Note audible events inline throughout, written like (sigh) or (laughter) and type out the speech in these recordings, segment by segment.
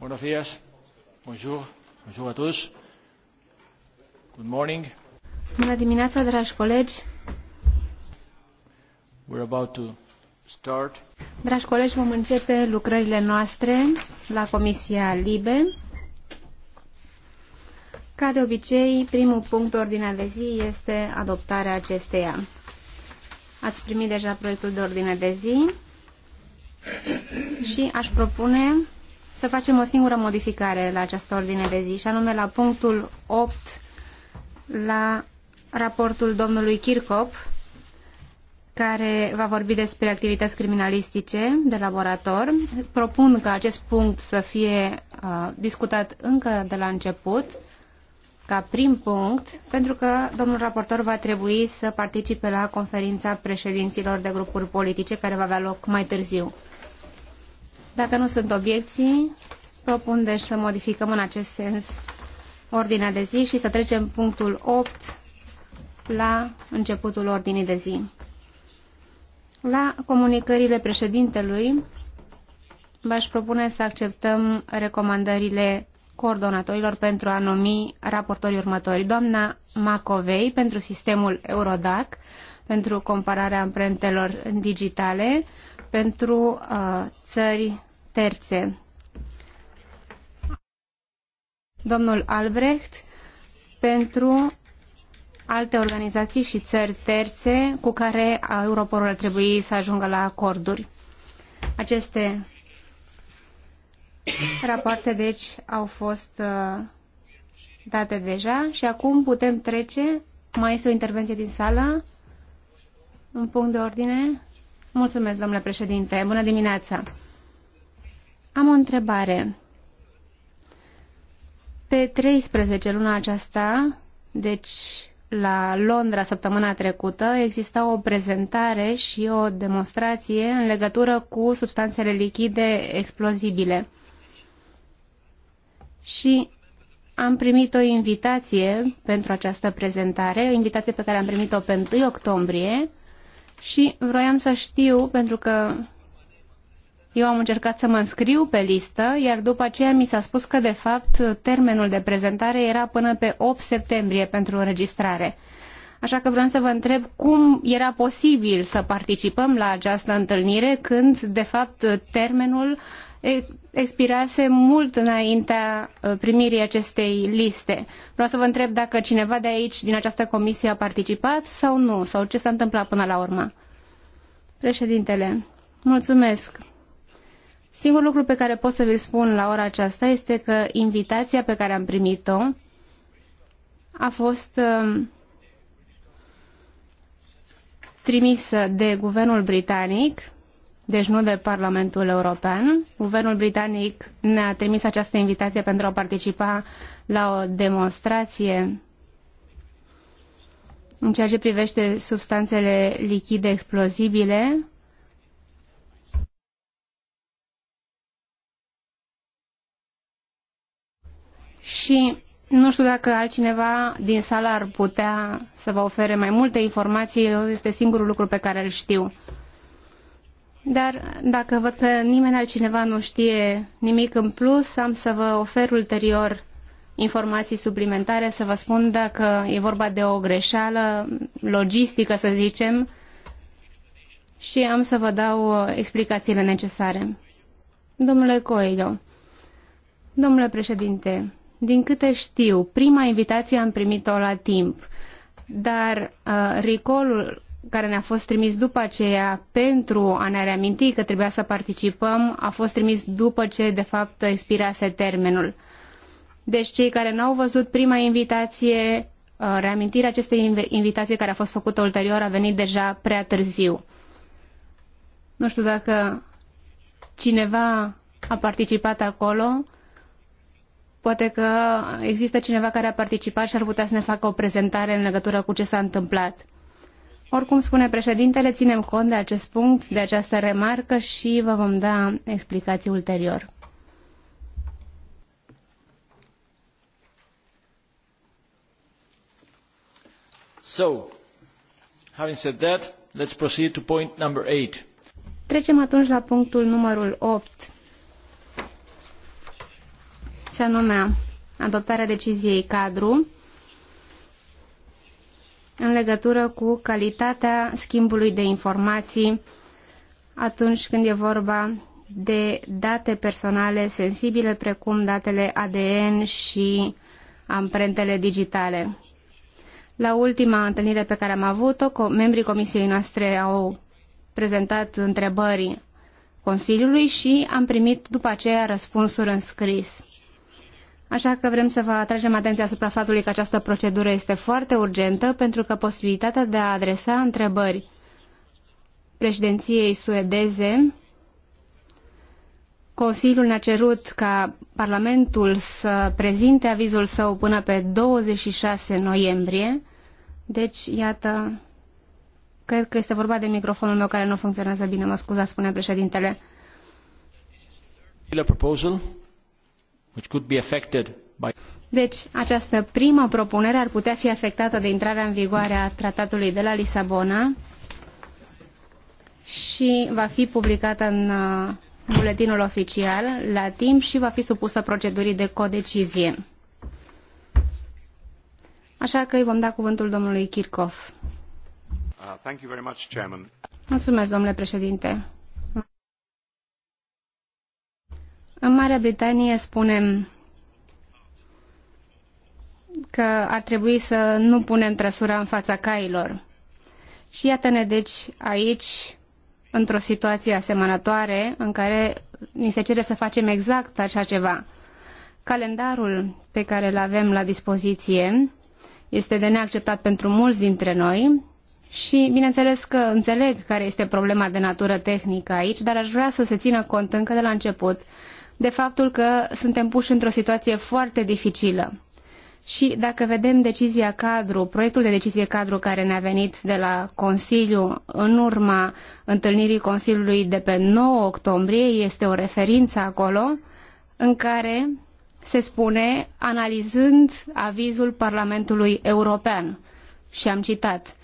Buenos días. Bonjour. Bonjour tous. Good morning. Bună dimineața, dragi colegi. We're about to start. Dragi colegi, vom începe lucrările noastre la Comisia Libe. Ca de obicei, primul punct de ordinea de zi este adoptarea acesteia. Ați primit deja proiectul de ordine de zi și aș propune să facem o singură modificare la această ordine de zi, și anume la punctul 8 la raportul domnului Kirkop, care va vorbi despre activități criminalistice de laborator. Propun ca acest punct să fie uh, discutat încă de la început, ca prim punct, pentru că domnul raportor va trebui să participe la conferința președinților de grupuri politice care va avea loc mai târziu. Dacă nu sunt obiecții, propun deci să modificăm în acest sens ordinea de zi și să trecem punctul 8 la începutul ordinii de zi. La comunicările președintelui, v-aș propune să acceptăm recomandările coordonatorilor pentru a numi raportorii următori. Doamna Macovei pentru sistemul Eurodac, pentru compararea amprentelor digitale, pentru uh, țări terțe. Domnul Albrecht, pentru alte organizații și țări terțe cu care Europorul ar trebui să ajungă la acorduri. Aceste rapoarte, deci, au fost uh, date deja și acum putem trece. Mai este o intervenție din sală? Un punct de ordine? Mulțumesc, domnule președinte. Bună dimineața! Am o întrebare. Pe 13 luna aceasta, deci la Londra săptămâna trecută, exista o prezentare și o demonstrație în legătură cu substanțele lichide explozibile. Și am primit o invitație pentru această prezentare, o invitație pe care am primit-o pe 1 octombrie și vroiam să știu, pentru că eu am încercat să mă înscriu pe listă, iar după aceea mi s-a spus că, de fapt, termenul de prezentare era până pe 8 septembrie pentru înregistrare. Așa că vreau să vă întreb cum era posibil să participăm la această întâlnire când, de fapt, termenul expirase mult înaintea uh, primirii acestei liste. Vreau să vă întreb dacă cineva de aici, din această comisie, a participat sau nu, sau ce s-a întâmplat până la urmă. Președintele, mulțumesc. Singurul lucru pe care pot să vi-l spun la ora aceasta este că invitația pe care am primit-o a fost um, trimisă de guvernul britanic, deci nu de Parlamentul European. Guvernul britanic ne-a trimis această invitație pentru a participa la o demonstrație în ceea ce privește substanțele lichide explozibile și nu știu dacă altcineva din sală ar putea să vă ofere mai multe informații, este singurul lucru pe care îl știu. Dar dacă văd că nimeni altcineva nu știe nimic în plus, am să vă ofer ulterior informații suplimentare, să vă spun dacă e vorba de o greșeală logistică, să zicem, și am să vă dau explicațiile necesare. Domnule Coelho, domnule președinte, din câte știu, prima invitație am primit-o la timp, dar uh, recall care ne-a fost trimis după aceea pentru a ne reaminti că trebuia să participăm a fost trimis după ce, de fapt, expirase termenul. Deci cei care n-au văzut prima invitație, uh, reamintirea acestei invitații care a fost făcută ulterior a venit deja prea târziu. Nu știu dacă cineva a participat acolo Poate că există cineva care a participat și ar putea să ne facă o prezentare în legătură cu ce s-a întâmplat. Oricum spune președintele, ținem cont de acest punct, de această remarcă și vă vom da explicații ulterior. So, having said that, let's proceed to point number 8. Trecem atunci la punctul numărul 8 și anume adoptarea deciziei cadru în legătură cu calitatea schimbului de informații atunci când e vorba de date personale sensibile, precum datele ADN și amprentele digitale. La ultima întâlnire pe care am avut-o, membrii comisiei noastre au prezentat întrebări Consiliului și am primit după aceea răspunsuri în scris. Așa că vrem să vă atragem atenția asupra faptului că această procedură este foarte urgentă pentru că posibilitatea de a adresa întrebări președinției suedeze Consiliul ne-a cerut ca Parlamentul să prezinte avizul său până pe 26 noiembrie. Deci, iată, cred că este vorba de microfonul meu care nu funcționează bine, mă scuzați, spune președintele. La proposal which could be affected by deci, această primă propunere ar putea fi afectată de intrarea în vigoare a tratatului de la Lisabona și va fi publicată în uh, buletinul oficial la timp și va fi supusă procedurii de codecizie. Așa că îi vom da cuvântul domnului Kirchhoff. Uh, mulțumesc, domnule președinte. În Marea Britanie spunem că ar trebui să nu punem trăsura în fața cailor. Și iată-ne deci aici într-o situație asemănătoare în care ni se cere să facem exact așa ceva. Calendarul pe care îl avem la dispoziție este de neacceptat pentru mulți dintre noi și bineînțeles că înțeleg care este problema de natură tehnică aici, dar aș vrea să se țină cont încă de la început de faptul că suntem puși într-o situație foarte dificilă. Și dacă vedem decizia cadru, proiectul de decizie cadru care ne-a venit de la Consiliu în urma întâlnirii Consiliului de pe 9 octombrie, este o referință acolo în care se spune analizând avizul Parlamentului European. Și am citat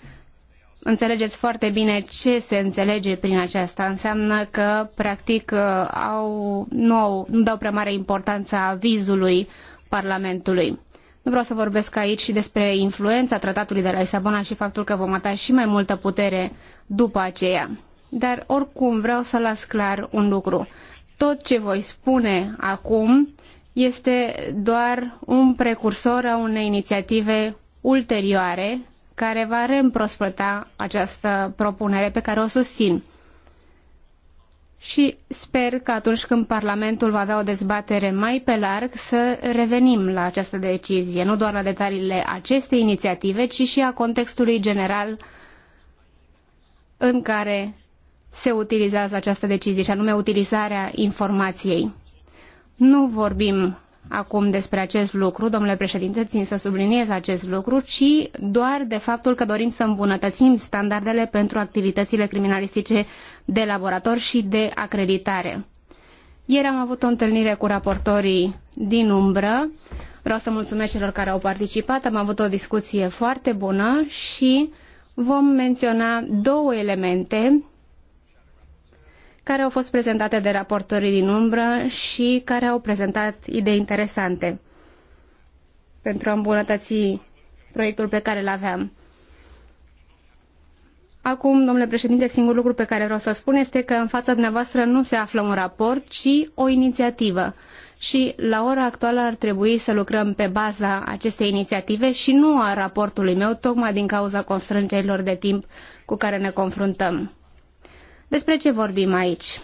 înțelegeți foarte bine ce se înțelege prin aceasta. Înseamnă că, practic, uh, au, nu, au, nu dau prea mare importanță avizului Parlamentului. Nu vreau să vorbesc aici și despre influența tratatului de la Lisabona și faptul că vom ata și mai multă putere după aceea. Dar oricum vreau să las clar un lucru. Tot ce voi spune acum este doar un precursor a unei inițiative ulterioare care va reîmprospăta această propunere pe care o susțin. Și sper că atunci când Parlamentul va avea o dezbatere mai pe larg să revenim la această decizie, nu doar la detaliile acestei inițiative, ci și a contextului general în care se utilizează această decizie, și anume utilizarea informației. Nu vorbim acum despre acest lucru, domnule președinte, țin să subliniez acest lucru, ci doar de faptul că dorim să îmbunătățim standardele pentru activitățile criminalistice de laborator și de acreditare. Ieri am avut o întâlnire cu raportorii din umbră. Vreau să mulțumesc celor care au participat. Am avut o discuție foarte bună și vom menționa două elemente care au fost prezentate de raportorii din umbră și care au prezentat idei interesante pentru a îmbunătăți proiectul pe care îl aveam. Acum, domnule președinte, singurul lucru pe care vreau să-l spun este că în fața dumneavoastră nu se află un raport, ci o inițiativă. Și la ora actuală ar trebui să lucrăm pe baza acestei inițiative și nu a raportului meu, tocmai din cauza constrângerilor de timp cu care ne confruntăm. Despre ce vorbim aici?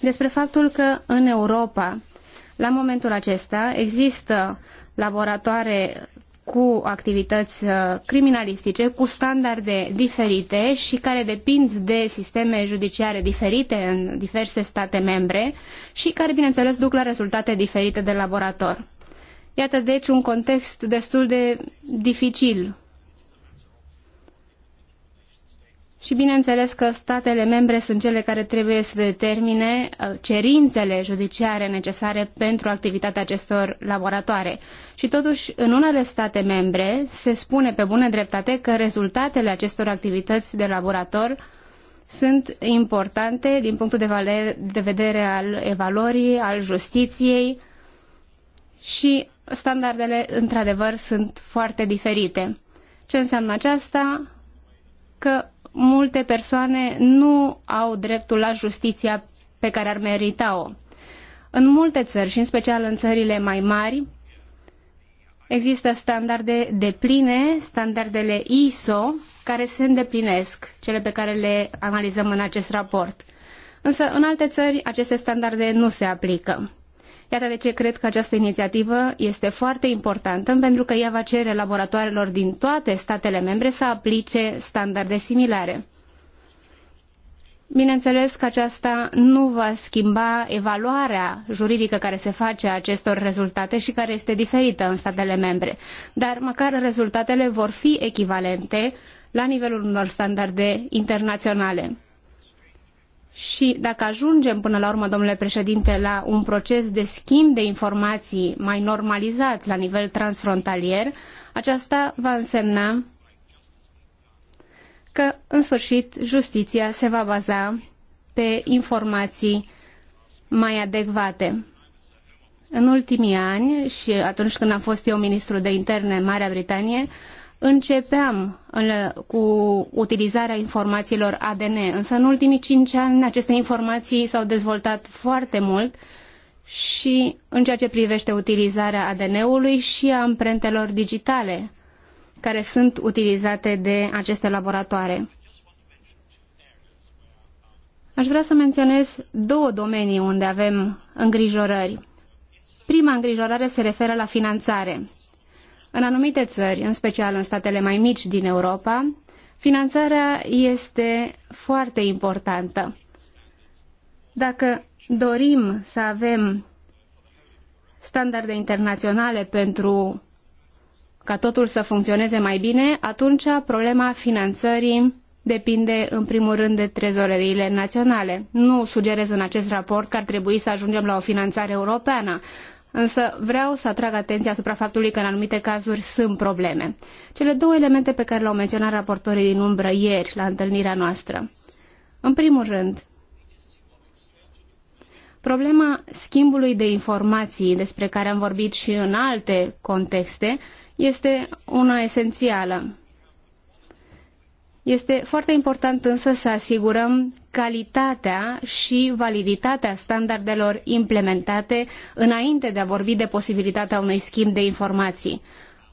Despre faptul că în Europa, la momentul acesta, există laboratoare cu activități uh, criminalistice, cu standarde diferite și care depind de sisteme judiciare diferite în diverse state membre și care, bineînțeles, duc la rezultate diferite de laborator. Iată, deci, un context destul de dificil Și bineînțeles că statele membre sunt cele care trebuie să determine uh, cerințele judiciare necesare pentru activitatea acestor laboratoare. Și totuși, în unele state membre se spune pe bună dreptate că rezultatele acestor activități de laborator sunt importante din punctul de, valer, de vedere al evaluării, al justiției și standardele, într-adevăr, sunt foarte diferite. Ce înseamnă aceasta? Că multe persoane nu au dreptul la justiția pe care ar merita-o. În multe țări, și în special în țările mai mari, există standarde depline, standardele ISO, care se îndeplinesc, cele pe care le analizăm în acest raport. Însă, în alte țări, aceste standarde nu se aplică. Iată de ce cred că această inițiativă este foarte importantă pentru că ea va cere laboratoarelor din toate statele membre să aplice standarde similare. Bineînțeles că aceasta nu va schimba evaluarea juridică care se face a acestor rezultate și care este diferită în statele membre, dar măcar rezultatele vor fi echivalente la nivelul unor standarde internaționale. Și dacă ajungem până la urmă, domnule președinte, la un proces de schimb de informații mai normalizat la nivel transfrontalier, aceasta va însemna că, în sfârșit, justiția se va baza pe informații mai adecvate. În ultimii ani și atunci când am fost eu ministru de interne în Marea Britanie, începeam în, cu utilizarea informațiilor ADN, însă în ultimii cinci ani aceste informații s-au dezvoltat foarte mult și în ceea ce privește utilizarea ADN-ului și a amprentelor digitale care sunt utilizate de aceste laboratoare. Aș vrea să menționez două domenii unde avem îngrijorări. Prima îngrijorare se referă la finanțare. În anumite țări, în special în statele mai mici din Europa, finanțarea este foarte importantă. Dacă dorim să avem standarde internaționale pentru ca totul să funcționeze mai bine, atunci problema finanțării depinde în primul rând de trezoreriile naționale. Nu sugerez în acest raport că ar trebui să ajungem la o finanțare europeană, Însă vreau să atrag atenția asupra faptului că în anumite cazuri sunt probleme. Cele două elemente pe care le-au menționat raportorii din umbră ieri la întâlnirea noastră. În primul rând, problema schimbului de informații despre care am vorbit și în alte contexte este una esențială. Este foarte important însă să asigurăm calitatea și validitatea standardelor implementate înainte de a vorbi de posibilitatea unui schimb de informații.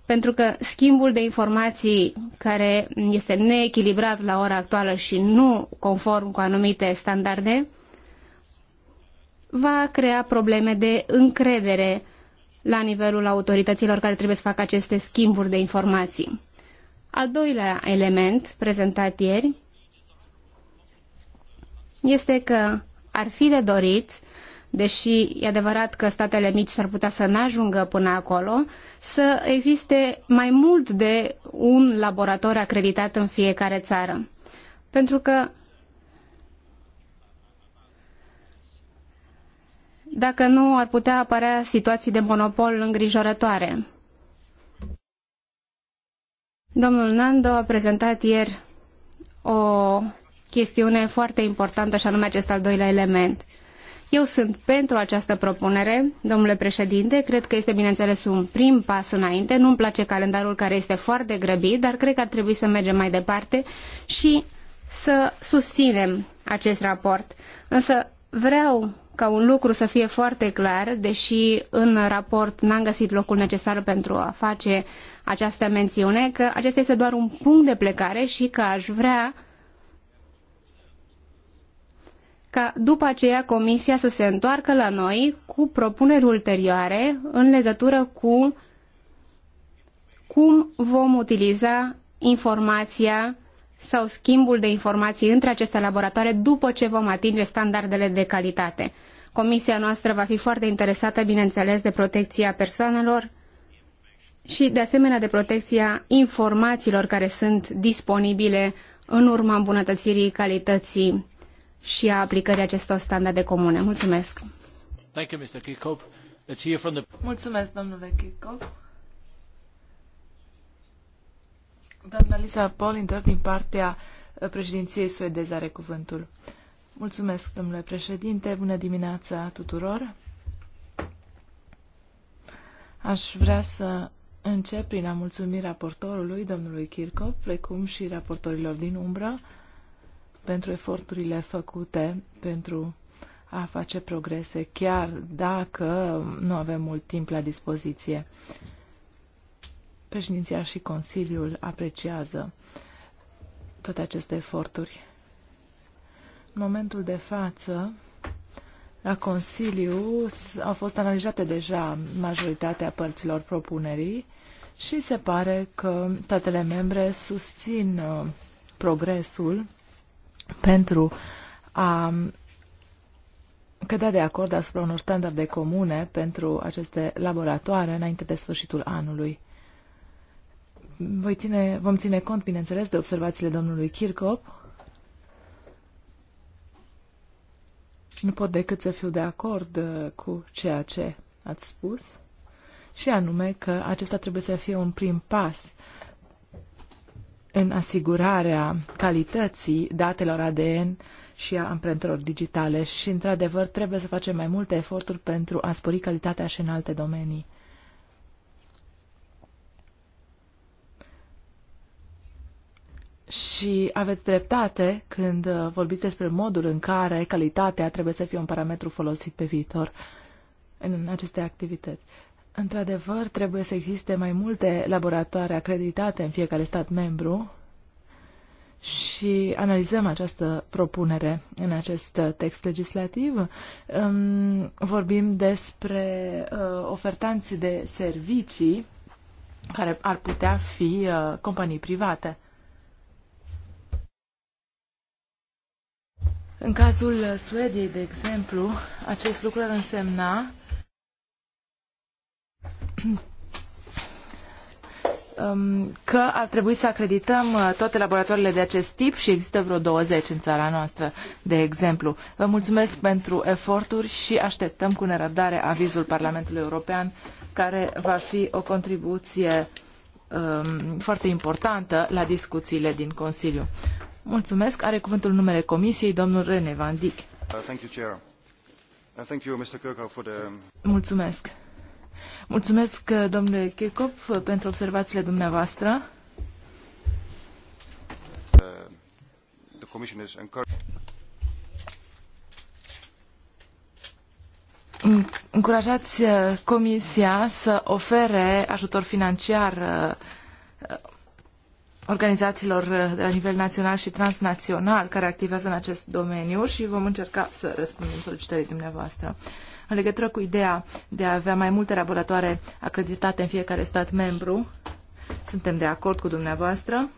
Pentru că schimbul de informații care este neechilibrat la ora actuală și nu conform cu anumite standarde va crea probleme de încredere la nivelul autorităților care trebuie să facă aceste schimburi de informații. Al doilea element prezentat ieri este că ar fi de dorit, deși e adevărat că statele mici s-ar putea să n-ajungă până acolo, să existe mai mult de un laborator acreditat în fiecare țară. Pentru că dacă nu ar putea apărea situații de monopol îngrijorătoare. Domnul Nando a prezentat ieri o chestiune foarte importantă și anume acest al doilea element. Eu sunt pentru această propunere, domnule președinte, cred că este bineînțeles un prim pas înainte, nu-mi place calendarul care este foarte grăbit, dar cred că ar trebui să mergem mai departe și să susținem acest raport. Însă vreau ca un lucru să fie foarte clar, deși în raport n-am găsit locul necesar pentru a face această mențiune, că acesta este doar un punct de plecare și că aș vrea ca după aceea Comisia să se întoarcă la noi cu propuneri ulterioare în legătură cu cum vom utiliza informația sau schimbul de informații între aceste laboratoare după ce vom atinge standardele de calitate. Comisia noastră va fi foarte interesată, bineînțeles, de protecția persoanelor și de asemenea de protecția informațiilor care sunt disponibile în urma îmbunătățirii calității și a aplicării acestor standarde comune. Mulțumesc! Mulțumesc, domnule Kirchhoff. Doamna Lisa Polinder, din partea președinției suedeze, are cuvântul. Mulțumesc, domnule președinte. Bună dimineața tuturor. Aș vrea să Încep prin a mulțumi raportorului, domnului Kirchhoff, precum și raportorilor din umbră, pentru eforturile făcute pentru a face progrese, chiar dacă nu avem mult timp la dispoziție. Președinția și Consiliul apreciază toate aceste eforturi. În momentul de față, la Consiliu au fost analizate deja majoritatea părților propunerii și se pare că statele membre susțin uh, progresul pentru a um, cădea de acord asupra unor standarde comune pentru aceste laboratoare înainte de sfârșitul anului. Voi ține, vom ține cont, bineînțeles, de observațiile domnului Kirchhoff Nu pot decât să fiu de acord uh, cu ceea ce ați spus, și anume că acesta trebuie să fie un prim pas în asigurarea calității datelor ADN și a amprentelor digitale și, într-adevăr, trebuie să facem mai multe eforturi pentru a spori calitatea și în alte domenii. Și aveți dreptate când uh, vorbiți despre modul în care calitatea trebuie să fie un parametru folosit pe viitor în aceste activități. Într-adevăr, trebuie să existe mai multe laboratoare acreditate în fiecare stat membru și analizăm această propunere în acest uh, text legislativ. Vorbim despre uh, ofertanți de servicii care ar putea fi companii private. În cazul Suediei, de exemplu, acest lucru ar însemna um, că ar trebui să acredităm uh, toate laboratoarele de acest tip și există vreo 20 în țara noastră, de exemplu. Vă mulțumesc pentru eforturi și așteptăm cu nerăbdare avizul Parlamentului European, care va fi o contribuție um, foarte importantă la discuțiile din Consiliu. Mulțumesc. Are cuvântul numele Comisiei, domnul Rene Van Dijk. Uh, uh, um, Mulțumesc. Mulțumesc, uh, domnule Kirchhoff, pentru observațiile dumneavoastră. Încurajați Comisia să ofere ajutor financiar uh, organizațiilor uh, de la nivel național și transnațional care activează în acest domeniu și vom încerca să răspundem solicitării dumneavoastră. În legătură cu ideea de a avea mai multe laboratoare acreditate în fiecare stat membru, suntem de acord cu dumneavoastră.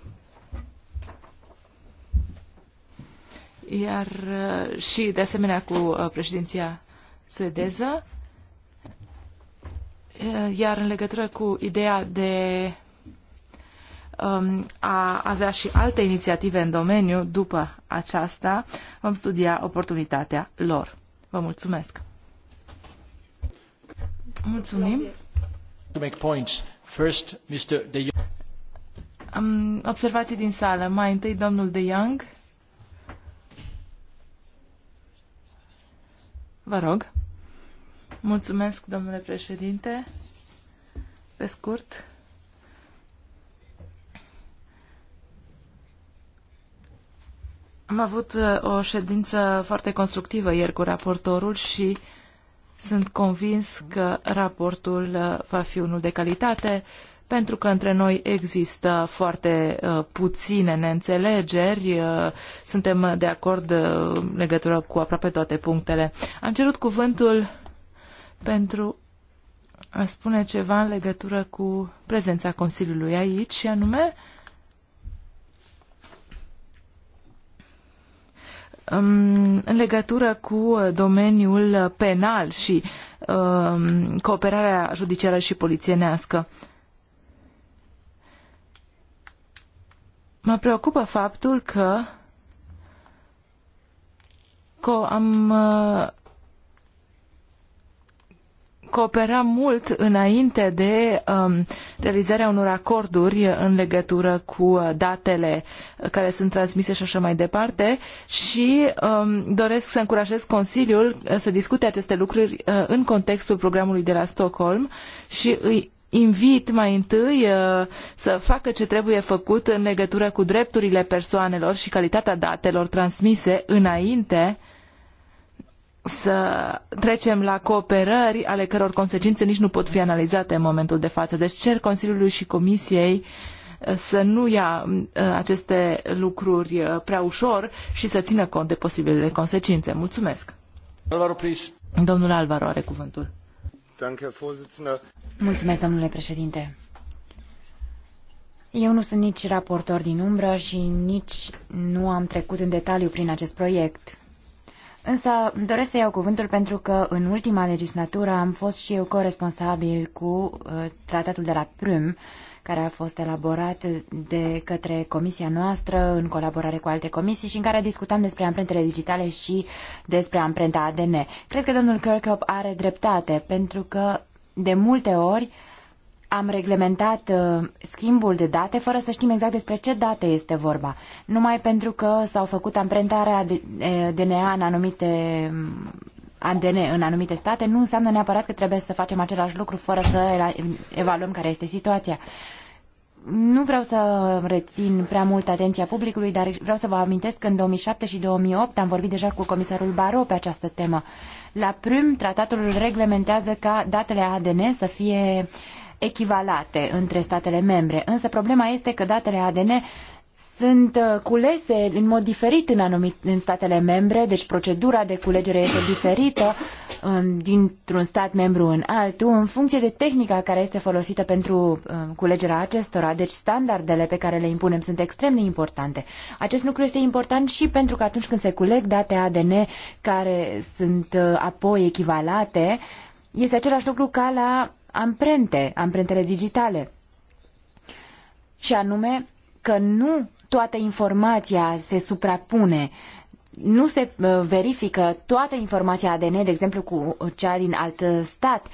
Iar uh, și, de asemenea, cu uh, președinția suedeză. Iar în legătură cu ideea de um, a avea și alte inițiative în domeniu după aceasta. Vom studia oportunitatea lor. Vă mulțumesc! Mulțumim! To make points. First, Mr. De um, observații din sală. Mai întâi, domnul De Young. Vă rog. Mulțumesc, domnule președinte. Pe scurt, Am avut uh, o ședință foarte constructivă ieri cu raportorul și sunt convins că raportul uh, va fi unul de calitate, pentru că între noi există foarte uh, puține neînțelegeri, suntem de acord în legătură cu aproape toate punctele. Am cerut cuvântul pentru a spune ceva în legătură cu prezența Consiliului aici, și anume în legătură cu domeniul penal și um, cooperarea judiciară și polițienească. Mă preocupă faptul că, că am uh, coopera mult înainte de um, realizarea unor acorduri în legătură cu uh, datele care sunt transmise și așa mai departe și um, doresc să încurajez Consiliul uh, să discute aceste lucruri uh, în contextul programului de la Stockholm și îi invit mai întâi uh, să facă ce trebuie făcut în legătură cu drepturile persoanelor și calitatea datelor transmise înainte uh, să trecem la cooperări ale căror consecințe nici nu pot fi analizate în momentul de față. Deci cer Consiliului și Comisiei uh, să nu ia uh, aceste lucruri uh, prea ușor și să țină cont de posibilele consecințe. Mulțumesc! Alvaro, please. Domnul Alvaro are cuvântul. Mulțumesc, domnule președinte. Eu nu sunt nici raportor din umbră și nici nu am trecut în detaliu prin acest proiect. Însă doresc să iau cuvântul pentru că în ultima legislatură am fost și eu corresponsabil cu uh, tratatul de la Prüm, care a fost elaborat de către comisia noastră în colaborare cu alte comisii și în care discutam despre amprentele digitale și despre amprenta ADN. Cred că domnul Kirkup are dreptate pentru că de multe ori uh, am reglementat uh, schimbul de date fără să știm exact despre ce date este vorba. Numai pentru că s-au făcut amprentarea DNA în anumite mm, ADN în anumite state, nu înseamnă neapărat că trebuie să facem același lucru fără să evaluăm care este situația. Nu vreau să rețin prea mult atenția publicului, dar vreau să vă amintesc că în 2007 și 2008 am vorbit deja cu comisarul Baro pe această temă. La prim, tratatul reglementează ca datele ADN să fie uh, echivalate între statele membre, însă problema este că datele ADN sunt uh, culese în mod diferit în, anumit, în statele membre, deci procedura de culegere este diferită dintr-un stat membru în altul, în funcție de tehnica care este folosită pentru uh, culegerea acestora. Deci standardele pe care le impunem sunt extrem de importante. Acest lucru este important și pentru că atunci când se culeg date ADN care sunt uh, apoi echivalate, este același lucru ca la amprente, amprentele digitale. Și anume că nu toată informația se suprapune, nu se uh, verifică toată informația ADN, de exemplu, cu cea din alt uh, stat,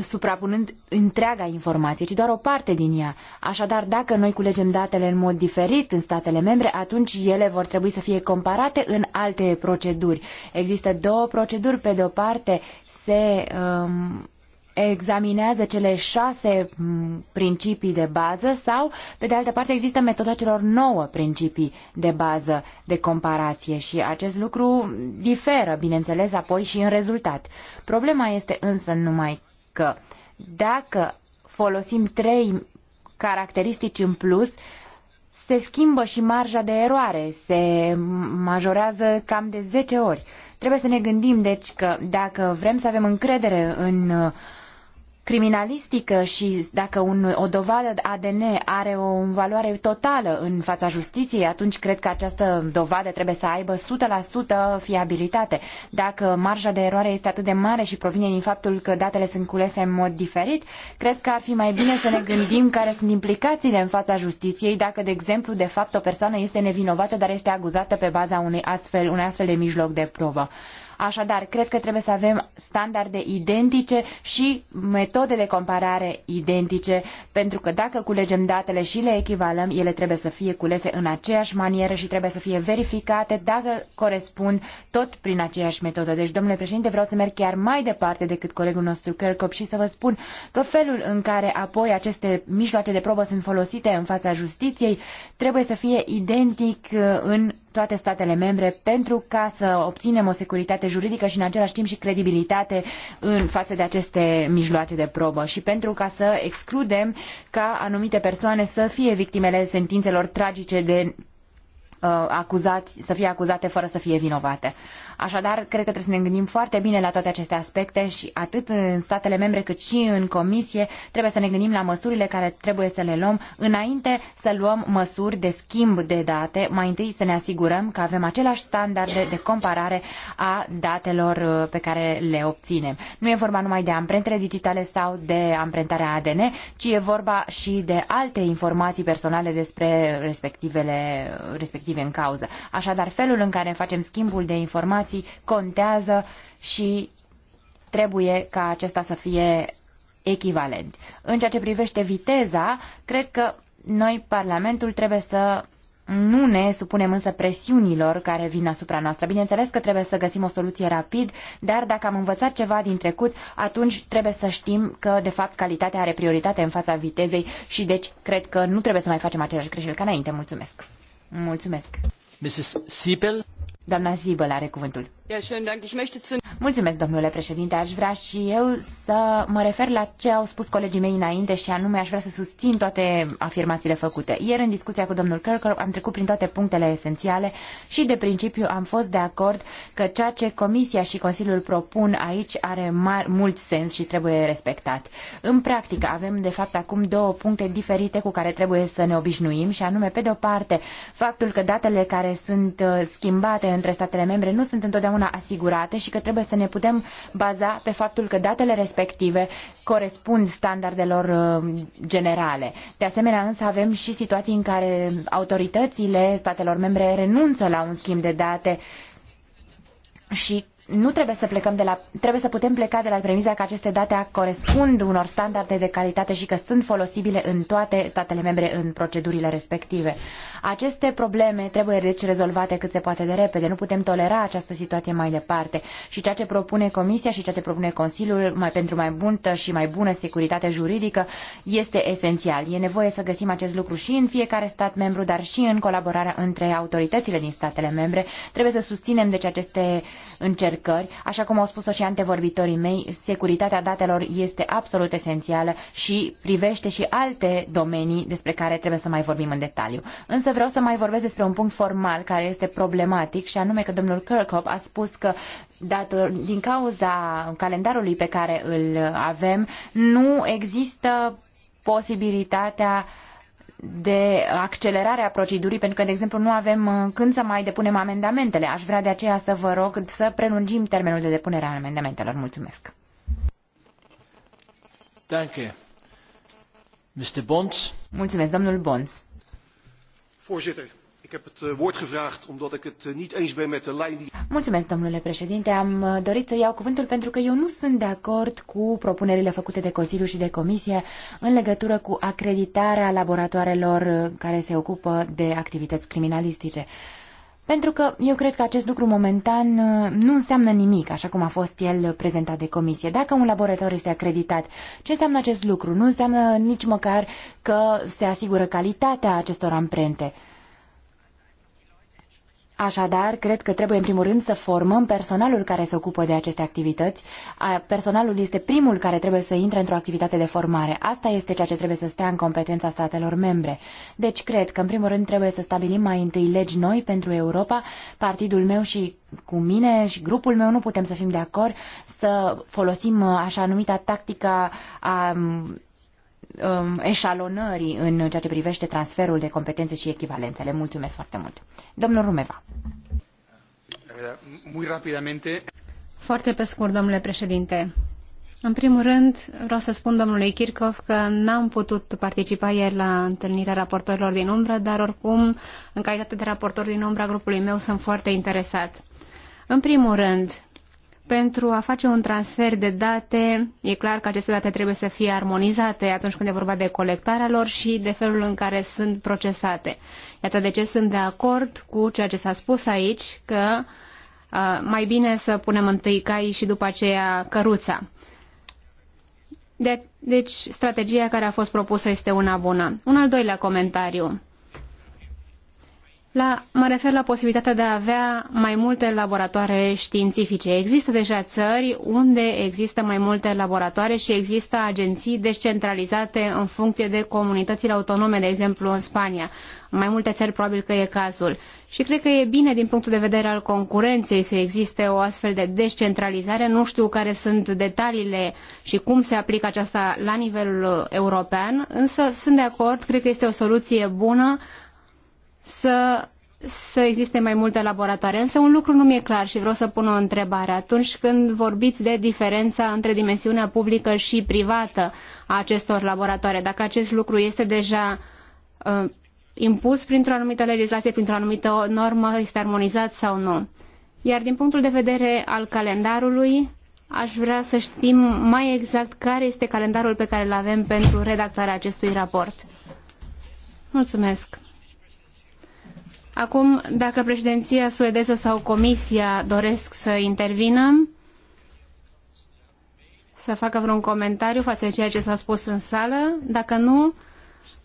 suprapunând întreaga informație, ci doar o parte din ea. Așadar, dacă noi culegem datele în mod diferit în statele membre, atunci ele vor trebui să fie comparate în alte proceduri. Există două proceduri. Pe de o parte, se um, examinează cele șase principii de bază sau, pe de altă parte, există metoda celor nouă principii de bază de comparație și acest lucru diferă, bineînțeles, apoi și în rezultat. Problema este însă numai că dacă folosim trei caracteristici în plus, se schimbă și marja de eroare, se majorează cam de 10 ori. Trebuie să ne gândim, deci, că dacă vrem să avem încredere în uh, criminalistică și dacă un, o dovadă ADN are o valoare totală în fața justiției, atunci cred că această dovadă trebuie să aibă 100% fiabilitate. Dacă marja de eroare este atât de mare și provine din faptul că datele sunt culese în mod diferit, cred că ar fi mai bine să ne gândim care sunt implicațiile în fața justiției dacă, de exemplu, de fapt o persoană este nevinovată, dar este acuzată pe baza unui astfel, unui astfel de mijloc de probă. Așadar, cred că trebuie să avem standarde identice și metode de comparare identice, pentru că dacă culegem datele și le echivalăm, ele trebuie să fie culese în aceeași manieră și trebuie să fie verificate dacă corespund tot prin aceeași metodă. Deci, domnule președinte, vreau să merg chiar mai departe decât colegul nostru Kirkhope și să vă spun că felul în care apoi aceste mijloace de probă sunt folosite în fața justiției trebuie să fie identic uh, în toate statele membre pentru ca să obținem o securitate juridică și în același timp și credibilitate în față de aceste mijloace de probă și pentru ca să excludem ca anumite persoane să fie victimele sentințelor tragice de uh, acuzați, să fie acuzate fără să fie vinovate. Așadar, cred că trebuie să ne gândim foarte bine la toate aceste aspecte și atât în statele membre cât și în comisie trebuie să ne gândim la măsurile care trebuie să le luăm înainte să luăm măsuri de schimb de date. Mai întâi să ne asigurăm că avem aceleași standarde de comparare a datelor uh, pe care le obținem. Nu e vorba numai de amprentele digitale sau de amprentarea ADN, ci e vorba și de alte informații personale despre respectivele, respective în cauză. Așadar, felul în care facem schimbul de informații informații contează și trebuie ca acesta să fie echivalent. În ceea ce privește viteza, cred că noi, Parlamentul, trebuie să nu ne supunem însă presiunilor care vin asupra noastră. Bineînțeles că trebuie să găsim o soluție rapid, dar dacă am învățat ceva din trecut, atunci trebuie să știm că, de fapt, calitatea are prioritate în fața vitezei și, deci, cred că nu trebuie să mai facem aceleași greșeli ca înainte. Mulțumesc! Mulțumesc! Mrs. Sipel? Doamna Zibel are cuvântul. Mulțumesc, domnule președinte. Aș vrea și eu să mă refer la ce au spus colegii mei înainte și anume aș vrea să susțin toate afirmațiile făcute. Ieri, în discuția cu domnul Kirkhope, am trecut prin toate punctele esențiale și, de principiu, am fost de acord că ceea ce Comisia și Consiliul propun aici are mar- mult sens și trebuie respectat. În practică, avem, de fapt, acum două puncte diferite cu care trebuie să ne obișnuim și anume, pe de o parte, faptul că datele care sunt uh, schimbate între statele membre nu sunt întotdeauna întotdeauna asigurate și că trebuie să ne putem baza pe faptul că datele respective corespund standardelor uh, generale. De asemenea, însă avem și situații în care autoritățile statelor membre renunță la un schimb de date și nu trebuie să plecăm de la, trebuie să putem pleca de la premiza că aceste date corespund unor standarde de calitate și că sunt folosibile în toate statele membre în procedurile respective. Aceste probleme trebuie deci rezolvate cât se poate de repede. Nu putem tolera această situație mai departe. Și ceea ce propune Comisia și ceea ce propune Consiliul mai, pentru mai bună și mai bună securitate juridică este esențial. E nevoie să găsim acest lucru și în fiecare stat membru, dar și în colaborarea între autoritățile din statele membre. Trebuie să susținem deci aceste uh, încercări. Așa cum au spus-o și antevorbitorii mei, securitatea datelor este absolut esențială și privește și alte domenii despre care trebuie să mai vorbim în detaliu. Însă vreau să mai vorbesc despre un punct formal care este problematic și anume că domnul Kirkhope a spus că dator, din cauza calendarului pe care îl avem, nu există posibilitatea uh, de accelerare a procedurii, pentru că, de exemplu, nu avem uh, când să mai depunem amendamentele. Aș vrea de aceea să vă rog să prelungim termenul de depunere a amendamentelor. Mulțumesc. Danke. Mr. Bonds. Mulțumesc, domnul Bonds. Voorzitter, Mulțumesc, domnule președinte. Am eh, dorit să iau cuvântul pentru că eu nu sunt de acord cu propunerile făcute de Consiliu și de Comisie în legătură cu acreditarea laboratoarelor eh, care se ocupă de activități criminalistice. Pentru că eu cred că acest lucru momentan eh, nu înseamnă nimic, așa cum a fost el prezentat de comisie. Dacă un laborator este acreditat, ce înseamnă acest lucru? Nu înseamnă nici măcar că se asigură calitatea acestor amprente. Așadar, cred că trebuie în primul rând să formăm personalul care se ocupă de aceste activități. Personalul este primul care trebuie să intre într-o activitate de formare. Asta este ceea ce trebuie să stea în competența statelor membre. Deci, cred că în primul rând trebuie să stabilim mai întâi legi noi pentru Europa. Partidul meu și cu mine și grupul meu nu putem să fim de acord să folosim așa numita tactica a um, eșalonării în ceea ce privește transferul de competențe și echivalențele. Mulțumesc foarte mult. Domnul Rumeva. Muy rapidamente. Foarte pe scurt, domnule președinte. În primul rând, vreau să spun domnului Kirchhoff că n-am putut participa ieri la întâlnirea raportorilor din umbră, dar oricum, în calitate de raportor din umbra grupului meu, sunt foarte interesat. În primul rând, pentru a face un transfer de date, e clar că aceste date trebuie să fie armonizate atunci când e vorba de colectarea lor și de felul în care sunt procesate. Iată de ce sunt de acord cu ceea ce s-a spus aici, că uh, mai bine să punem întâi cai și după aceea căruța. De, deci, strategia care a fost propusă este una bună. Un al doilea comentariu. La, mă refer la posibilitatea de a avea mai multe laboratoare științifice. Există deja țări unde există mai multe laboratoare și există agenții descentralizate în funcție de comunitățile autonome, de exemplu în Spania. În mai multe țări probabil că e cazul. Și cred că e bine din punctul de vedere al concurenței să existe o astfel de descentralizare. Nu știu care sunt detaliile și cum se aplică aceasta la nivelul european, însă sunt de acord, cred că este o soluție bună să, să existe mai multe laboratoare. Însă un lucru nu mi-e clar și vreau să pun o întrebare. Atunci când vorbiți de diferența între dimensiunea publică și privată a acestor laboratoare, dacă acest lucru este deja uh, impus printr-o anumită legislație, printr-o anumită normă, este armonizat sau nu. Iar din punctul de vedere al calendarului, aș vrea să știm mai exact care este calendarul pe care îl avem pentru redactarea acestui raport. Mulțumesc. Acum, dacă președinția suedeză sau comisia doresc să intervină, să facă vreun comentariu față de ceea ce s-a spus în sală, dacă nu,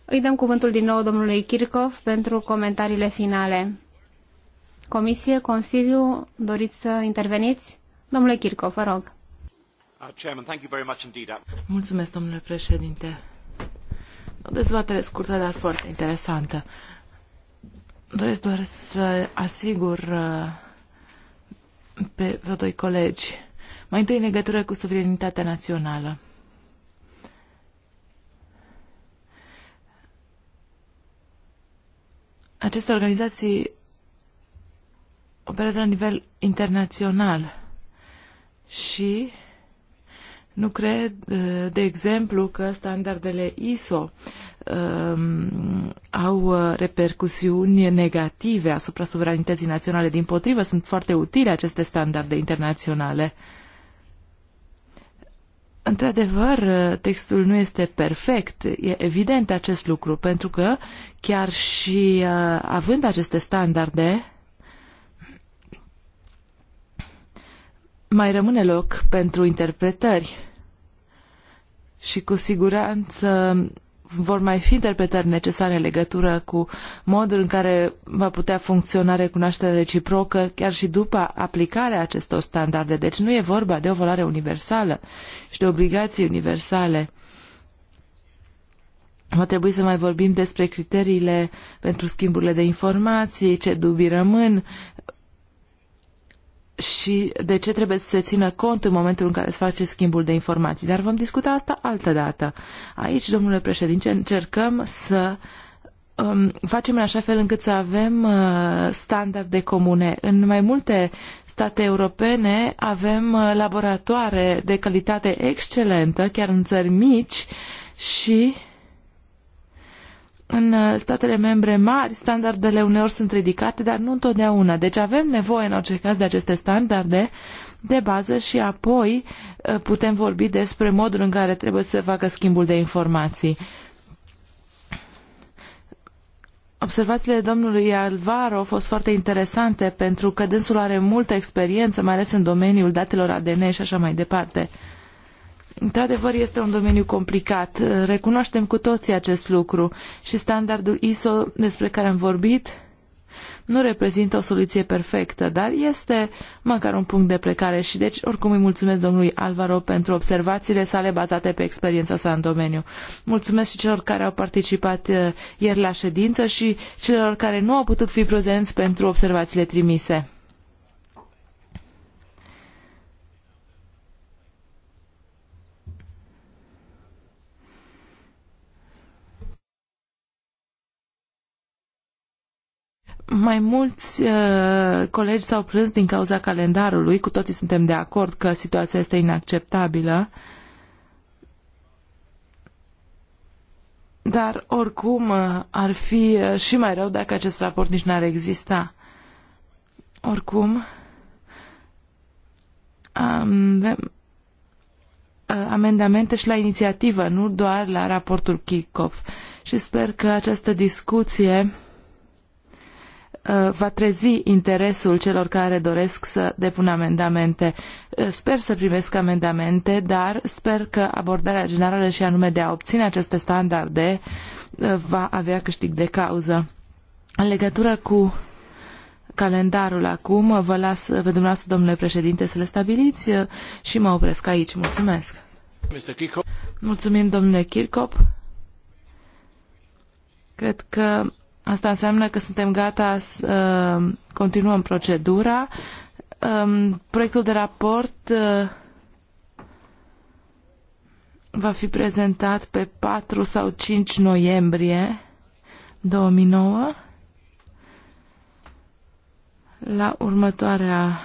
îi dăm cuvântul din nou domnului Kirchhoff pentru comentariile finale. Comisie, Consiliu, doriți să interveniți? Domnule Kirchhoff, vă rog. Uh, Mulțumesc, domnule președinte. O dezbatere scurtă, dar foarte interesantă. Doresc doar să asigur uh, pe vreo doi colegi. Mai întâi în legătură cu suverenitatea națională. Aceste organizații operează la nivel internațional și nu cred, uh, de exemplu, că standardele ISO uh, Um, au uh, repercusiuni negative asupra suveranității naționale. Din potrivă, sunt foarte utile aceste standarde internaționale. Într-adevăr, uh, textul nu este perfect, e evident acest lucru, pentru că chiar și uh, având aceste standarde, mai rămâne loc pentru interpretări. Și cu siguranță vor mai fi interpretări necesare în legătură cu modul în care va putea funcționa recunoașterea reciprocă chiar și după aplicarea acestor standarde. Deci nu e vorba de o valoare universală și de obligații universale. Va trebui să mai vorbim despre criteriile pentru schimburile de informații, ce dubii rămân, și de ce trebuie să se țină cont în momentul în care se face schimbul de informații. Dar vom discuta asta altă dată. Aici, domnule președinte, încercăm să um, facem în așa fel încât să avem uh, standarde comune. În mai multe state europene avem uh, laboratoare de calitate excelentă, chiar în țări mici, și uh, în uh, statele membre mari, standardele uneori sunt ridicate, dar nu întotdeauna. Deci avem nevoie, în orice caz, de aceste standarde de bază și apoi uh, putem vorbi despre modul în care trebuie să facă schimbul de informații. Observațiile domnului Alvaro au fost foarte interesante pentru că dânsul are multă experiență, mai ales în domeniul datelor ADN și așa mai departe. Într-adevăr, este un domeniu complicat. Recunoaștem cu toții acest lucru și standardul ISO despre care am vorbit nu reprezintă o soluție perfectă, dar este măcar un punct de plecare și deci oricum îi mulțumesc domnului Alvaro pentru observațiile sale bazate pe experiența sa în domeniu. Mulțumesc și celor care au participat uh, ieri la ședință și celor care nu au putut fi prezenți pentru observațiile trimise. Mai mulți uh, colegi s-au plâns din cauza calendarului, cu toții suntem de acord că situația este inacceptabilă. Dar, oricum, uh, ar fi uh, și mai rău dacă acest raport nici n-ar exista. Oricum, avem uh, amendamente și la inițiativă, nu doar la raportul Kikov. Și sper că această discuție Uh, va trezi interesul celor care doresc să depună amendamente. Uh, sper să primesc amendamente, dar sper că abordarea generală și anume de a obține aceste standarde uh, va avea câștig de cauză. În legătură cu calendarul acum, vă las pe dumneavoastră, domnule președinte, să le stabiliți și mă opresc aici. Mulțumesc! Mulțumim, domnule Kirkop. Cred că Asta înseamnă că suntem gata să uh, continuăm procedura. Um, proiectul de raport uh, va fi prezentat pe 4 sau 5 noiembrie 2009 la următoarea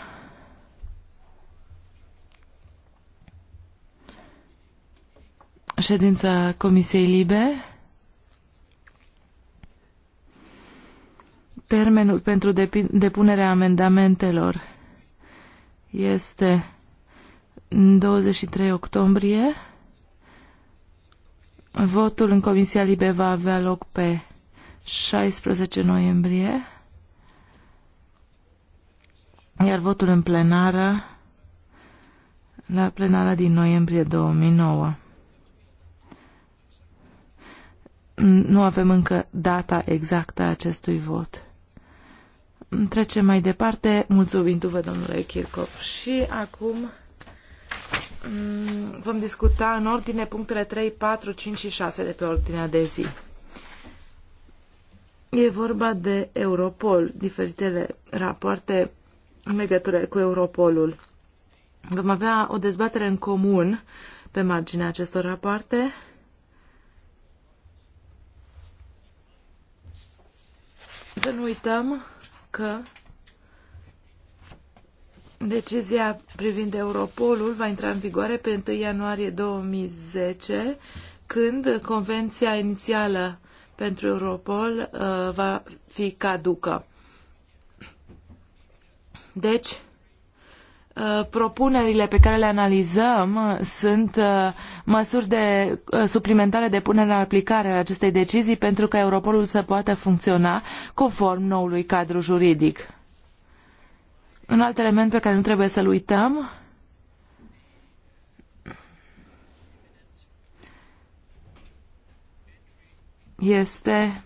ședința Comisiei Libe termenul pentru depunerea amendamentelor este 23 octombrie. Votul în Comisia Libe va avea loc pe 16 noiembrie, iar votul în plenară la plenara din noiembrie 2009. Nu avem încă data exactă a acestui vot trecem mai departe, mulțumindu-vă, domnule Kirchhoff. Și acum mm, vom discuta în ordine punctele 3, 4, 5 și 6 de pe ordinea de zi. E vorba de Europol, diferitele rapoarte în legătură cu Europolul. Vom avea o dezbatere în comun pe marginea acestor rapoarte. Să nu uităm că decizia privind Europolul va intra în vigoare pe 1 ianuarie 2010, când convenția inițială pentru Europol uh, va fi caducă. Deci, Uh, propunerile pe care le analizăm uh, sunt uh, măsuri de suplimentare de punere în aplicare a acestei decizii pentru ca Europolul să poată funcționa conform noului cadru juridic. Un alt element pe care nu trebuie să-l uităm este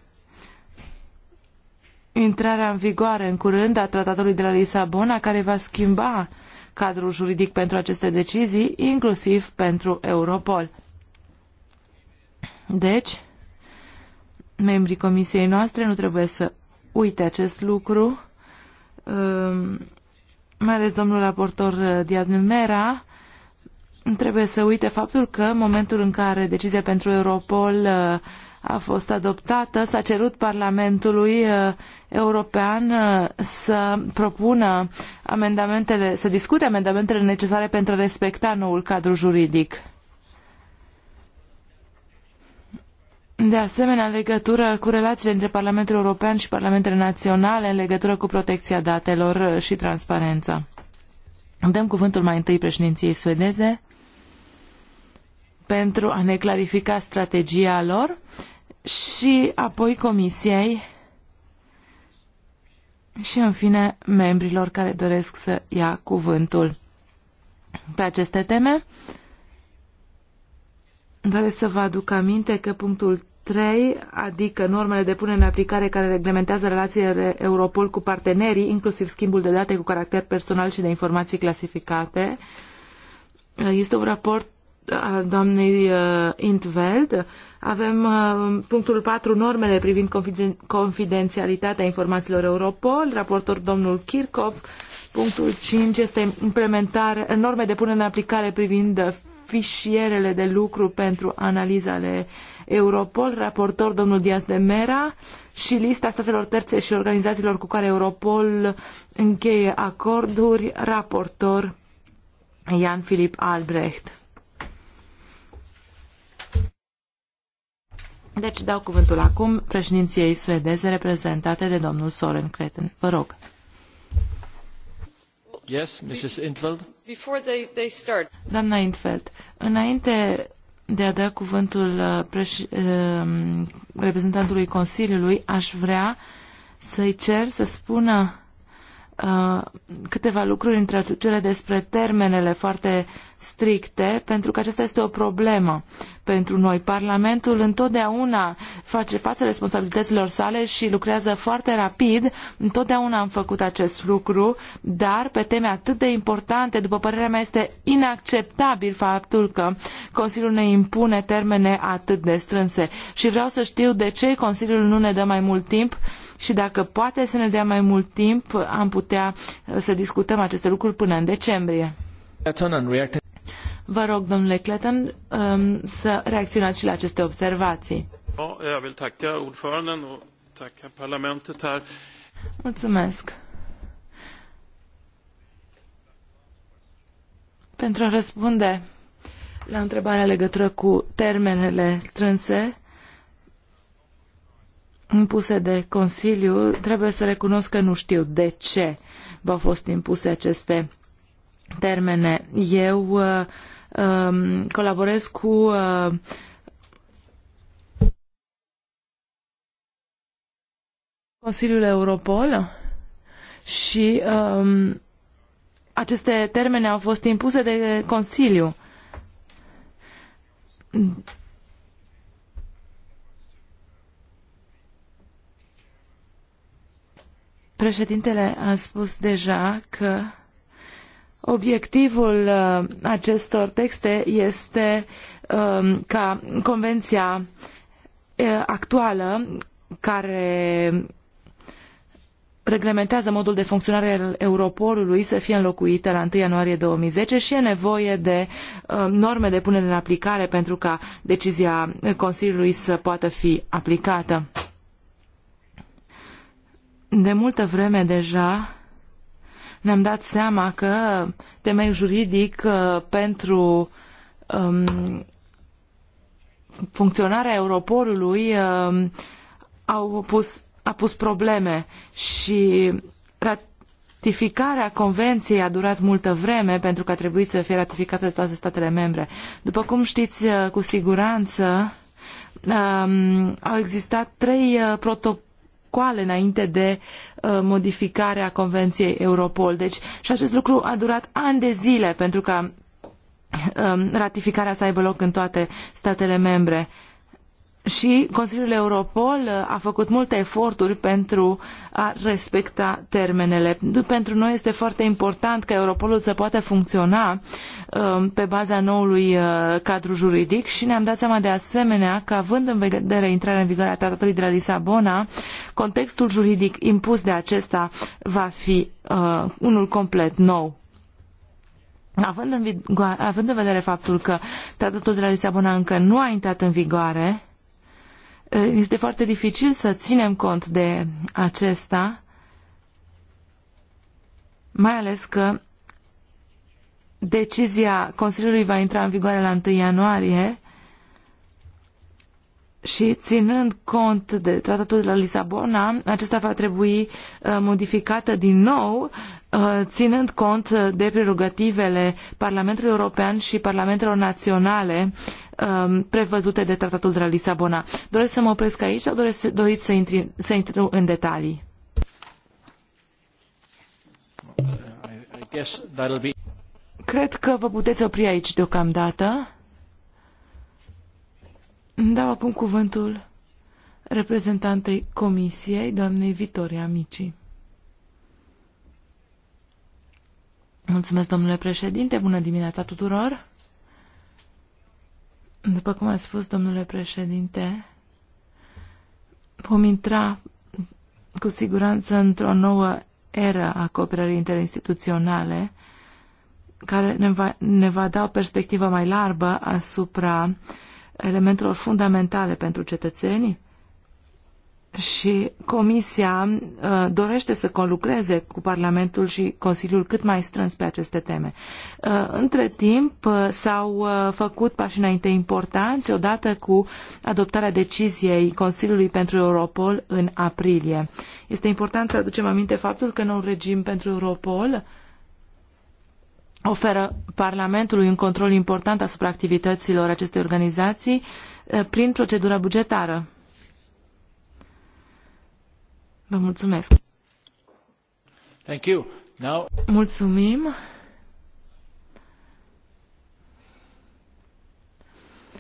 intrarea în vigoare în curând a tratatului de la Lisabona care va schimba cadrul juridic pentru aceste decizii, inclusiv pentru Europol. Deci, membrii comisiei noastre nu trebuie să uite acest lucru, um, mai ales domnul raportor uh, Dian Mera, trebuie să uite faptul că în momentul în care decizia pentru Europol uh, a fost adoptată, s-a cerut Parlamentului uh, European uh, să propună amendamentele, să discute amendamentele necesare pentru a respecta noul cadru juridic. De asemenea, în legătură cu relațiile între Parlamentul European și Parlamentele Naționale, în legătură cu protecția datelor uh, și transparența. Dăm cuvântul mai întâi președinției suedeze pentru a ne clarifica strategia lor și apoi comisiei și, în fine, membrilor care doresc să ia cuvântul pe aceste teme. Doresc să vă aduc aminte că punctul 3, adică normele de punere în aplicare care reglementează relațiile Europol cu partenerii, inclusiv schimbul de date cu caracter personal și de informații clasificate, este un raport al doamnei uh, Intveld. Avem uh, punctul 4, normele privind confidențialitatea informațiilor Europol, raportor domnul Kirchhoff. Punctul 5 este implementare, norme de punere în aplicare privind fișierele de lucru pentru analizele Europol, raportor domnul Diaz de Mera și lista statelor terțe și organizațiilor cu care Europol încheie acorduri, raportor Jan Filip Albrecht. Deci dau cuvântul acum președinției suedeze reprezentate de domnul Soren Kreten. Vă rog. Yes, Mrs. Intveld. Before they, they start. Doamna Intveld, înainte de a da cuvântul uh, preș- um, reprezentantului Consiliului, aș vrea să-i cer să spună Uh, câteva lucruri în traducere despre termenele foarte stricte, pentru că aceasta este o problemă pentru noi. Parlamentul întotdeauna face față responsabilităților sale și lucrează foarte rapid. Întotdeauna am făcut acest lucru, dar pe teme atât de importante, după părerea mea, este inacceptabil faptul că Consiliul ne impune termene atât de strânse. Și vreau să știu de ce Consiliul nu ne dă mai mult timp uh, și dacă poate să ne dea mai mult timp, am putea uh, să discutăm aceste lucruri până în decembrie. Vă rog, domnule Cleton, um, să reacționați și la aceste observații. Mulțumesc. Pentru a răspunde la întrebarea legătură cu termenele strânse, impuse de Consiliu, trebuie să recunosc că nu știu de ce v-au fost impuse aceste termene. Eu uh, um, colaborez cu uh, Consiliul Europol și um, aceste termene au fost impuse de Consiliu Președintele a spus deja că obiectivul uh, acestor texte este um, ca convenția uh, actuală care reglementează modul de funcționare al Europolului să fie înlocuită la 1 ianuarie 2010 și e nevoie de uh, norme de punere în aplicare pentru ca decizia Consiliului să poată fi aplicată. De multă vreme deja ne-am dat seama că temei juridic uh, pentru um, funcționarea Europolului um, au pus, a pus probleme și ratificarea convenției a durat multă vreme pentru că a trebuit să fie ratificată de toate statele membre. După cum știți uh, cu siguranță, um, au existat trei uh, protocoale școală înainte de uh, modificarea Convenției Europol. Deci, și acest lucru a durat ani de zile pentru ca um, ratificarea să aibă loc în toate statele membre. Uh, și Consiliul Europol uh, a făcut multe eforturi pentru a respecta termenele. Pentru noi este foarte important ca Europolul să poată funcționa um, pe baza noului uh, cadru juridic și ne-am dat seama de asemenea că având în vedere intrarea în vigoare a tratatului de la Lisabona, contextul juridic impus de acesta va fi uh, unul complet nou. Având în, având în vedere faptul că tratatul de la Lisabona încă nu a intrat în vigoare, este foarte dificil să ținem cont de acesta, mai ales că decizia Consiliului va intra în vigoare la 1 ianuarie și ținând cont de tratatul de la Lisabona, acesta va trebui modificată din nou, ținând cont de prerogativele Parlamentului European și Parlamentelor Naționale um, prevăzute de Tratatul de la Lisabona. Doresc să mă opresc aici sau doresc, doriți să, intri, să intru în detalii? Cred că vă puteți opri aici deocamdată. Îmi dau acum cuvântul reprezentantei Comisiei, doamnei Vitoria Mici. Mulțumesc, domnule președinte, bună dimineața tuturor! După cum a spus domnule președinte, vom intra cu siguranță într-o nouă eră a cooperării interinstituționale care ne va, ne va da o perspectivă mai largă asupra elementelor fundamentale pentru cetățenii și Comisia uh, dorește să conlucreze cu Parlamentul și Consiliul cât mai strâns pe aceste teme. Uh, între timp uh, s-au uh, făcut pași înainte importanți odată cu adoptarea deciziei Consiliului pentru Europol în aprilie. Este important să aducem aminte faptul că noul regim pentru Europol oferă Parlamentului un control important asupra activităților acestei organizații uh, prin procedura bugetară Vă mulțumesc. Thank you. Now... Mulțumim.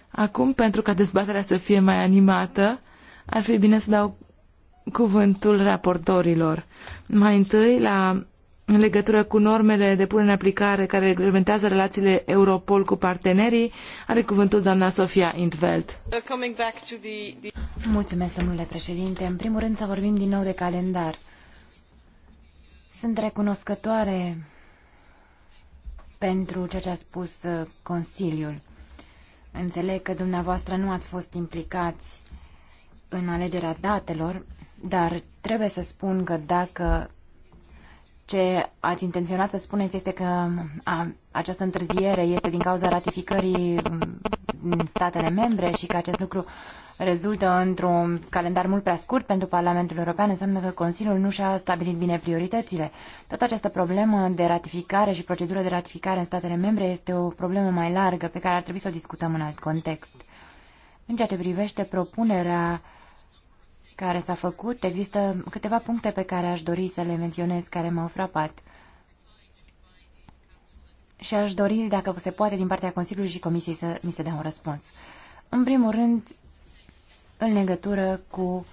Acum, pentru ca dezbaterea să fie mai animată, ar fi bine să dau cuvântul raportorilor. Mai întâi la în legătură cu normele de punere în aplicare care reglementează relațiile Europol cu partenerii, are cuvântul doamna Sofia Intveld. Mulțumesc, domnule președinte. În primul rând să vorbim din nou de calendar. Sunt recunoscătoare pentru ceea ce a spus uh, Consiliul. Înțeleg că dumneavoastră nu ați fost implicați în alegerea datelor, dar trebuie să spun că dacă ce ați intenționat să spuneți este că a, această întârziere este din cauza ratificării în statele membre și că acest lucru rezultă într-un calendar mult prea scurt pentru Parlamentul European, înseamnă că Consiliul nu și-a stabilit bine prioritățile. Tot această problemă de ratificare și procedură de ratificare în statele membre este o problemă mai largă pe care ar trebui să o discutăm în alt context. În ceea ce privește propunerea uh, care s-a făcut. Există câteva puncte pe care aș dori să le menționez care m-au frapat. Și aș dori, dacă se poate, din partea Consiliului și Comisiei să mi se dea un răspuns. În primul rând, în legătură cu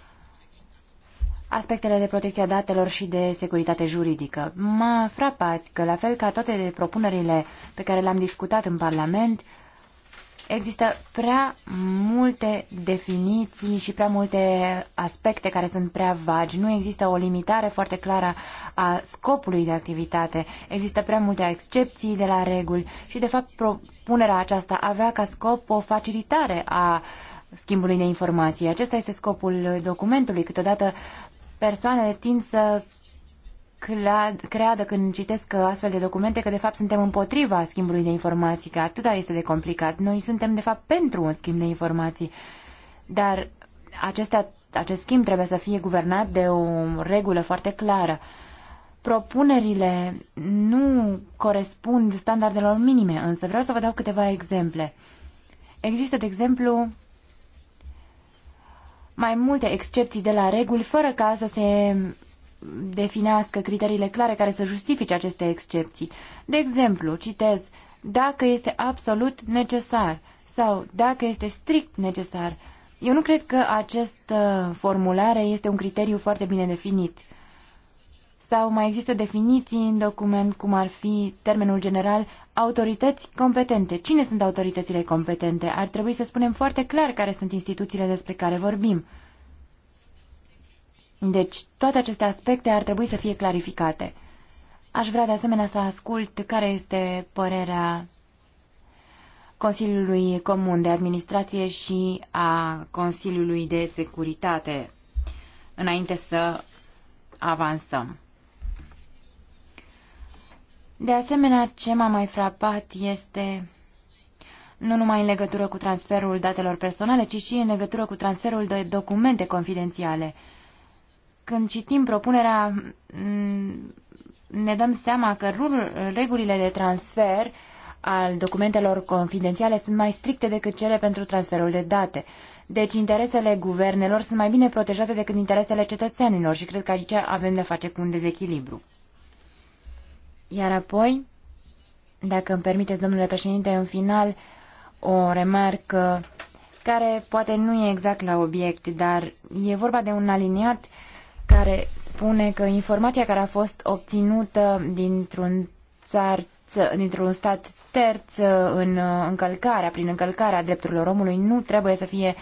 aspectele de protecție a datelor și de securitate juridică. M-a frapat că, la fel ca toate propunerile pe care le-am discutat în Parlament, uh, există prea multe definiții și prea multe aspecte care sunt prea vagi. Nu există o limitare foarte clară a scopului de activitate. Există prea multe excepții de la reguli și, de fapt, propunerea aceasta avea ca scop o facilitare a schimbului de informații. Acesta este scopul documentului. Câteodată persoanele tind să creadă când citesc astfel de documente că de fapt suntem împotriva schimbului de informații, că atâta este de complicat. Noi suntem de fapt pentru un schimb de informații, dar acestea, acest schimb trebuie să fie guvernat de o regulă foarte clară. Propunerile nu corespund standardelor minime, însă vreau să vă dau câteva exemple. Există, de exemplu, mai multe excepții de la reguli fără ca să se definească criteriile clare care să justifice aceste excepții. De exemplu, citez, dacă este absolut necesar sau dacă este strict necesar. Eu nu cred că această formulare este un criteriu foarte bine definit. Sau mai există definiții în document, cum ar fi termenul general, autorități competente. Cine sunt autoritățile competente? Ar trebui să spunem foarte clar care sunt instituțiile despre care vorbim. Deci, toate aceste aspecte ar trebui să fie clarificate. Aș vrea de asemenea să ascult care este părerea Consiliului Comun de Administrație și a Consiliului de Securitate înainte să avansăm. De asemenea, ce m-a mai frapat este nu numai în legătură cu transferul datelor personale, ci și în legătură cu transferul de documente confidențiale. Când citim propunerea, mm, ne dăm seama că regulile de transfer al documentelor confidențiale sunt mai stricte decât cele pentru transferul de date. Deci interesele guvernelor sunt mai bine protejate decât interesele cetățenilor și cred că aici avem de face cu un dezechilibru. Iar apoi, dacă îmi permiteți, domnule președinte, în final o remarcă care poate nu e exact la obiect, dar e vorba de un aliniat uh, care spune că informația care a fost obținută dintr-un dintr-un stat terț în uh, încălcarea, prin încălcarea drepturilor omului nu trebuie să fie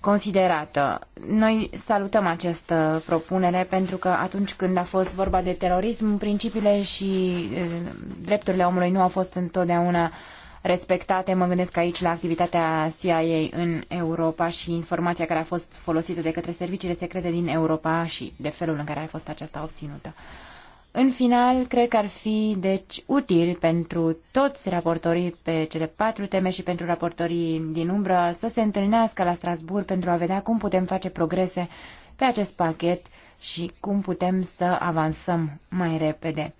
considerată. Noi salutăm această propunere pentru că atunci când a fost vorba de terorism, principiile și uh, drepturile omului nu au fost întotdeauna uh, respectate. Mă gândesc aici la activitatea CIA în Europa și informația care a fost folosită de către serviciile secrete din Europa și de felul în care a fost aceasta obținută. În final, cred că ar fi, deci, util pentru toți raportorii pe cele patru teme și pentru raportorii din umbră să se întâlnească la Strasbourg pentru a vedea cum putem face progrese pe acest pachet și cum putem să avansăm mai repede.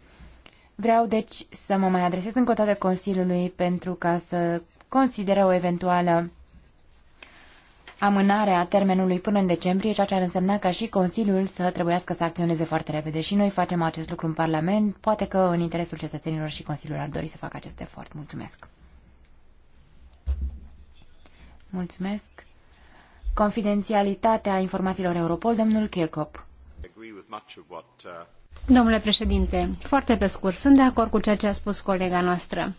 Vreau deci să mă mai adresez încă o dată Consiliului pentru ca să consideră o eventuală amânare a termenului până în decembrie, ceea ce ar însemna ca și Consiliul să trebuiască să acționeze foarte repede. Și noi facem acest lucru în Parlament. Poate că în interesul cetățenilor și Consiliul ar dori să facă acest efort. Mulțumesc! Mulțumesc! Confidențialitatea informațiilor Europol, domnul Kirchhoff. Domnule președinte, foarte pe scurt, sunt de acord cu ceea ce a spus colega noastră.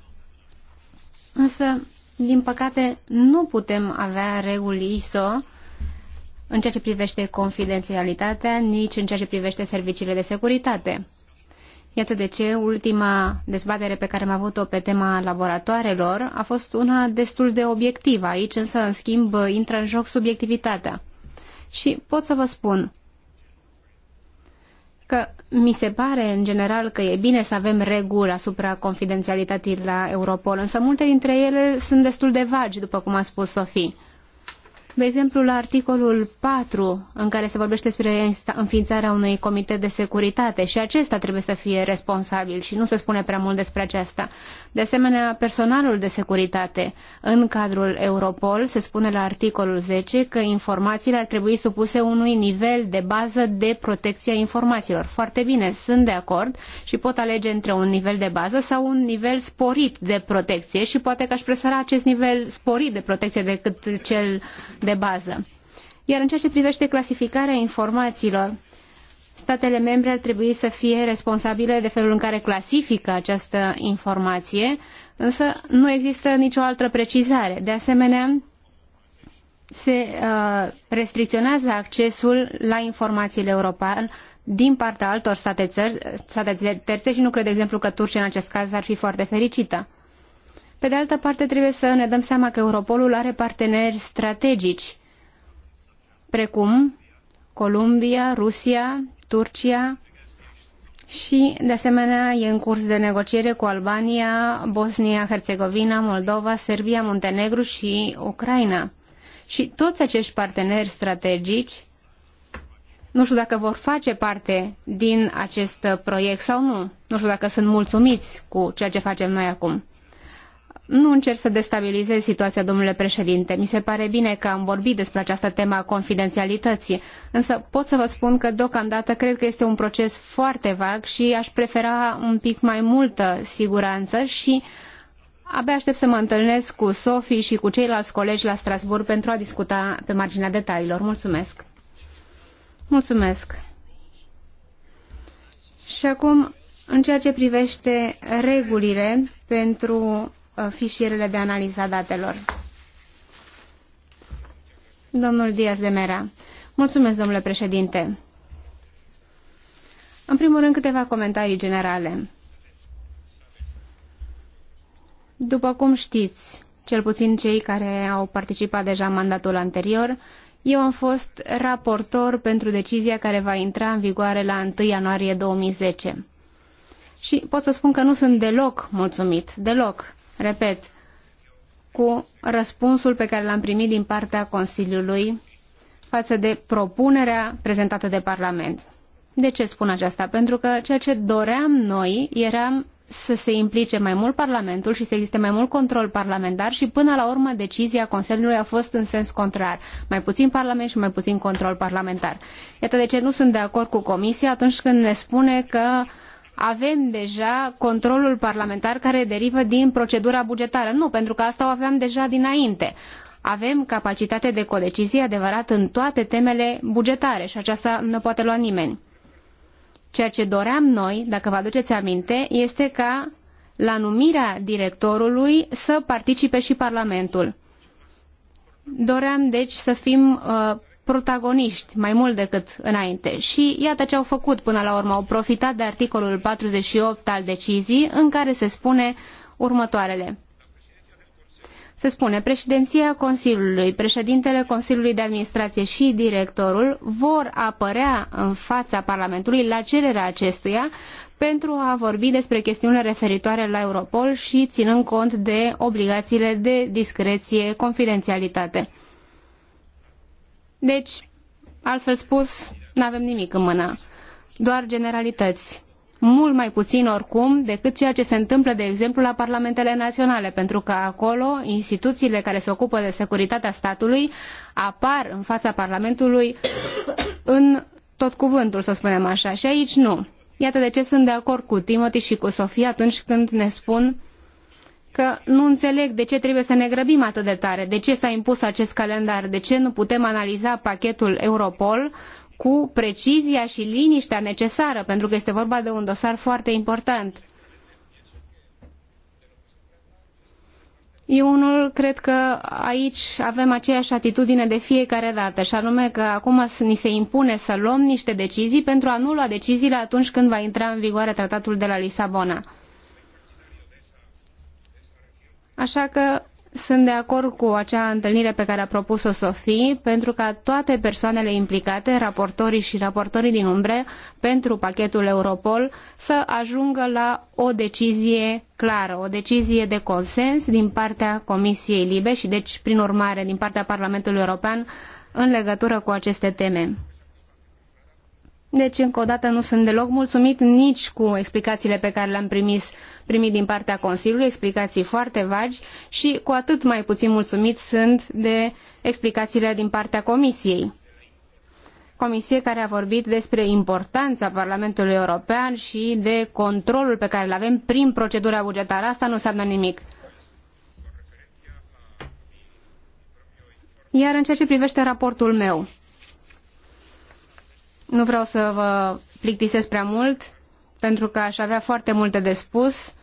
Însă, din păcate, nu putem avea reguli ISO în ceea ce privește confidențialitatea, nici în ceea ce privește serviciile de securitate. Iată de ce ultima dezbatere pe care am avut-o pe tema laboratoarelor a fost una destul de obiectivă. Aici însă, în schimb, intră în joc subiectivitatea. Și pot să vă spun că mi se pare, în general, că e bine să avem reguli asupra confidențialității la Europol, însă multe dintre ele sunt destul de vagi, după cum a spus Sofie. De exemplu, la articolul 4, în care se vorbește despre înființarea unui comitet de securitate și acesta trebuie să fie responsabil și nu se spune prea mult despre aceasta. De asemenea, personalul de securitate în cadrul Europol se spune la articolul 10 că informațiile ar trebui supuse unui nivel de bază de protecție a informațiilor. Foarte bine, sunt de acord și pot alege între un nivel de bază sau un nivel sporit de protecție și poate că aș prefera acest nivel sporit de protecție decât cel de bază. Iar în ceea ce privește clasificarea informațiilor, statele membre ar trebui să fie responsabile de felul în care clasifică această informație, însă nu există nicio altă precizare. De asemenea, se uh, restricționează accesul la informațiile europene din partea altor state, țări, state terțe și nu cred, de exemplu, că Turcia în acest caz ar fi foarte fericită. Pe de altă parte, trebuie să ne dăm seama că Europolul are parteneri strategici, precum Columbia, Rusia, Turcia și, de asemenea, e în curs de negociere cu Albania, Bosnia, Herțegovina, Moldova, Serbia, Muntenegru și Ucraina. Și toți acești parteneri strategici nu știu dacă vor face parte din acest proiect sau nu. Nu știu dacă sunt mulțumiți cu ceea ce facem noi acum. Nu încerc să destabilizez situația, domnule președinte. Mi se pare bine că am vorbit despre această temă a confidențialității, însă pot să vă spun că deocamdată cred că este un proces foarte vag și aș prefera un pic mai multă siguranță și abia aștept să mă întâlnesc cu Sophie și cu ceilalți colegi la Strasbourg pentru a discuta pe marginea detaliilor. Mulțumesc! Mulțumesc! Și acum, în ceea ce privește regulile pentru Uh, fișierele de analiza datelor. Domnul Diaz de Mera. Mulțumesc, domnule președinte. În primul rând, câteva comentarii generale. După cum știți, cel puțin cei care au participat deja în mandatul anterior, eu am fost raportor pentru decizia care va intra în vigoare la 1 ianuarie 2010. Și pot să spun că nu sunt deloc mulțumit, deloc. Repet, cu răspunsul pe care l-am primit din partea Consiliului față de propunerea prezentată de Parlament. De ce spun aceasta? Pentru că ceea ce doream noi era să se implice mai mult Parlamentul și să existe mai mult control parlamentar și până la urmă decizia Consiliului a fost în sens contrar. Mai puțin Parlament și mai puțin control parlamentar. Iată de ce nu sunt de acord cu Comisia atunci când ne spune că avem deja controlul parlamentar care derivă din procedura bugetară. Nu, pentru că asta o aveam deja dinainte. Avem capacitate de codecizie adevărat în toate temele bugetare și aceasta nu poate lua nimeni. Ceea ce doream noi, dacă vă aduceți aminte, este ca la numirea directorului să participe și Parlamentul. Doream, deci, să fim uh, protagoniști mai mult decât înainte. Și iată ce au făcut până la urmă. Au profitat de articolul 48 al decizii în care se spune următoarele. Se spune, președinția Consiliului, președintele Consiliului de Administrație și directorul vor apărea în fața Parlamentului la cererea acestuia pentru a vorbi despre chestiunile referitoare la Europol și ținând cont de obligațiile de discreție, confidențialitate. Deci, altfel spus, nu avem nimic în mână, doar generalități. Mult mai puțin oricum decât ceea ce se întâmplă, de exemplu, la parlamentele naționale, pentru că acolo instituțiile care se ocupă de securitatea statului apar în fața Parlamentului (coughs) în tot cuvântul, să spunem așa, și aici nu. Iată de ce sunt de acord cu Timothy și cu Sofia atunci când ne spun că nu înțeleg de ce trebuie să ne grăbim atât de tare, de ce s-a impus acest calendar, de ce nu putem analiza pachetul Europol cu precizia și liniștea necesară, pentru că este vorba de un dosar foarte important. Eu unul cred că aici avem aceeași atitudine de fiecare dată și anume că acum ni se impune să luăm niște decizii pentru a nu lua deciziile atunci când va intra în vigoare tratatul de la Lisabona. Așa că sunt de acord cu acea întâlnire pe care a propus-o Sofie, pentru ca toate persoanele implicate, raportorii și raportorii din umbre, pentru pachetul Europol, să ajungă la o decizie clară, o decizie de consens din partea Comisiei Libe și deci, prin urmare, din partea Parlamentului European în legătură cu aceste teme. Deci, încă o dată, nu sunt deloc mulțumit nici cu explicațiile pe care le-am primit, primit din partea Consiliului, explicații foarte vagi și cu atât mai puțin mulțumit sunt de explicațiile din partea Comisiei. Comisie care a vorbit despre importanța Parlamentului European și de controlul pe care îl avem prin procedura bugetară. Asta nu înseamnă nimic. Iar în ceea ce privește raportul meu, nu vreau să vă plictisesc prea mult, pentru că aș avea foarte multe de spus.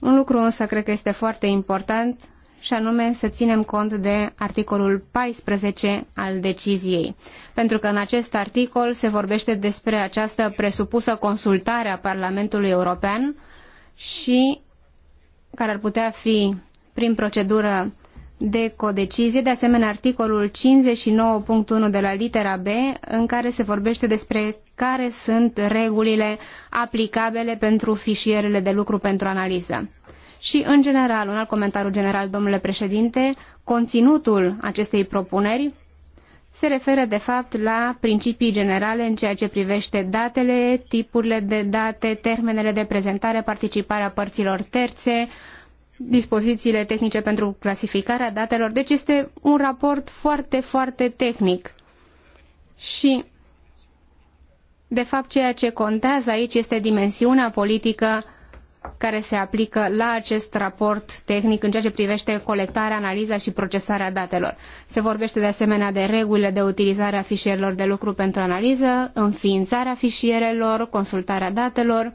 Un lucru însă cred că este foarte important și anume să ținem cont de articolul 14 al deciziei. Pentru că în acest articol se vorbește despre această presupusă consultare a Parlamentului European și care ar putea fi prin procedură de codecizie, de asemenea articolul 59.1 de la litera B, în care se vorbește despre care sunt regulile aplicabile pentru fișierele de lucru pentru analiză. Și, în general, un alt comentariu general, domnule președinte, conținutul acestei propuneri se referă, de fapt, la principii generale în ceea ce privește datele, tipurile de date, termenele de prezentare, participarea părților terțe, uh, dispozițiile tehnice pentru clasificarea datelor. Deci este un raport foarte, foarte tehnic. Și, de fapt, ceea ce contează aici este dimensiunea politică care se aplică la acest raport tehnic în ceea ce privește colectarea, analiza și procesarea datelor. Se vorbește de asemenea de regulile de utilizare a fișierelor de lucru pentru analiză, înființarea fișierelor, consultarea datelor,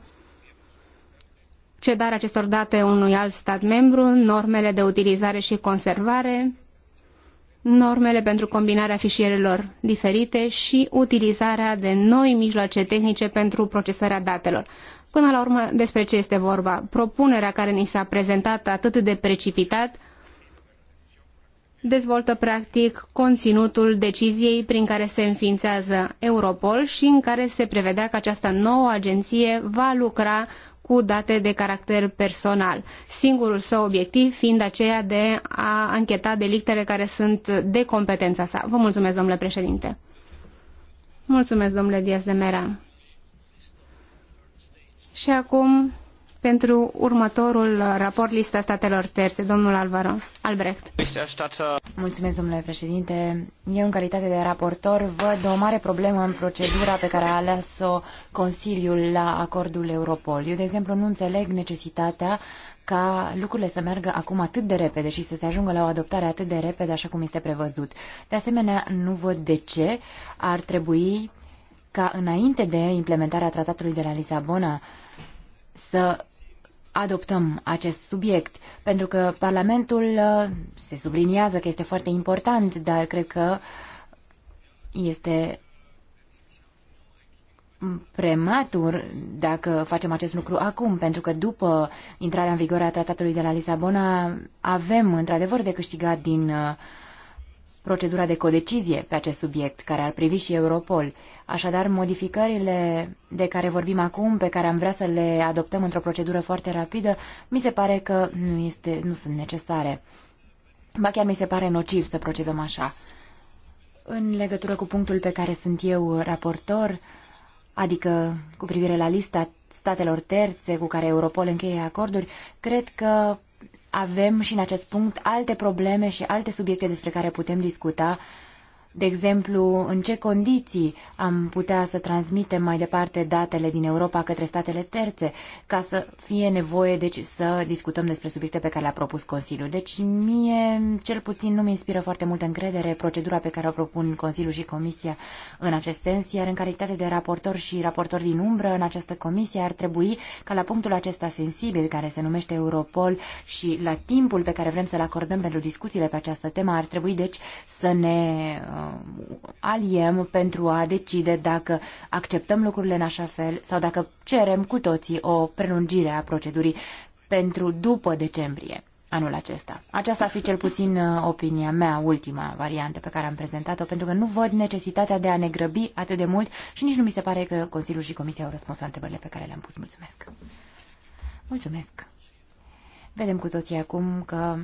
cedarea acestor date unui alt stat membru, normele de utilizare și conservare, normele pentru combinarea fișierelor diferite și utilizarea de noi mijloace tehnice pentru procesarea datelor. Până la urmă, despre ce este vorba? Propunerea care ni s-a prezentat atât de precipitat dezvoltă practic conținutul deciziei prin care se înființează Europol și în care se prevedea că această nouă agenție va lucra cu date de caracter personal, singurul său obiectiv fiind aceea de a ancheta delictele care sunt de competența sa. Vă mulțumesc, domnule președinte. Mulțumesc, domnule Diaz de Mera. Și acum pentru următorul raport lista statelor terțe. Domnul Alvaro Albrecht. Mulțumesc, domnule președinte. Eu, în calitate de raportor, văd o mare problemă în procedura pe care a ales-o Consiliul la acordul Europol. Eu, de exemplu, nu înțeleg necesitatea ca lucrurile să meargă acum atât de repede și să se ajungă la o adoptare atât de repede, așa cum este prevăzut. De asemenea, nu văd de ce ar trebui ca înainte de implementarea tratatului de la Lisabona să adoptăm acest subiect, pentru că Parlamentul uh, se subliniază că este foarte important, dar cred că este prematur dacă facem acest lucru acum, pentru că după intrarea în vigoare a tratatului de la Lisabona avem într-adevăr de câștigat din uh, procedura de codecizie pe acest subiect, care ar privi și Europol. Așadar, modificările de care vorbim acum, pe care am vrea să le adoptăm într-o procedură foarte rapidă, mi se pare că nu, este, nu sunt necesare. Ba chiar mi se pare nociv să procedăm așa. În legătură cu punctul pe care sunt eu raportor, adică cu privire la lista statelor terțe cu care Europol încheie acorduri, cred că avem și în acest punct alte probleme și alte subiecte despre care putem discuta de exemplu, în ce condiții am putea să transmitem mai departe datele din Europa către statele terțe, ca să fie nevoie, deci, să discutăm despre subiecte pe care le-a propus Consiliul. Deci, mie, cel puțin, nu mi inspiră foarte multă încredere procedura pe care o propun Consiliul și Comisia în acest sens, iar în calitate de raportor și raportor din umbră în această comisie ar trebui ca la punctul acesta sensibil, care se numește Europol, și la timpul pe care vrem să-l acordăm pentru discuțiile pe această temă, ar trebui, deci, să ne uh, Uh, aliem pentru a decide dacă acceptăm lucrurile în așa fel sau dacă cerem cu toții o prelungire a procedurii pentru după decembrie anul acesta. Aceasta ar fi cel puțin uh, opinia mea, ultima variantă pe care am prezentat-o, pentru că nu văd necesitatea de a ne grăbi atât de mult și nici nu mi se pare că Consiliul și Comisia au răspuns la întrebările pe care le-am pus. Mulțumesc! Mulțumesc! Vedem cu toții acum că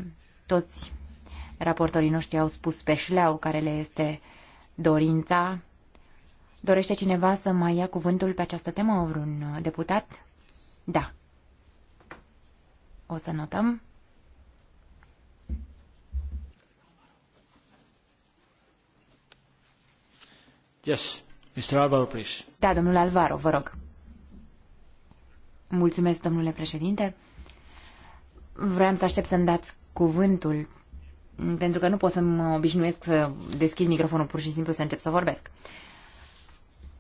toți raportorii noștri au spus pe șleau care le este dorința. Dorește cineva să mai ia cuvântul pe această temă, vreun deputat? Da. O să notăm. Yes, Mr. Alvaro, please. Da, domnule Alvaro, vă rog. Mulțumesc, domnule președinte. Vreau să aștept să-mi dați cuvântul pentru că nu pot să mă obișnuiesc să deschid microfonul pur și simplu să încep să vorbesc.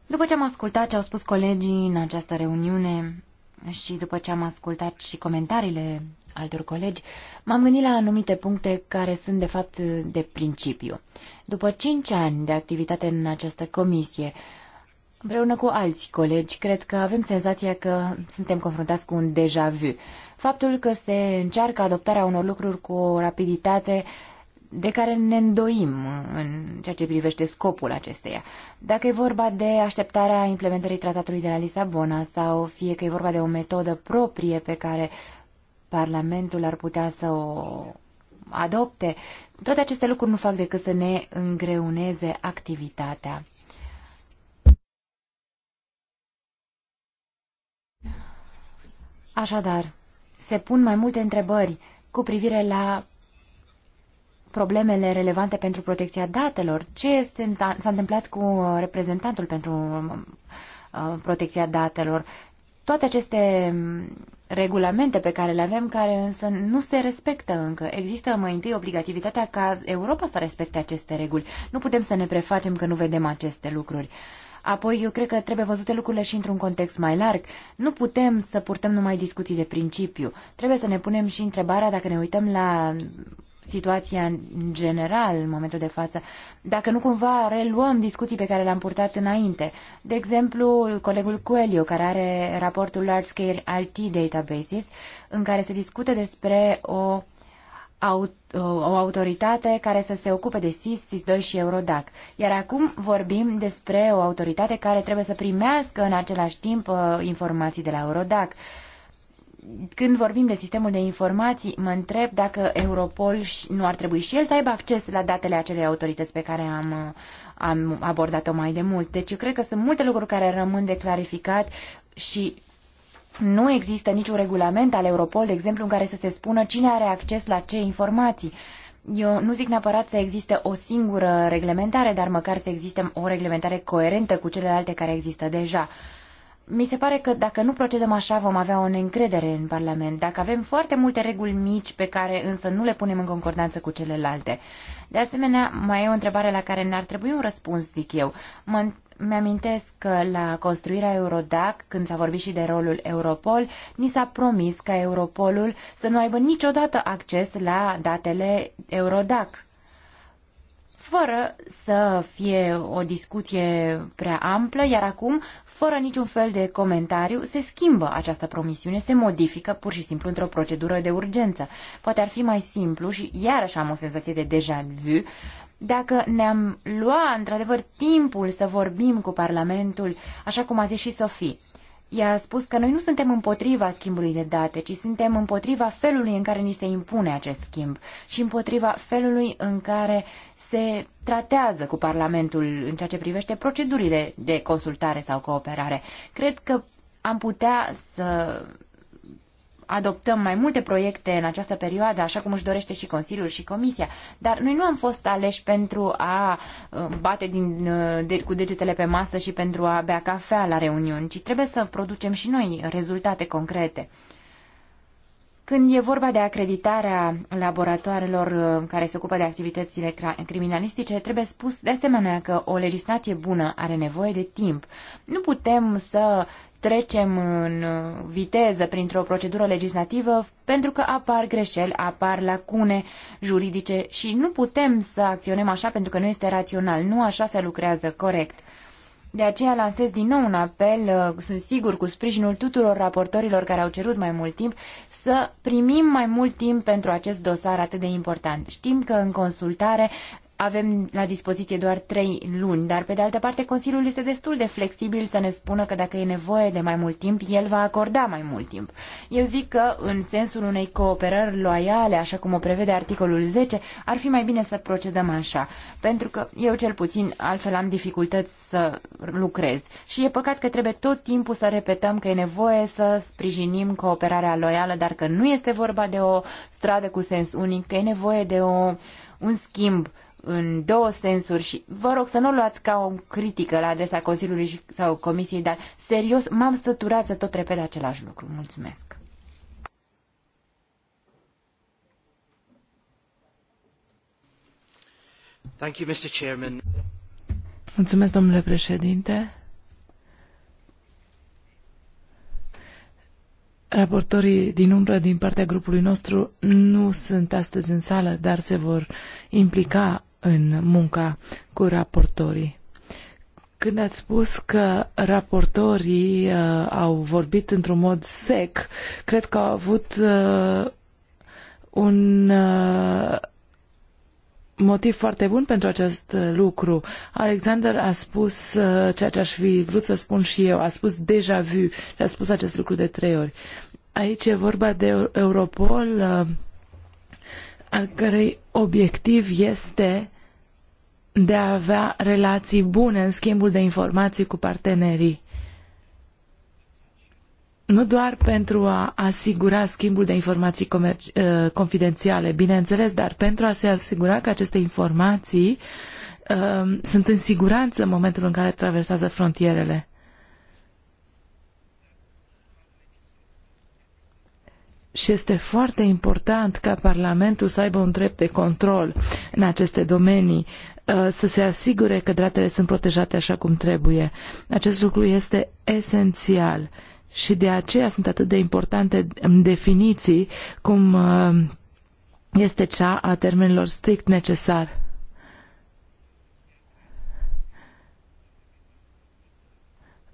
După ce am ascultat ce au spus colegii în această reuniune și după ce am ascultat și comentariile altor colegi, m-am gândit la anumite puncte care sunt de fapt de principiu. După cinci ani de activitate în această comisie, împreună cu alți colegi, cred că avem senzația că suntem confruntați cu un deja vu faptul că se încearcă adoptarea unor lucruri cu o rapiditate de care ne îndoim în ceea ce privește scopul acesteia. Dacă e vorba de așteptarea implementării tratatului de la Lisabona sau fie că e vorba de o metodă proprie pe care Parlamentul ar putea să o adopte, toate aceste lucruri nu fac decât să ne îngreuneze activitatea. Așadar, se pun mai multe întrebări cu privire la problemele relevante pentru protecția datelor. Ce s-a întâmplat cu uh, reprezentantul pentru um, uh, protecția datelor? Toate aceste um, regulamente pe care le avem, care însă nu se respectă încă. Există mai întâi obligativitatea ca Europa să respecte aceste reguli. Nu putem să ne prefacem că nu vedem aceste lucruri. Uh, Apoi, eu cred că trebuie văzute lucrurile și într-un context mai larg. Nu putem să purtăm numai discuții de principiu. Trebuie să ne punem și întrebarea, dacă ne uităm la situația în general în momentul de față, dacă nu cumva reluăm discuții pe care le-am purtat înainte. De exemplu, colegul Coelio, care are raportul Large Scale IT Databases, în care se discută despre o o autoritate care să se ocupe de SIS, SIS-2 și Eurodac. Iar acum vorbim despre o autoritate care trebuie să primească în același timp uh, informații de la Eurodac. Când vorbim de sistemul de informații, mă întreb dacă Europol nu ar trebui și el să aibă acces la datele acelei autorități pe care am, uh, am abordat-o mai de mult. Deci eu cred că sunt multe lucruri care rămân de clarificat și nu există niciun regulament al Europol, de exemplu, în care să se spună cine are acces la ce informații. Eu nu zic neapărat să existe o singură reglementare, dar măcar să existe o reglementare coerentă cu celelalte care există deja. Mi se pare că dacă nu procedăm așa, vom avea o neîncredere în Parlament, dacă avem foarte multe reguli mici pe care însă nu le punem în concordanță cu celelalte. De asemenea, mai e o întrebare la care n-ar trebui un răspuns, zic eu. Mă mi-amintesc că la construirea Eurodac, când s-a vorbit și de rolul Europol, ni s-a promis ca Europolul să nu aibă niciodată acces la datele Eurodac, fără să fie o discuție prea amplă, iar acum, fără niciun fel de comentariu, se schimbă această promisiune, se modifică pur și simplu într-o procedură de urgență. Poate ar fi mai simplu și iarăși am o senzație de deja vu dacă ne-am lua într-adevăr timpul să vorbim cu Parlamentul, așa cum a zis și Sofie, ea a spus că noi nu suntem împotriva schimbului de date, ci suntem împotriva felului în care ni se impune acest schimb și împotriva felului în care se tratează cu Parlamentul în ceea ce privește procedurile de consultare sau cooperare. Cred că am putea să adoptăm mai multe proiecte în această perioadă, așa cum își dorește și Consiliul și Comisia, dar noi nu am fost aleși pentru a uh, bate din, uh, de, cu degetele pe masă și pentru a bea cafea la reuniuni, ci trebuie să producem și noi rezultate concrete. Când e vorba de acreditarea laboratoarelor uh, care se ocupă de activitățile criminalistice, trebuie spus de asemenea că o legislație bună are nevoie de timp. Nu putem să trecem în viteză printr-o procedură legislativă pentru că apar greșeli, apar lacune juridice și nu putem să acționăm așa pentru că nu este rațional, nu așa se lucrează corect. De aceea lansez din nou un apel, uh, sunt sigur cu sprijinul tuturor raportorilor care au cerut mai mult timp, să primim mai mult timp pentru acest dosar atât de important. Știm că în consultare avem la dispoziție doar trei luni, dar pe de altă parte Consiliul este destul de flexibil să ne spună că dacă e nevoie de mai mult timp, el va acorda mai mult timp. Eu zic că în sensul unei cooperări loiale, așa cum o prevede articolul 10, ar fi mai bine să procedăm așa, pentru că eu cel puțin altfel am dificultăți să lucrez și e păcat că trebuie tot timpul să repetăm că e nevoie să sprijinim cooperarea loială, dar că nu este vorba de o stradă cu sens unic, că e nevoie de o, un schimb în două sensuri și vă rog să nu o luați ca o critică la adresa Consiliului sau Comisiei, dar serios m-am săturat să tot repede același lucru. Mulțumesc! Thank you, Mr. Chairman. Mulțumesc, domnule președinte. Raportorii din umbră din partea grupului nostru nu sunt astăzi în sală, dar se vor implica în munca cu raportorii. Când ați spus că raportorii uh, au vorbit într-un mod sec, cred că au avut uh, un uh, motiv foarte bun pentru acest uh, lucru. Alexander a spus uh, ceea ce aș fi vrut să spun și eu, a spus deja vu a spus acest lucru de trei ori. Aici e vorba de Europol, uh, al cărei obiectiv este de a avea relații bune în schimbul de informații cu partenerii. Nu doar pentru a asigura schimbul de informații uh, confidențiale, bineînțeles, dar pentru a se asigura că aceste informații uh, sunt în siguranță în momentul în care traversează frontierele. și este foarte important ca Parlamentul să aibă un drept de control în aceste domenii, uh, să se asigure că datele sunt protejate așa cum trebuie. Acest lucru este esențial și de aceea sunt atât de importante definiții cum uh, este cea a termenilor strict necesar.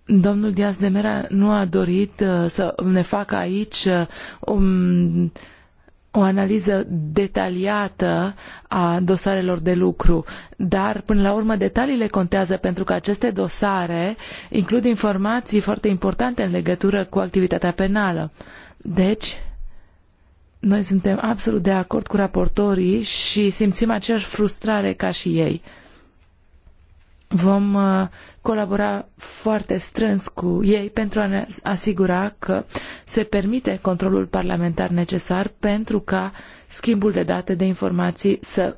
Domnul Diaz de Mera nu a dorit uh, să ne facă aici uh, um, o analiză detaliată a dosarelor de lucru, dar până la urmă detaliile contează pentru că aceste dosare includ informații foarte importante în legătură cu activitatea penală. Deci, noi suntem absolut de acord cu raportorii și simțim aceeași frustrare ca și ei. Vom uh, colabora foarte strâns cu ei pentru a ne asigura că se permite controlul parlamentar necesar pentru ca schimbul de date, de informații să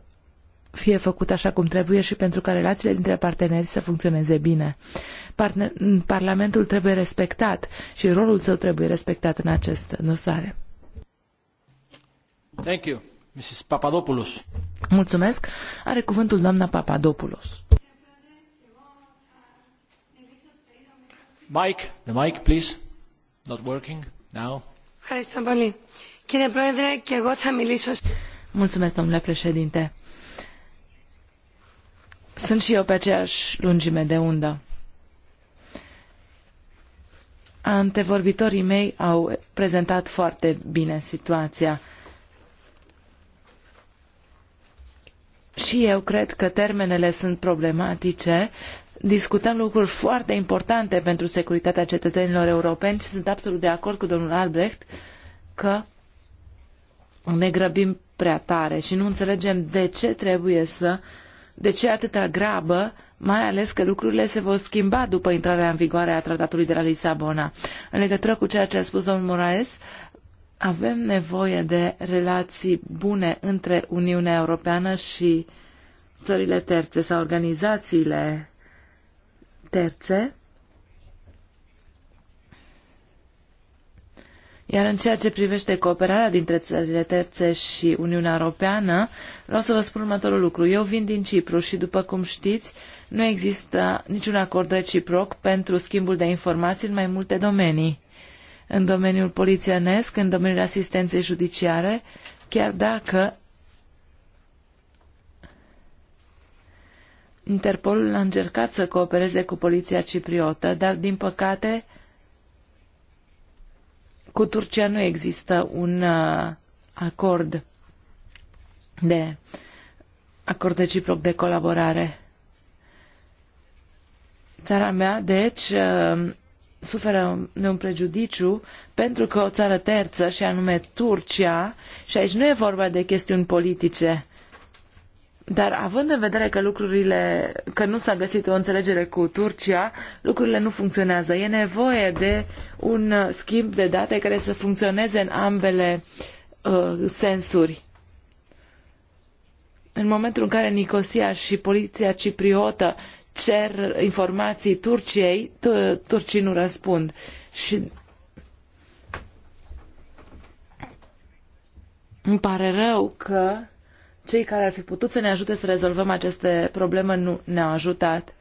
fie făcut așa cum trebuie și pentru ca relațiile dintre parteneri să funcționeze bine. Parlamentul trebuie respectat și rolul său trebuie respectat în acest dosare. Thank you. Mrs. Papadopoulos. Mulțumesc. Are cuvântul doamna Papadopoulos. Mike, the mic, please. Not working now. Ευχαριστώ πολύ. Κύριε Πρόεδρε, και εγώ θα μιλήσω... Mulțumesc, domnule președinte. Sunt și eu pe aceeași lungime de undă. Antevorbitorii mei au prezentat foarte bine situația. Și eu cred că termenele sunt problematice discutăm lucruri foarte importante pentru securitatea cetățenilor europeni și sunt absolut de acord cu domnul Albrecht că ne grăbim prea tare și nu înțelegem de ce trebuie să, de ce atâta grabă, mai ales că lucrurile se vor schimba după intrarea în vigoare a tratatului de la Lisabona. În legătură cu ceea ce a spus domnul Moraes, avem nevoie de relații bune între Uniunea Europeană și țările terțe sau organizațiile terțe. Iar în ceea ce privește cooperarea dintre țările terțe și Uniunea Europeană, vreau să vă spun următorul lucru. Eu vin din Cipru și, după cum știți, nu există niciun acord reciproc pentru schimbul de informații în mai multe domenii. În domeniul polițienesc, în domeniul asistenței judiciare, chiar dacă Interpolul a încercat să coopereze cu poliția cipriotă, dar din păcate cu Turcia nu există un uh, acord de acord reciproc de colaborare. Țara mea, deci, uh, suferă de un prejudiciu pentru că o țară terță, și anume Turcia, și aici nu e vorba de chestiuni politice, dar având în vedere că lucrurile, că nu s-a găsit o înțelegere cu Turcia, lucrurile nu funcționează. E nevoie de un schimb de date care să funcționeze în ambele uh, sensuri. În momentul în care Nicosia și poliția cipriotă cer informații Turciei, turcii nu răspund. Și îmi pare rău că cei care ar fi putut să ne ajute să rezolvăm aceste probleme nu ne-au ajutat.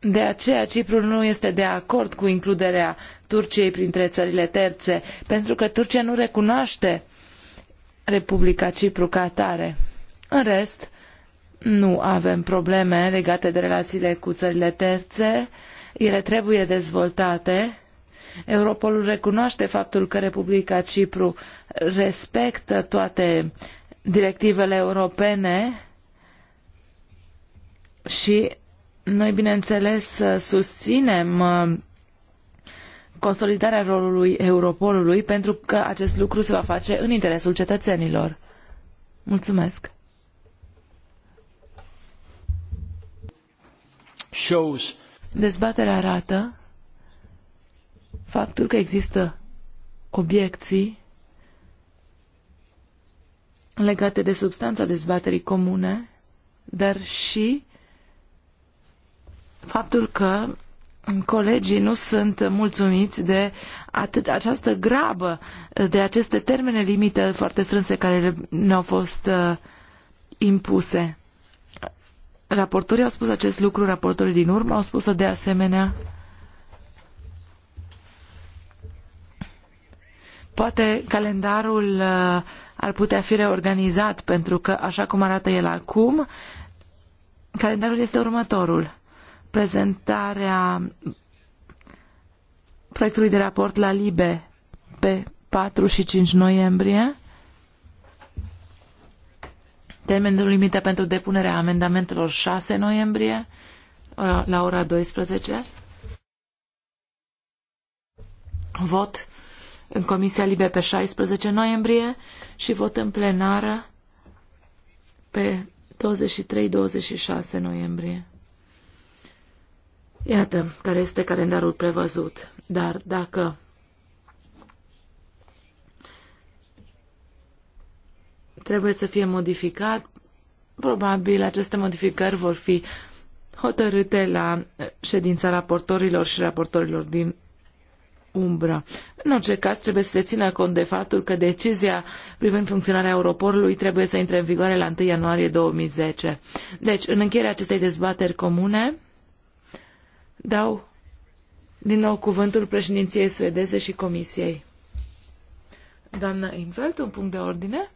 De aceea Cipru nu este de acord cu includerea Turciei printre țările terțe, pentru că Turcia nu recunoaște Republica Cipru ca atare. În rest, nu avem probleme legate de relațiile cu țările terțe, ele trebuie dezvoltate Europolul recunoaște faptul că Republica Cipru respectă toate directivele europene și noi, bineînțeles, susținem uh, consolidarea rolului Europolului pentru că acest lucru se va face în interesul cetățenilor. Mulțumesc! Dezbaterea arată faptul că există obiecții legate de substanța dezbaterii comune, dar și faptul că colegii nu sunt mulțumiți de atât, această grabă, de aceste termene limită foarte strânse care ne-au fost uh, impuse. Raportorii au spus acest lucru, raportorii din urmă au spus-o de asemenea Poate calendarul uh, ar putea fi reorganizat, pentru că, așa cum arată el acum, calendarul este următorul. Prezentarea proiectului de raport la LIBE pe 4 și 5 noiembrie, termenul limită pentru depunerea amendamentelor 6 noiembrie la ora 12, vot în Comisia Libe pe 16 noiembrie și vot în plenară pe 23-26 noiembrie. Iată care este calendarul prevăzut. Dar dacă trebuie să fie modificat, probabil aceste modificări vor fi hotărâte la ședința raportorilor și raportorilor din umbră. În orice caz, trebuie să se țină cont de faptul că decizia privind funcționarea aeroportului trebuie să intre în vigoare la 1 ianuarie 2010. Deci, în încheierea acestei dezbateri comune, dau din nou cuvântul președinției suedeze și comisiei. Doamna Infeld, un punct de ordine?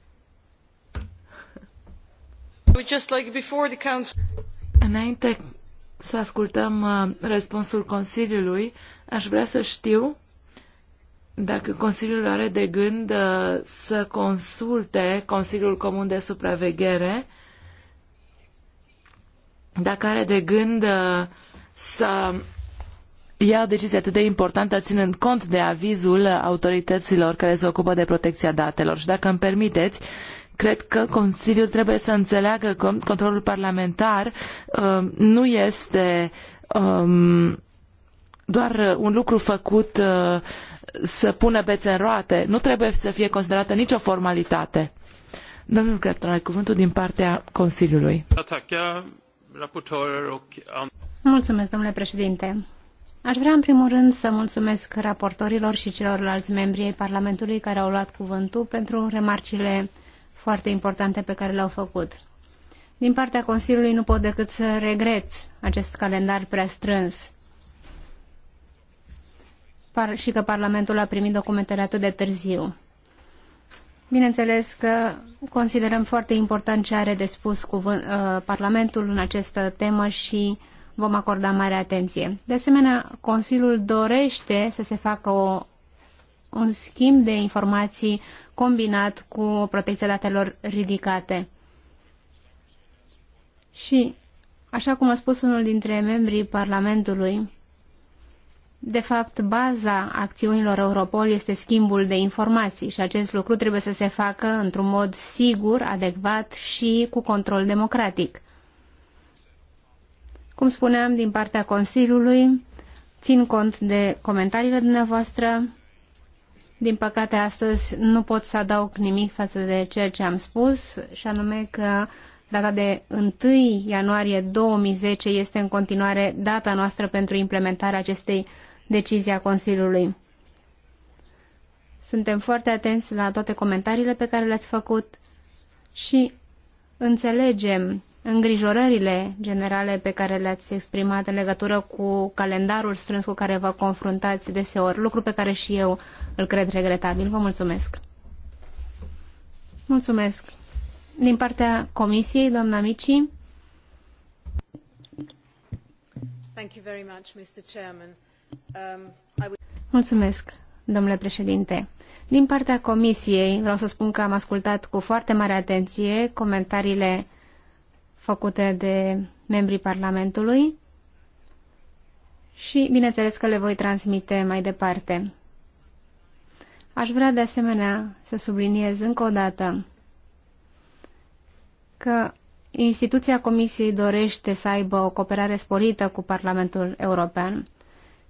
Just like before the council... Înainte să ascultăm uh, răspunsul Consiliului, aș vrea să știu dacă Consiliul are de gând uh, să consulte Consiliul Comun de Supraveghere, dacă are de gând uh, să ia o decizie atât de importantă ținând cont de avizul autorităților care se ocupă de protecția datelor. Și dacă îmi permiteți, cred că Consiliul trebuie să înțeleagă că controlul parlamentar um, nu este um, doar un lucru făcut uh, să pună bețe în roate. Nu trebuie să fie considerată nicio formalitate. Domnul Clapton, ai cuvântul din partea Consiliului. Mulțumesc, domnule președinte. Aș vrea, în primul rând, să mulțumesc raportorilor și celorlalți membri ai Parlamentului care au luat cuvântul pentru remarcile foarte importante pe care le-au făcut. Din partea Consiliului nu pot decât să regret acest calendar prea strâns și că Parlamentul a primit documentele atât de târziu. Bineînțeles că considerăm foarte important ce are de spus cuvânt, uh, Parlamentul în această temă și vom acorda mare atenție. De asemenea, Consiliul dorește să se facă o, un schimb de informații combinat cu protecția datelor ridicate. Și, așa cum a spus unul dintre membrii Parlamentului, de fapt, baza acțiunilor Europol este schimbul de informații și acest lucru trebuie să se facă într-un mod sigur, adecvat și cu control democratic. Cum spuneam, din partea Consiliului, țin cont de comentariile dumneavoastră. Din păcate, astăzi nu pot să adaug nimic față de ceea ce am spus, și anume că data de 1 ianuarie 2010 este în continuare data noastră pentru implementarea acestei decizia Consiliului. Suntem foarte atenți la toate comentariile pe care le-ați făcut și înțelegem îngrijorările generale pe care le-ați exprimat în legătură cu calendarul strâns cu care vă confruntați deseori, lucru pe care și eu îl cred regretabil. Vă mulțumesc! Mulțumesc! Din partea Comisiei, doamna Mici. Thank you very much, Mr. Chairman. Mulțumesc, domnule președinte. Din partea comisiei, vreau să spun că am ascultat cu foarte mare atenție comentariile făcute de membrii Parlamentului și, bineînțeles, că le voi transmite mai departe. Aș vrea, de asemenea, să subliniez încă o dată că instituția Comisiei dorește să aibă o cooperare sporită cu Parlamentul European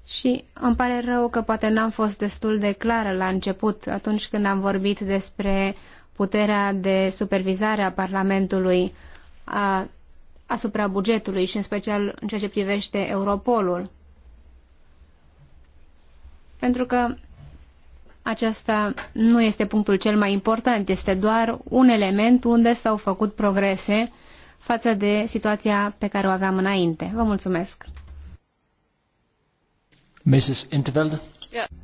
și îmi pare rău că poate n-am fost destul de clară la început atunci când am vorbit despre puterea de supervizare a Parlamentului a, asupra bugetului și în special în ceea ce privește Europolul. Pentru că acesta nu este punctul cel mai important, este doar un element unde s-au făcut progrese față de situația pe care o aveam înainte. Vă mulțumesc! Mrs. Intveld?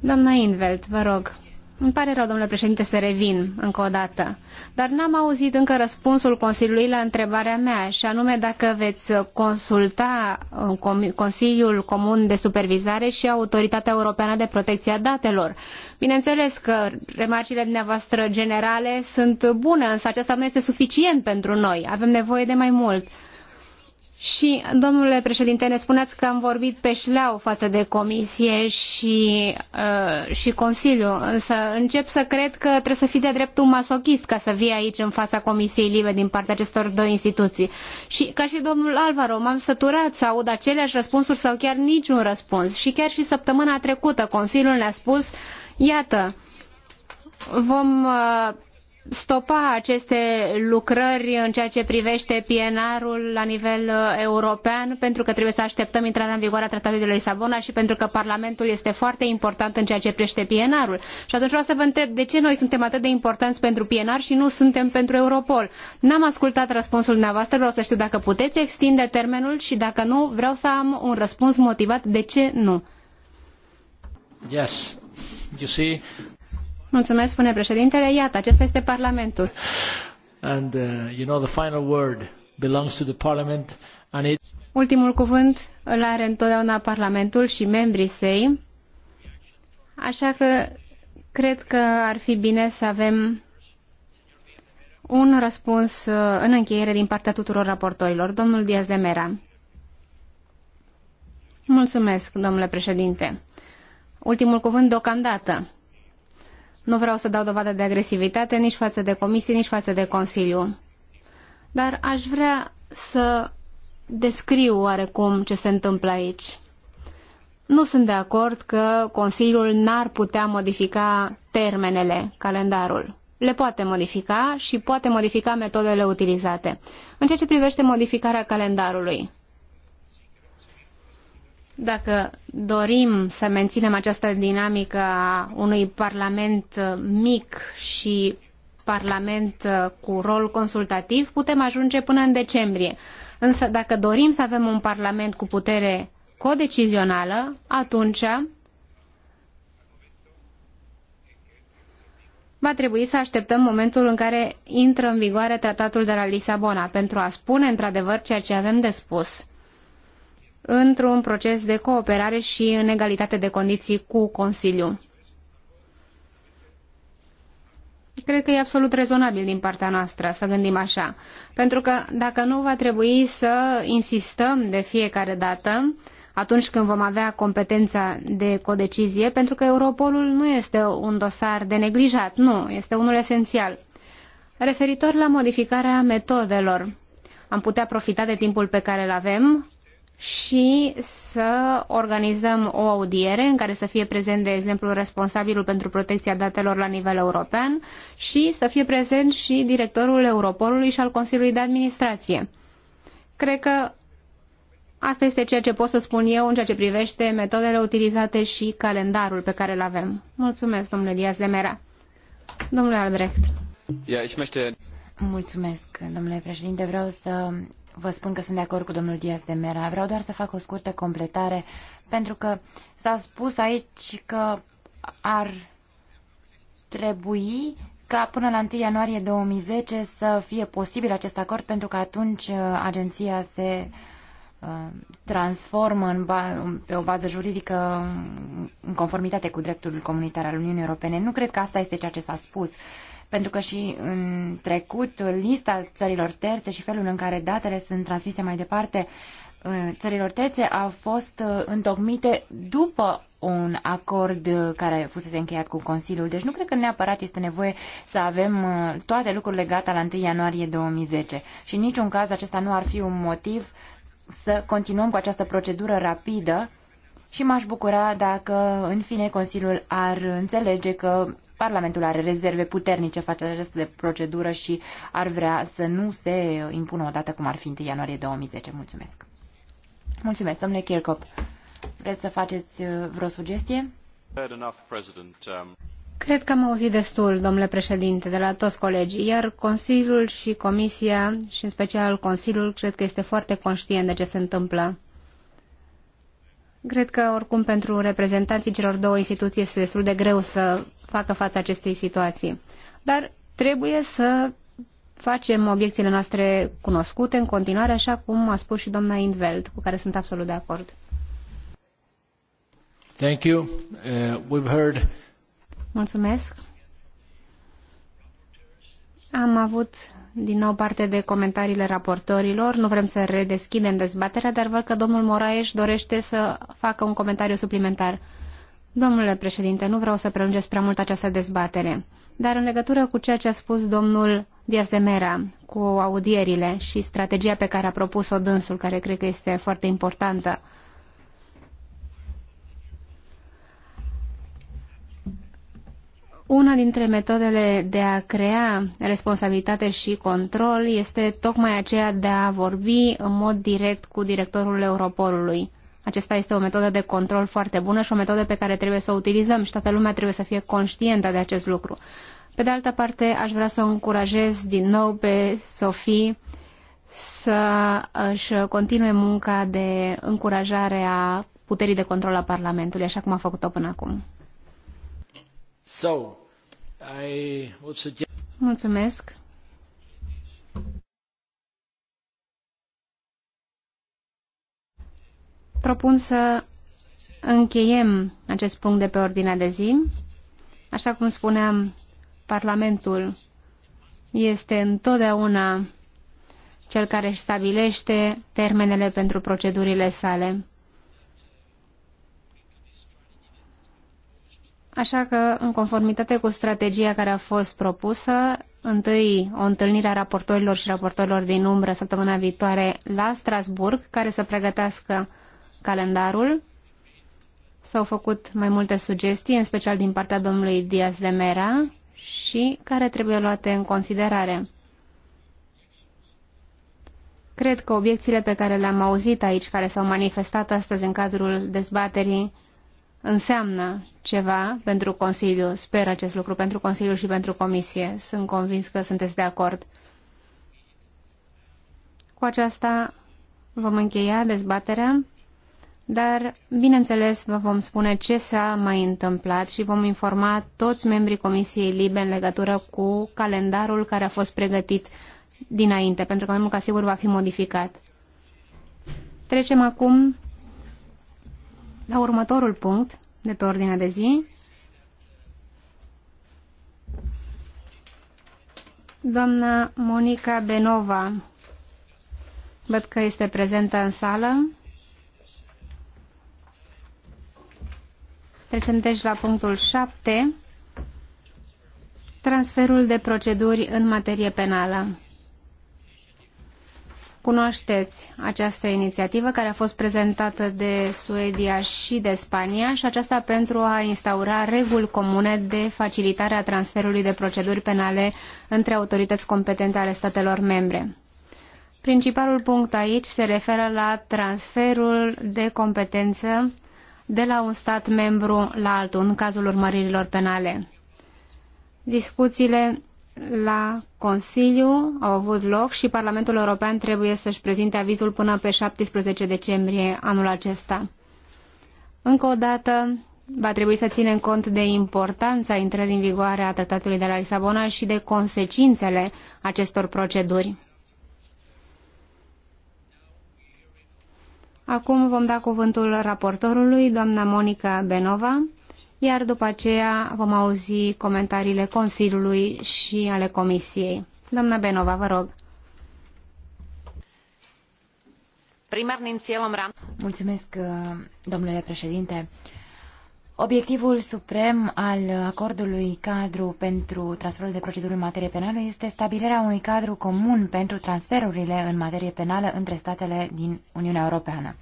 Doamna Intveld, vă rog. Îmi pare rău, domnule președinte, să revin încă o dată. Dar n-am auzit încă răspunsul Consiliului la întrebarea mea, și anume dacă veți consulta uh, Consiliul Comun de Supervizare și Autoritatea Europeană de Protecție a Datelor. Bineînțeles că remarcile dumneavoastră generale sunt bune, însă aceasta nu este suficient pentru noi. Avem nevoie de mai mult. Și, domnule președinte, ne spuneați că am vorbit pe șleau față de comisie și, uh, și Consiliu, însă încep să cred că trebuie să fii de dreptul masochist ca să vii aici în fața Comisiei Libe din partea acestor două instituții. Și, ca și domnul Alvaro, m-am săturat să aud aceleași răspunsuri sau chiar niciun răspuns. Și chiar și săptămâna trecută Consiliul ne-a spus, iată, vom... Uh, stopa aceste lucrări în ceea ce privește PNR-ul la nivel uh, european, pentru că trebuie să așteptăm intrarea în vigoare a Tratatului de la Lisabona și pentru că Parlamentul este foarte important în ceea ce privește PNR-ul. Și atunci vreau să vă întreb de ce noi suntem atât de importanți pentru PNR și nu suntem pentru Europol. N-am ascultat răspunsul dumneavoastră, vreau să știu dacă puteți extinde termenul și dacă nu, vreau să am un răspuns motivat de ce nu. Yes. You see, Mulțumesc, spune președintele. Iată, acesta este Parlamentul. And, uh, you know, the final word belongs to the Parliament and it... Ultimul cuvânt îl are întotdeauna Parlamentul și membrii săi. Așa că cred că ar fi bine să avem un răspuns uh, în încheiere din partea tuturor raportorilor. Domnul Diaz de Mera. Mulțumesc, domnule președinte. Ultimul cuvânt deocamdată. Nu vreau să dau dovadă de agresivitate nici față de comisie, nici față de Consiliu. Dar aș vrea să descriu oarecum ce se întâmplă aici. Nu sunt de acord că Consiliul n-ar putea modifica termenele, calendarul. Le poate modifica și poate modifica metodele utilizate. În ceea ce privește modificarea calendarului, dacă dorim să menținem această dinamică a unui parlament uh, mic și parlament uh, cu rol consultativ, putem ajunge până în decembrie. Însă dacă dorim să avem un parlament cu putere codecizională, atunci va trebui să așteptăm momentul în care intră în vigoare tratatul de la Lisabona pentru a spune într-adevăr ceea ce avem de spus într-un proces de cooperare și în egalitate de condiții cu Consiliul. Cred că e absolut rezonabil din partea noastră să gândim așa, pentru că dacă nu va trebui să insistăm de fiecare dată atunci când vom avea competența de codecizie, pentru că Europolul nu este un dosar de neglijat, nu, este unul esențial. Referitor la modificarea metodelor, am putea profita de timpul pe care îl avem și să organizăm o audiere în care să fie prezent, de exemplu, responsabilul pentru protecția datelor la nivel european și să fie prezent și directorul Europolului și al Consiliului de Administrație. Cred că asta este ceea ce pot să spun eu în ceea ce privește metodele utilizate și calendarul pe care îl avem. Mulțumesc, domnule Diaz de Mera. Domnule Albrecht. Mulțumesc, domnule președinte. Vreau să vă spun că sunt de acord cu domnul Diaz de Mera. Vreau doar să fac o scurtă completare, pentru că s-a spus aici că ar trebui ca până la 1 ianuarie 2010 să fie posibil acest acord, pentru că atunci uh, agenția se uh, transformă în ba- pe o bază juridică în conformitate cu dreptul comunitar al Uniunii Europene. Nu cred că asta este ceea ce s-a spus. Uh, pentru că și în trecut lista țărilor terțe și felul în care datele sunt transmise mai departe uh, țărilor terțe a fost uh, întocmite după un acord uh, care fusese încheiat cu Consiliul. Deci nu cred că neapărat este nevoie să avem toate lucrurile gata la 1 ianuarie 2010 și în niciun caz acesta nu ar fi un motiv să continuăm cu această procedură rapidă și m-aș bucura dacă, în fine, Consiliul ar înțelege că Parlamentul are rezerve puternice față de această procedură și ar vrea să nu se impună o dată cum ar fi 1 ianuarie 2010. Mulțumesc. Mulțumesc, domnule Kirchhoff. Vreți să faceți uh, vreo sugestie? Um, cred că am auzit destul, domnule președinte, de la toți colegii, iar Consiliul și Comisia, și în special Consiliul, cred că este foarte conștient de ce se întâmplă. Cred că, oricum, pentru reprezentanții celor două instituții este destul de greu să facă față acestei situații. Dar trebuie să facem obiecțiile noastre cunoscute în continuare, așa cum a spus și doamna Indveld, cu care sunt absolut de acord. Thank you. Uh, we've heard... Mulțumesc. Am avut din nou parte de comentariile raportorilor. Nu vrem să redeschidem dezbaterea, dar văd că domnul Moraes dorește să facă un comentariu suplimentar. Domnule președinte, nu vreau să prelungesc prea mult această dezbatere, dar în legătură cu ceea ce a spus domnul Diaz de Mera cu audierile și strategia pe care a propus-o dânsul, care cred că este foarte importantă, Una dintre metodele de a crea responsabilitate și control este tocmai aceea de a vorbi în mod direct cu directorul Europolului. Acesta este o metodă de control foarte bună și o metodă pe care trebuie să o utilizăm și toată lumea trebuie să fie conștientă de acest lucru. Pe de altă parte, aș vrea să o încurajez din nou pe Sofie să își continue munca de încurajare a puterii de control a Parlamentului, așa cum a făcut-o până acum. So, I would suggest... Mulțumesc. propun să încheiem acest punct de pe ordinea de zi. Așa cum spuneam, Parlamentul este întotdeauna cel care își stabilește termenele pentru procedurile sale. Așa că, în conformitate cu strategia care a fost propusă, întâi o întâlnire a raportorilor și raportorilor din umbră săptămâna viitoare la Strasburg, care să pregătească calendarul. S-au făcut mai multe sugestii, în special din partea domnului Diaz de Mera, și care trebuie luate în considerare. Cred că obiecțiile pe care le-am auzit aici, care s-au manifestat astăzi în cadrul dezbaterii, înseamnă ceva pentru Consiliu. Sper acest lucru pentru Consiliu și pentru Comisie. Sunt convins că sunteți de acord. Cu aceasta vom încheia dezbaterea dar, bineînțeles, vă vom spune ce s-a mai întâmplat și vom informa toți membrii Comisiei Libe în legătură cu calendarul care a fost pregătit dinainte, pentru că mai mult ca sigur va fi modificat. Trecem acum la următorul punct de pe ordinea de zi. Doamna Monica Benova, văd că este prezentă în sală. Trecem deci la punctul 7, transferul de proceduri în materie penală. Cunoașteți această inițiativă care a fost prezentată de Suedia și de Spania și aceasta pentru a instaura reguli comune de facilitare a transferului de proceduri penale între autorități competente ale statelor membre. Principalul punct aici se referă la transferul de competență de la un stat membru la altul în cazul urmăririlor penale. Discuțiile la Consiliu au avut loc și Parlamentul European trebuie să-și prezinte avizul până pe 17 decembrie anul acesta. Încă o dată, va trebui să ținem cont de importanța intrării în vigoare a Tratatului de la Lisabona și de consecințele acestor proceduri. Acum vom da cuvântul raportorului, doamna Monica Benova, iar după aceea vom auzi comentariile Consiliului și ale Comisiei. Doamna Benova, vă rog. Primar Nimțelom Ram. Mulțumesc, domnule președinte. Obiectivul suprem al acordului cadru pentru transferul de proceduri în materie penală este stabilirea unui cadru comun pentru transferurile în materie penală între statele din Uniunea Europeană.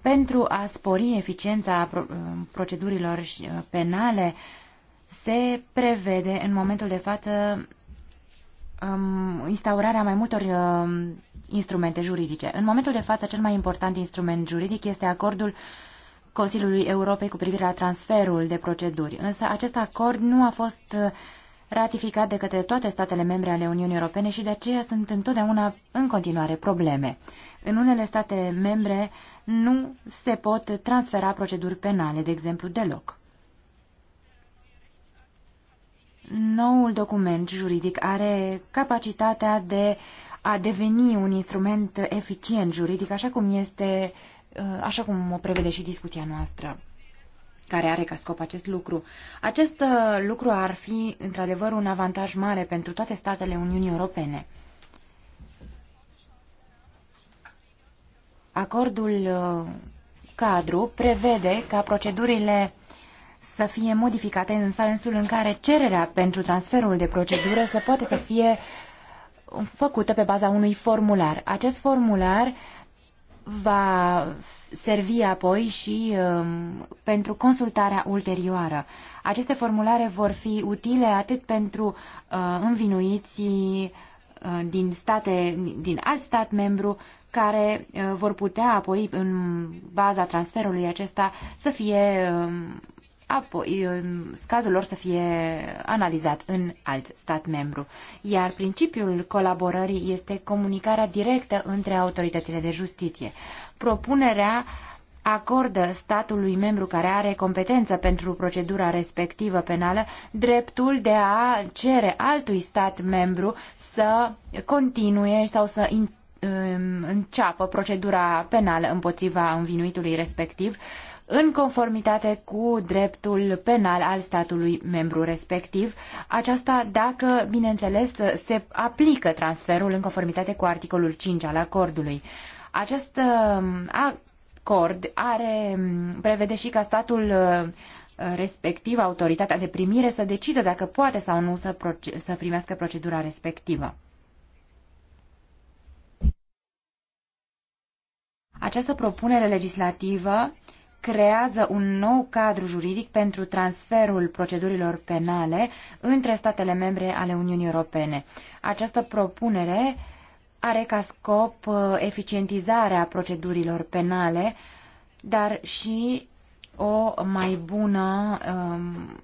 Pentru a spori eficiența uh, procedurilor uh, penale, se prevede în momentul de față um, instaurarea mai multor uh, instrumente juridice. În momentul de față, cel mai important instrument juridic este acordul Consiliului Europei cu privire la transferul de proceduri, însă acest acord nu a fost uh, ratificat de către toate statele membre ale Uniunii Europene și de aceea sunt întotdeauna în continuare probleme. În unele state membre nu se pot transfera proceduri penale, de exemplu, deloc. Noul document juridic are capacitatea de a deveni un instrument eficient juridic, așa cum este uh, Uh, așa cum o prevede și discuția noastră care are ca scop acest lucru. Acest uh, lucru ar fi, într-adevăr, un avantaj mare pentru toate statele Uniunii Europene. Acordul uh, cadru prevede ca procedurile să fie modificate în sensul în care cererea pentru transferul de procedură să poate să fie făcută pe baza unui formular. Acest formular uh, va servi apoi și um, pentru consultarea ulterioară. Aceste formulare vor fi utile atât pentru uh, învinuiții uh, din state, din alt stat membru, care uh, vor putea apoi, în baza transferului acesta, să fie uh, apoi cazul lor să fie analizat în alt stat membru. Iar principiul colaborării este comunicarea directă între autoritățile de justiție. Propunerea acordă statului membru care are competență pentru procedura respectivă penală dreptul de a cere altui stat membru să continue sau să înceapă procedura penală împotriva învinuitului respectiv uh, în conformitate cu dreptul penal al statului membru respectiv. Aceasta dacă, bineînțeles, se aplică transferul în conformitate cu articolul 5 al acordului. Acest um, acord are, um, prevede și ca statul uh, respectiv, autoritatea de primire, să decidă dacă poate sau nu să, proce- să primească procedura respectivă. Această propunere legislativă creează un nou cadru juridic pentru transferul procedurilor penale între statele membre ale Uniunii Europene. Această propunere are ca scop uh, eficientizarea procedurilor penale, dar și o mai bună um,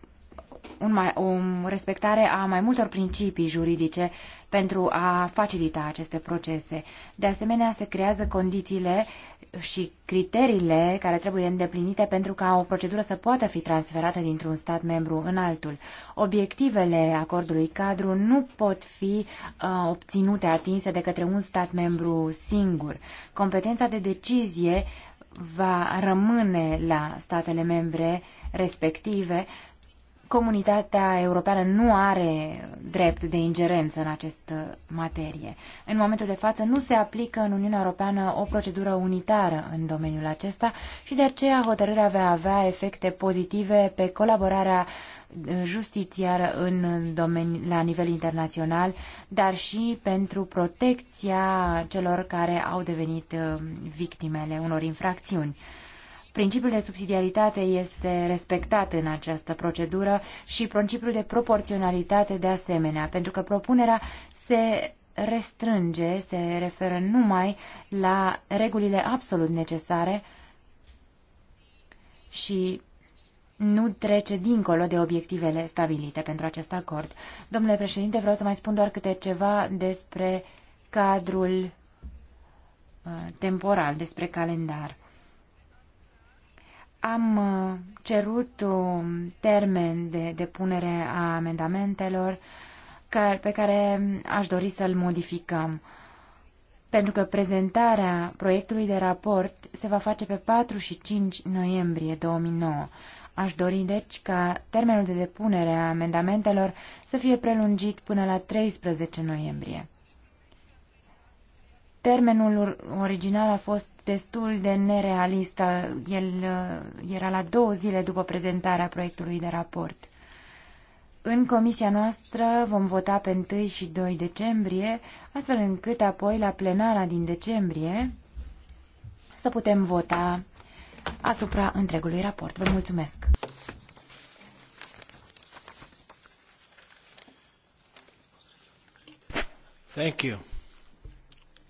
un mai, o respectare a mai multor principii juridice pentru a facilita aceste procese. De asemenea, se creează condițiile și criteriile care trebuie îndeplinite pentru ca o procedură să poată fi transferată dintr-un stat membru în altul. Obiectivele acordului cadru nu pot fi uh, obținute, atinse de către un stat membru singur. Competența de decizie va rămâne la statele membre respective comunitatea europeană nu are drept de ingerență în această materie. În momentul de față nu se aplică în Uniunea Europeană o procedură unitară în domeniul acesta și de aceea hotărârea va avea efecte pozitive pe colaborarea uh, justițiară în domeni, la nivel internațional, dar și pentru protecția celor care au devenit uh, victimele unor infracțiuni. Principiul de subsidiaritate este respectat în această procedură și principiul de proporționalitate de asemenea, pentru că propunerea se restrânge, se referă numai la regulile absolut necesare și nu trece dincolo de obiectivele stabilite pentru acest acord. Domnule președinte, vreau să mai spun doar câte ceva despre cadrul uh, temporal, despre calendar. Am uh, cerut un termen de depunere a amendamentelor pe care aș dori să-l modificăm, pentru că prezentarea proiectului de raport se va face pe 4 și 5 noiembrie 2009. Aș dori, deci, ca termenul de depunere a amendamentelor să fie prelungit până la 13 noiembrie. Termenul original a fost destul de nerealist. El uh, era la două zile după prezentarea proiectului de raport. În comisia noastră vom vota pe 1 și 2 decembrie, astfel încât apoi la plenara din decembrie să putem vota asupra întregului raport. Vă mulțumesc! Thank you.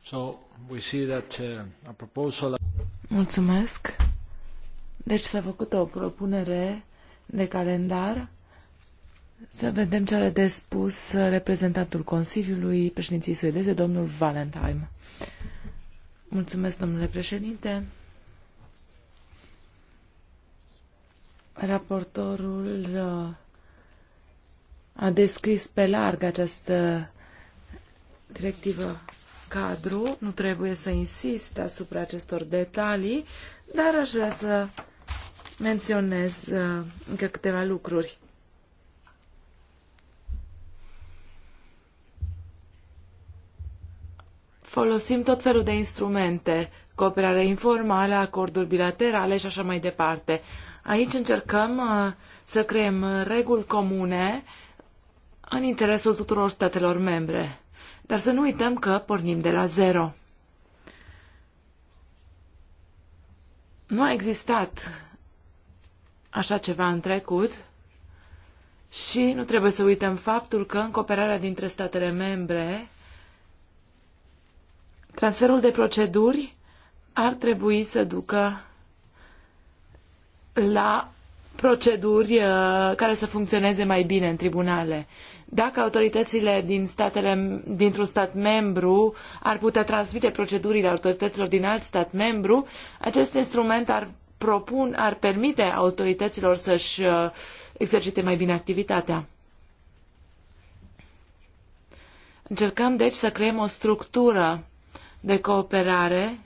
So we see that uh, a proposal... Mulțumesc. Deci s-a făcut o propunere de calendar. Să vedem ce are de spus reprezentantul Consiliului președinției suedeze, domnul Valentine. Mulțumesc, domnule președinte. Raportorul uh, a descris pe larg această directivă cadru, nu trebuie să insist asupra acestor detalii, dar aș vrea să menționez uh, încă câteva lucruri. Folosim tot felul de instrumente, cooperare informală, acorduri bilaterale și așa mai departe. Aici încercăm uh, să creăm reguli comune în interesul tuturor statelor membre. Dar să nu uităm că pornim de la zero. Nu a existat așa ceva în trecut și nu trebuie să uităm faptul că în cooperarea dintre statele membre transferul de proceduri ar trebui să ducă la proceduri uh, care să funcționeze mai bine în tribunale dacă autoritățile din statele, dintr-un stat membru ar putea transmite procedurile autorităților din alt stat membru, acest instrument ar propun, ar permite autorităților să-și uh, exercite mai bine activitatea. Încercăm, deci, să creăm o structură de cooperare.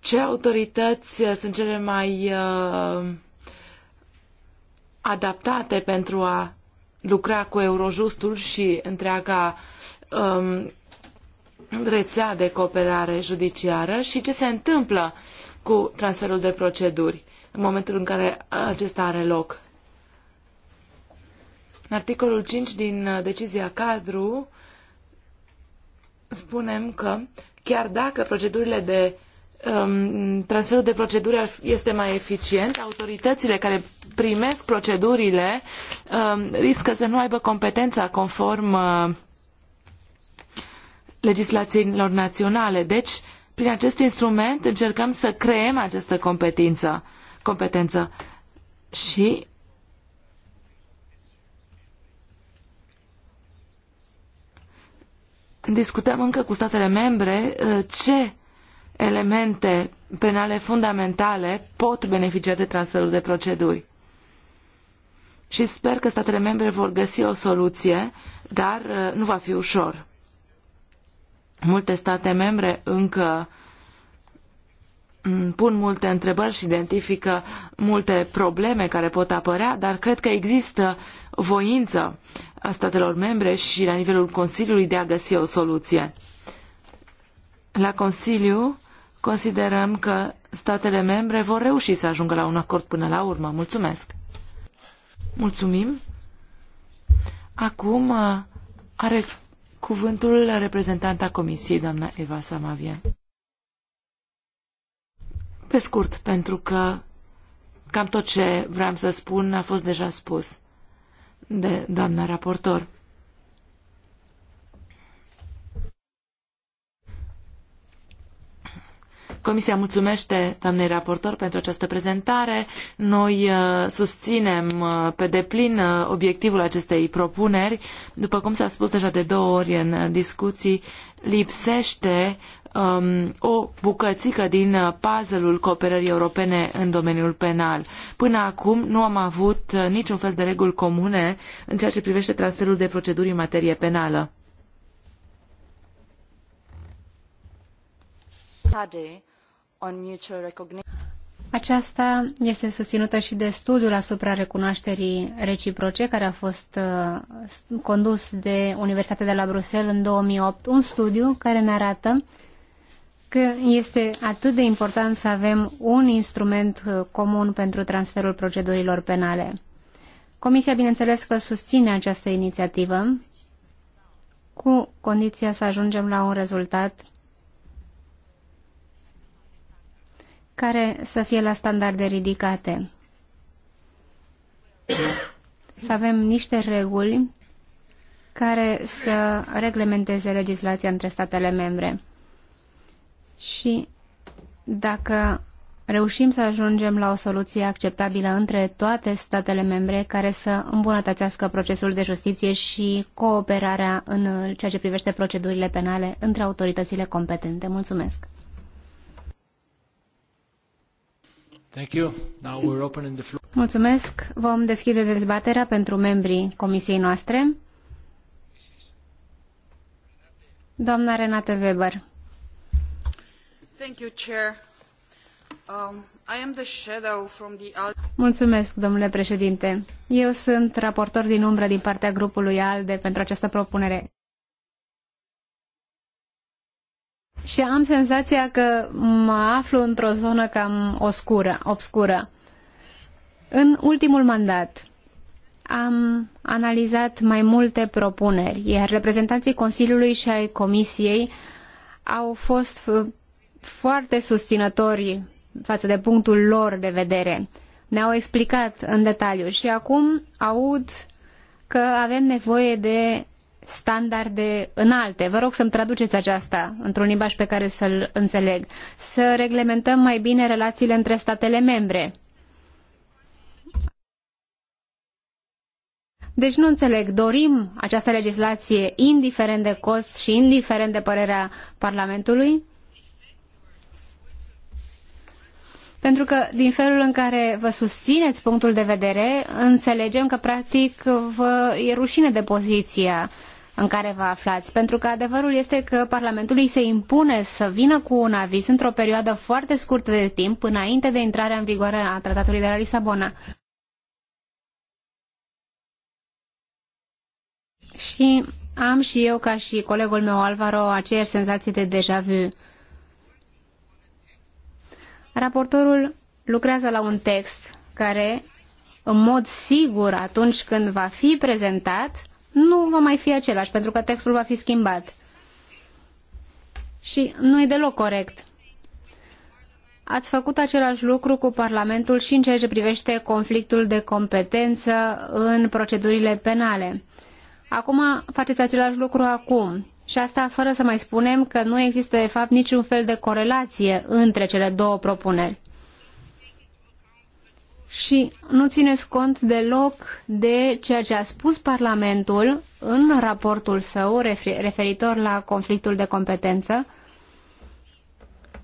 Ce autorități uh, sunt cele mai uh, adaptate pentru a lucra cu Eurojustul și întreaga um, rețea de cooperare judiciară și ce se întâmplă cu transferul de proceduri în momentul în care acesta are loc. În articolul 5 din uh, decizia cadru spunem că chiar dacă procedurile de Um, transferul de proceduri este mai eficient, autoritățile care primesc procedurile um, riscă să nu aibă competența conform uh, legislațiilor naționale. Deci, prin acest instrument încercăm să creăm această competență. competență. Și discutăm încă cu statele membre uh, ce elemente penale fundamentale pot beneficia de transferul de proceduri. Și sper că statele membre vor găsi o soluție, dar uh, nu va fi ușor. Multe state membre încă mm, pun multe întrebări și identifică multe probleme care pot apărea, dar cred că există voință a statelor membre și la nivelul Consiliului de a găsi o soluție. La Consiliu Considerăm că statele membre vor reuși să ajungă la un acord până la urmă. Mulțumesc! Mulțumim! Acum uh, are cuvântul reprezentanta Comisiei, doamna Eva Samavian. Pe scurt, pentru că cam tot ce vreau să spun a fost deja spus de doamna raportor. Comisia mulțumește doamnei raportor pentru această prezentare. Noi uh, susținem uh, pe deplin uh, obiectivul acestei propuneri. După cum s-a spus deja de două ori în discuții, lipsește um, o bucățică din puzzle-ul cooperării europene în domeniul penal. Până acum nu am avut niciun fel de reguli comune în ceea ce privește transferul de proceduri în materie penală. Tady aceasta este susținută și de studiul asupra recunoașterii reciproce care a fost uh, condus de Universitatea de la Bruxelles în 2008, un studiu care ne arată că este atât de important să avem un instrument uh, comun pentru transferul procedurilor penale. Comisia, bineînțeles, că susține această inițiativă cu condiția să ajungem la un rezultat care să fie la standarde ridicate. Să avem niște reguli care să reglementeze legislația între statele membre. Și dacă reușim să ajungem la o soluție acceptabilă între toate statele membre care să îmbunătățească procesul de justiție și cooperarea în ceea ce privește procedurile penale între autoritățile competente. Mulțumesc! Mulțumesc. Vom deschide dezbaterea pentru membrii comisiei noastre. Doamna Renate Weber. Thank you, Chair. Um, I am the shadow from the... Mulțumesc, domnule președinte. Eu sunt raportor din umbră din partea grupului ALDE pentru această propunere. și am senzația că mă aflu într-o zonă cam oscură, obscură. În ultimul mandat am analizat mai multe propuneri, iar reprezentanții Consiliului și ai Comisiei au fost foarte susținători față de punctul lor de vedere. Ne-au explicat în detaliu și acum aud că avem nevoie de standarde înalte. Vă rog să-mi traduceți aceasta într-un limbaj pe care să-l înțeleg. Să reglementăm mai bine relațiile între statele membre. Deci nu înțeleg, dorim această legislație indiferent de cost și indiferent de părerea Parlamentului? Pentru că din felul în care vă susțineți punctul de vedere, înțelegem că practic vă e rușine de poziția uh, în care vă aflați. Pentru că adevărul este că Parlamentului se impune să vină cu un aviz într-o perioadă foarte scurtă de timp înainte de intrarea în vigoare a Tratatului de la Lisabona. Și am și eu, ca și colegul meu Alvaro, aceeași senzație de deja vu. Raportorul lucrează la un text care, în mod sigur, atunci când va fi prezentat, nu va mai fi același, pentru că textul va fi schimbat. Și nu e deloc corect. Ați făcut același lucru cu Parlamentul și în ceea ce privește conflictul de competență în procedurile penale. Acum faceți același lucru acum. Și asta fără să mai spunem că nu există de fapt niciun fel de corelație între cele două propuneri și nu țineți cont deloc de ceea ce a spus Parlamentul în raportul său referitor la conflictul de competență,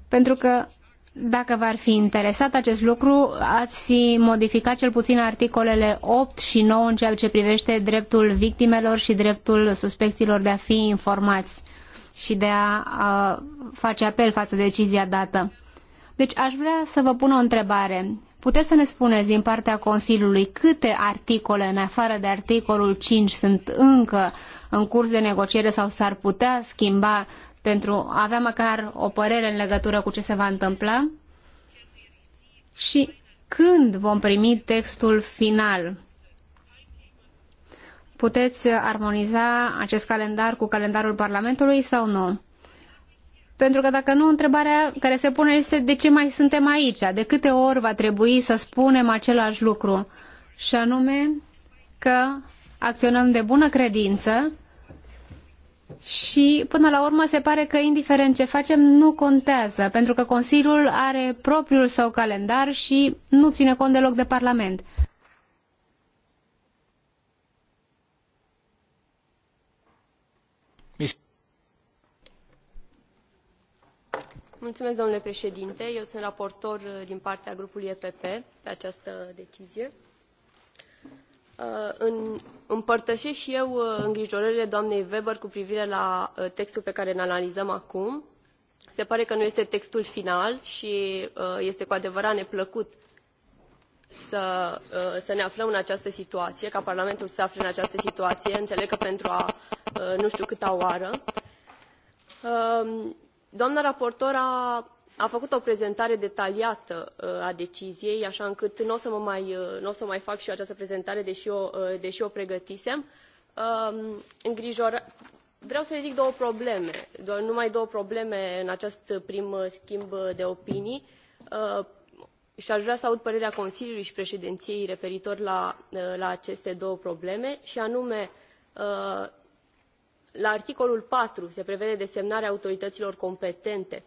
pentru că dacă v-ar fi interesat acest lucru, ați fi modificat cel puțin articolele 8 și 9 în ceea ce privește dreptul victimelor și dreptul suspecților de a fi informați și de a, a face apel față de decizia dată. Deci aș vrea să vă pun o întrebare. Puteți să ne spuneți din partea Consiliului câte articole, în afară de articolul 5, sunt încă în curs de negociere sau s-ar putea schimba pentru a avea măcar o părere în legătură cu ce se va întâmpla? Și când vom primi textul final? Puteți armoniza acest calendar cu calendarul Parlamentului sau nu? Pentru că dacă nu, întrebarea care se pune este de ce mai suntem aici? De câte ori va trebui să spunem același lucru? Și anume că acționăm de bună credință și până la urmă se pare că indiferent ce facem nu contează, pentru că Consiliul are propriul său calendar și nu ține cont deloc de Parlament. Mulțumesc, domnule președinte. Eu sunt raportor uh, din partea grupului EPP pe această decizie. Uh, împărtăesc împărtășesc și eu uh, îngrijorările doamnei Weber cu privire la textul pe care îl analizăm acum. Se pare că nu este textul final și este cu adevărat neplăcut să, să ne aflăm în această situație, ca Parlamentul să se afle în această situație. Înțeleg că pentru a nu tiu câta oară doamna raportor a, a făcut o prezentare detaliată uh, a deciziei aa încât nu o să, mă mai, uh, o să mai fac i eu această prezentare dei o, uh, deși o pregătisem. Um, Îngrijor... vreau să ridic două probleme doar numai două probleme în acest prim schimb de opinii i a vrea să aud părerea consiliului i preediniei referitor la, la aceste două probleme i anume la articolul patru se prevede desemnarea autorităilor competente.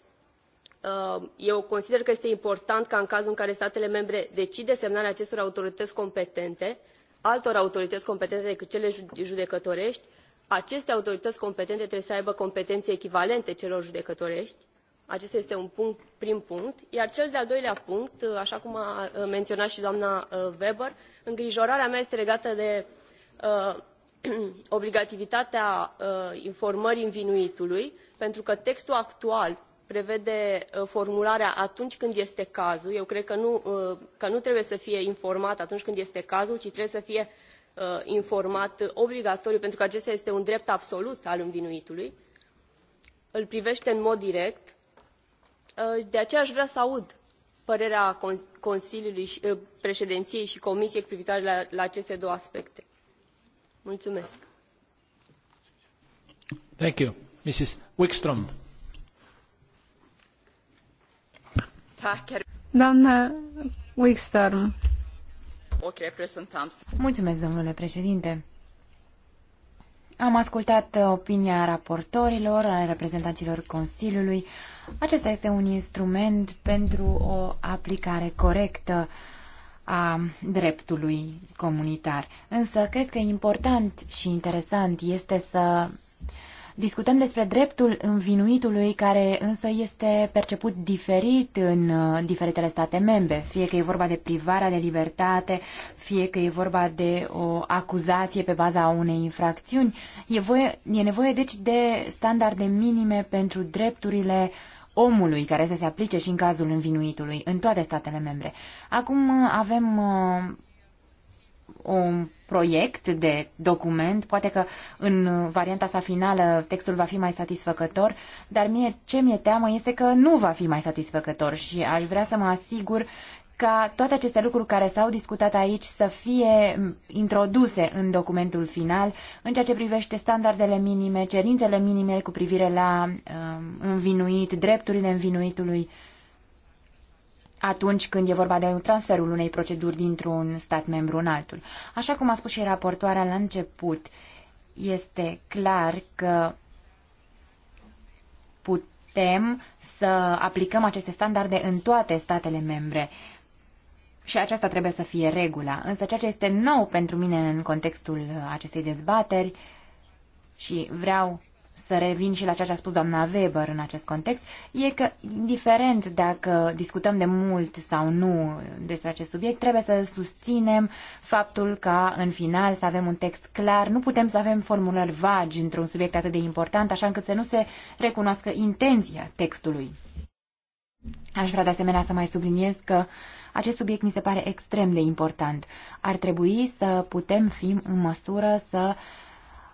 Uh, eu consider că este important ca în cazul în care statele membre decid desemnarea acestor autorităi competente altor autorităi competente decât cele judecătoreti aceste autorităi competente trebuie să aibă competene echivalente celor judecătoreti acesta este un punct, prim punct iar cel de al doilea punct uh, aa cum a menionat i doamna uh, weber îngrijorarea mea este legată de uh, (clears throat) obligativitatea uh, informării învinuitului pentru că textul actual prevede uh, formularea atunci când este cazul eu cred că nu, uh, că nu trebuie să fie informat atunci când este cazul ci trebuie să fie informat obligatoriu pentru că acesta este un drept absolut al învinuitului îl privete în mod direct de aceea a vrea să aud părerea consiliului preediniei i comisiei privitoare la aceste două aspecte. Mulțumesc. Thank Mulțumesc, domnule președinte. Am ascultat uh, opinia raportorilor, a reprezentanților Consiliului. Acesta este un instrument pentru o aplicare corectă uh, a dreptului comunitar. Însă, cred că important și interesant este să discutăm despre dreptul învinuitului, care însă este perceput diferit în uh, diferitele state membre, fie că e vorba de privarea de libertate, fie că e vorba de o acuzație pe baza unei infracțiuni. E, voie, e nevoie, deci, de standarde minime pentru drepturile uh, omului care să se aplice și în cazul învinuitului în toate statele membre. Acum uh, avem uh, un proiect de document, poate că în varianta sa finală textul va fi mai satisfăcător, dar mie ce mi-e teamă este că nu va fi mai satisfăcător și aș vrea să mă asigur ca toate aceste lucruri care s-au discutat aici să fie introduse în documentul final în ceea ce privește standardele minime, cerințele minime cu privire la um, învinuit, drepturile învinuitului atunci când e vorba de transferul unei proceduri dintr-un stat membru în altul. Așa cum a spus și raportoarea la început, este clar că putem să aplicăm aceste standarde în toate statele membre. Uh, și aceasta trebuie să fie regula. Însă ceea ce este nou pentru mine în contextul acestei dezbateri și vreau să revin și la ceea ce a spus doamna Weber în acest context, e că, indiferent dacă discutăm de mult sau nu despre acest subiect, trebuie să susținem faptul că în final, să avem un text clar. Nu putem să avem formulări vagi într-un subiect atât de important, așa încât să nu se recunoască intenția textului. Aș vrea de asemenea să mai subliniez că acest subiect mi se pare extrem de important. Ar trebui să putem fi în măsură să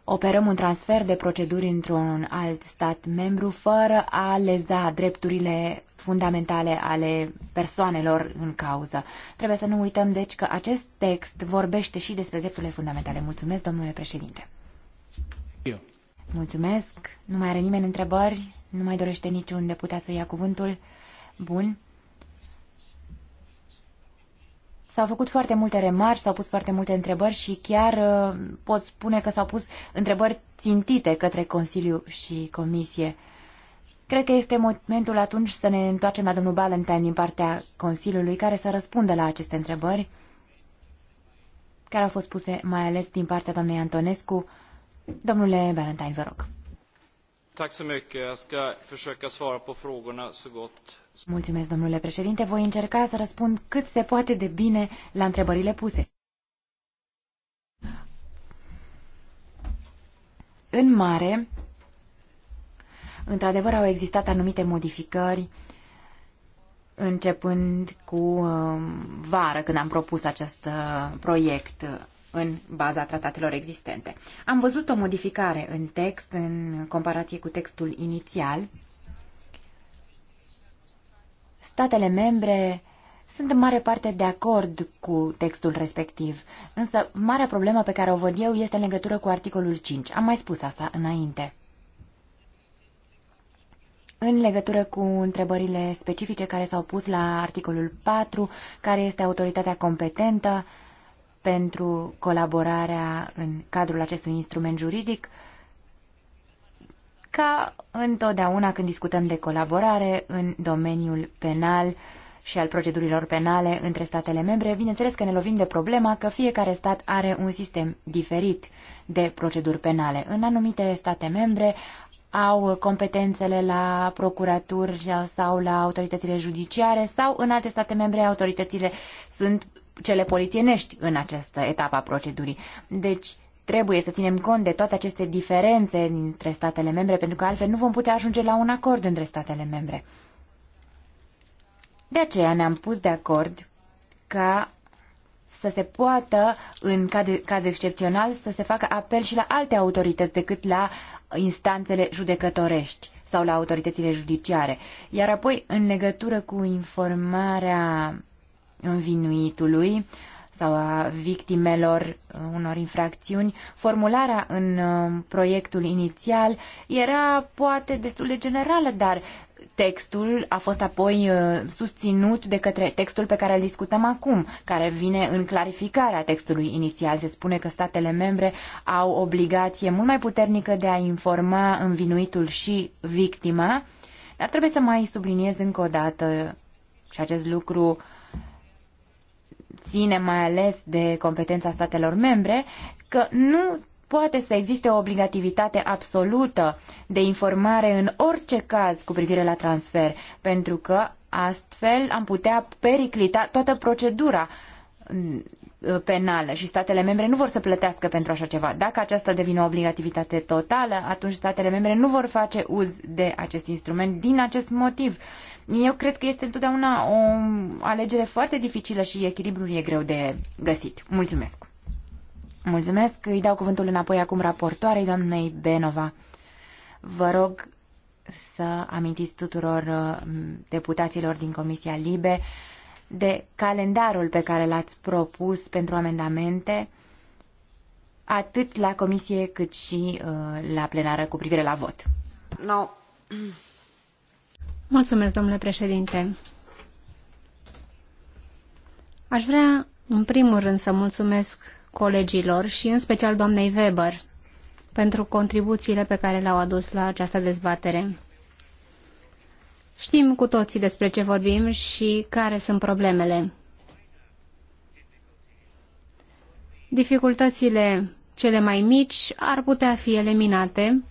operăm un transfer de proceduri într-un alt stat membru fără a leza drepturile fundamentale ale persoanelor în cauză. Trebuie să nu uităm, deci, că acest text vorbește și despre drepturile fundamentale. Mulțumesc, domnule președinte. Eu. Mulțumesc. Nu mai are nimeni întrebări? Nu mai dorește niciun deputat să ia cuvântul? Bun. S-au făcut foarte multe remarci, s-au pus foarte multe întrebări și chiar uh, pot spune că s-au pus întrebări țintite către Consiliu și Comisie. Cred că este momentul atunci să ne întoarcem la domnul Ballantyne din partea Consiliului care să răspundă la aceste întrebări care au fost puse mai ales din partea doamnei Antonescu. Domnule Ballantyne, vă rog. Mulțumesc, domnule președinte. Voi încerca să răspund cât se poate de bine la întrebările puse. În mare, într-adevăr au existat anumite modificări începând cu um, vară, când am propus acest uh, proiect în baza tratatelor existente. Am văzut o modificare în text în comparație cu textul inițial. Statele membre sunt în mare parte de acord cu textul respectiv, însă marea problemă pe care o văd eu este în legătură cu articolul 5. Am mai spus asta înainte. În legătură cu întrebările specifice care s-au pus la articolul 4, care este autoritatea competentă, uh, pentru colaborarea în cadrul acestui instrument juridic. Ca întotdeauna când discutăm de colaborare în domeniul penal și al procedurilor penale între statele membre, bineînțeles că ne lovim de problema că fiecare stat are un sistem diferit de proceduri penale. În anumite state membre au competențele la procuratură sau la autoritățile judiciare sau în alte state membre autoritățile sunt cele politienești în această etapă a procedurii. Deci, trebuie să ținem cont de toate aceste diferențe dintre statele membre, pentru că altfel nu vom putea ajunge la un acord între statele membre. De aceea ne-am pus de acord ca să se poată, în caz excepțional, să se facă apel și la alte autorități decât la instanțele judecătorești sau la autoritățile judiciare. Iar apoi, în legătură cu informarea învinuitului sau a victimelor uh, unor infracțiuni, formularea în uh, proiectul inițial era poate destul de generală, dar textul a fost apoi uh, susținut de către textul pe care îl discutăm acum, care vine în clarificarea textului inițial. Se spune că statele membre au obligație mult mai puternică de a informa învinuitul și victima, dar trebuie să mai subliniez încă o dată și acest lucru ține mai ales de competența statelor membre, că nu poate să existe o obligativitate absolută de informare în orice caz cu privire la transfer, pentru că astfel am putea periclita toată procedura mm, penală și statele membre nu vor să plătească pentru așa ceva. Dacă aceasta devine o obligativitate totală, atunci statele membre nu vor face uz de acest instrument din acest motiv. Eu cred că este întotdeauna o alegere foarte dificilă și echilibrul e greu de găsit. Mulțumesc! Mulțumesc! Îi dau cuvântul înapoi acum raportoarei doamnei Benova. Vă rog să amintiți tuturor uh, deputaților din Comisia Libe de calendarul pe care l-ați propus pentru amendamente atât la comisie cât și uh, la plenară cu privire la vot. No. Mulțumesc, domnule președinte. Aș vrea, în primul rând, să mulțumesc colegilor și în special doamnei Weber pentru contribuțiile pe care le-au adus la această dezbatere. Știm cu toții despre ce vorbim și care sunt problemele. Dificultățile cele mai mici ar putea fi eliminate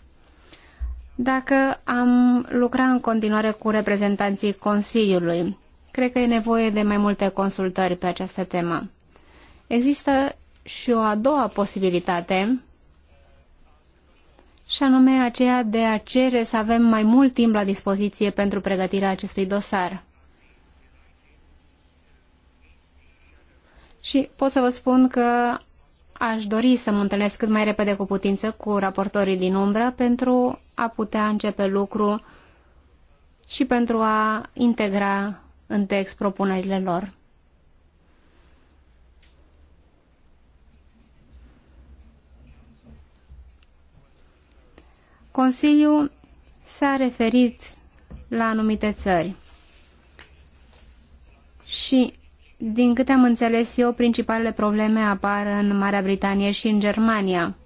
dacă am lucra în continuare cu reprezentanții Consiliului. Cred că e nevoie de mai multe consultări pe această temă. Există și o a doua posibilitate, și anume aceea de a cere să avem mai mult timp la dispoziție pentru pregătirea acestui dosar. Și pot să vă spun că aș dori să mă întâlnesc cât mai repede cu putință cu raportorii din umbră pentru a putea începe lucru și pentru a integra în text propunerile lor. Consiliul s-a referit la anumite țări și din câte am înțeles eu, principalele probleme apar în Marea Britanie și în Germania.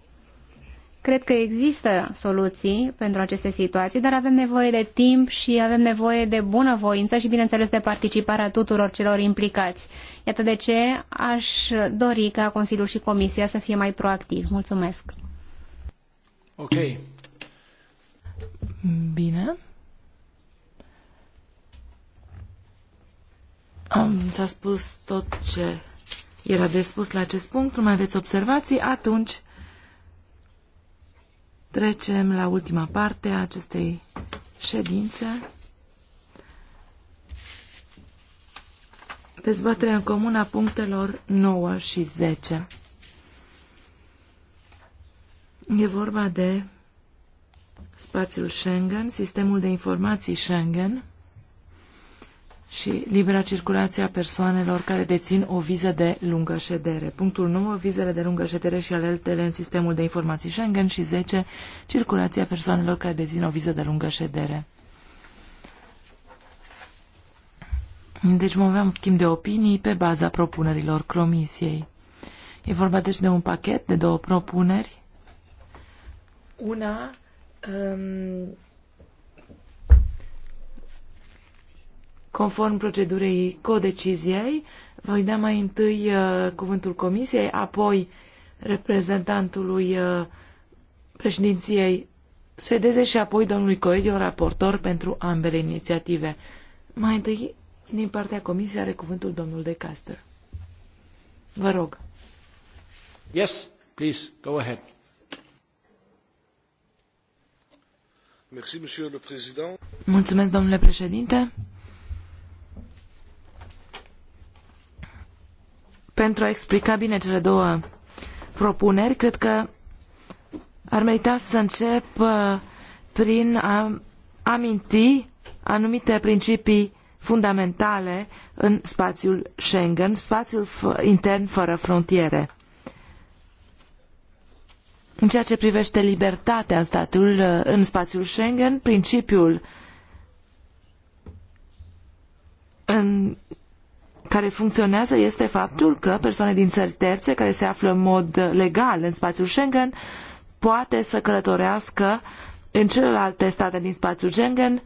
Cred că există soluții pentru aceste situații, dar avem nevoie de timp și avem nevoie de bunăvoință și, bineînțeles, de participarea tuturor celor implicați. Iată de ce aș dori ca Consiliul și Comisia să fie mai proactiv. Mulțumesc! Ok. Bine. S-a spus tot ce era de spus la acest punct. Nu mai aveți observații? Atunci trecem la ultima parte a acestei ședințe. Dezbaterea în comun a punctelor 9 și 10. E vorba de spațiul Schengen, sistemul de informații Schengen, și libera circulație a persoanelor care dețin o viză de lungă ședere. Punctul 9, vizele de lungă ședere și alertele în sistemul de informații Schengen și 10, circulația persoanelor care dețin o viză de lungă ședere. Deci vom avea un schimb de opinii pe baza propunerilor comisiei. E vorba deci de un pachet de două propuneri. Una um, Conform procedurii codeciziei, voi da mai întâi uh, cuvântul comisiei, apoi reprezentantului uh, președinției suedeze și apoi domnului Coelho, raportor pentru ambele inițiative. Mai întâi, din partea comisiei, are cuvântul domnul De Castor. Vă rog. Yes, please, go ahead. Mulțumesc, domnule președinte. pentru a explica bine cele două propuneri. Cred că ar merita să încep uh, prin a aminti anumite principii fundamentale în spațiul Schengen, spațiul intern fără frontiere. În ceea ce privește libertatea în, statul, uh, în spațiul Schengen, principiul în care funcționează este faptul că persoane din țări terțe care se află în mod legal în spațiul Schengen poate să călătorească în celelalte state din spațiul Schengen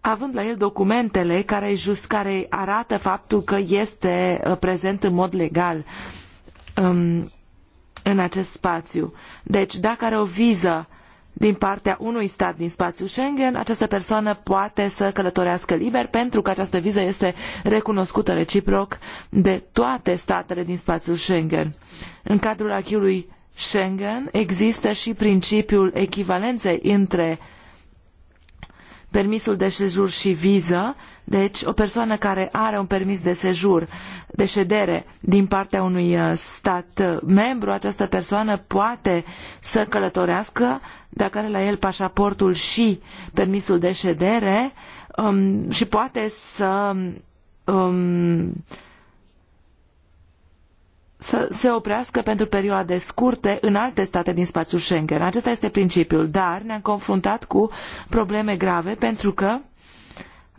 având la el documentele care, just, care arată faptul că este uh, prezent în mod legal um, în acest spațiu. Deci, dacă are o viză din partea unui stat din spațiul Schengen, această persoană poate să călătorească liber pentru că această viză este recunoscută reciproc de toate statele din spațiul Schengen. În cadrul acquis Schengen există și principiul echivalenței între permisul de sejur și viză, deci, o persoană care are un permis de sejur, de ședere din partea unui uh, stat uh, membru, această persoană poate să călătorească dacă are la el pașaportul și permisul de ședere um, și poate să um, să se oprească pentru perioade scurte în alte state din spațiul Schengen. Acesta este principiul, dar ne-am confruntat cu probleme grave pentru că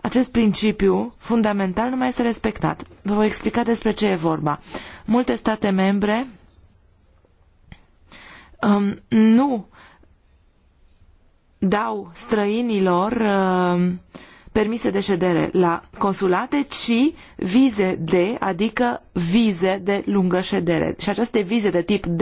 acest principiu fundamental nu mai este respectat. Vă voi explica despre ce e vorba. Multe state membre um, nu dau străinilor uh, permise de ședere la consulate, ci vize D, adică vize de lungă ședere. Și aceste vize de tip D,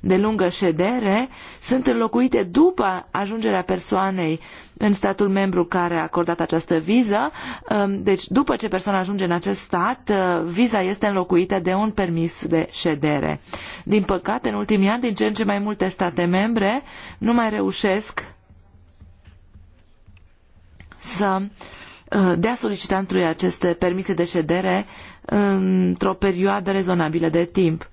de lungă ședere, sunt înlocuite după ajungerea persoanei în statul membru care a acordat această viză. Um, deci, după ce persoana ajunge în acest stat, uh, viza este înlocuită de un permis de ședere. Din păcate, în ultimii ani, din ce în ce mai multe state membre nu mai reușesc să uh, dea solicitantului aceste permise de ședere într-o perioadă rezonabilă de timp.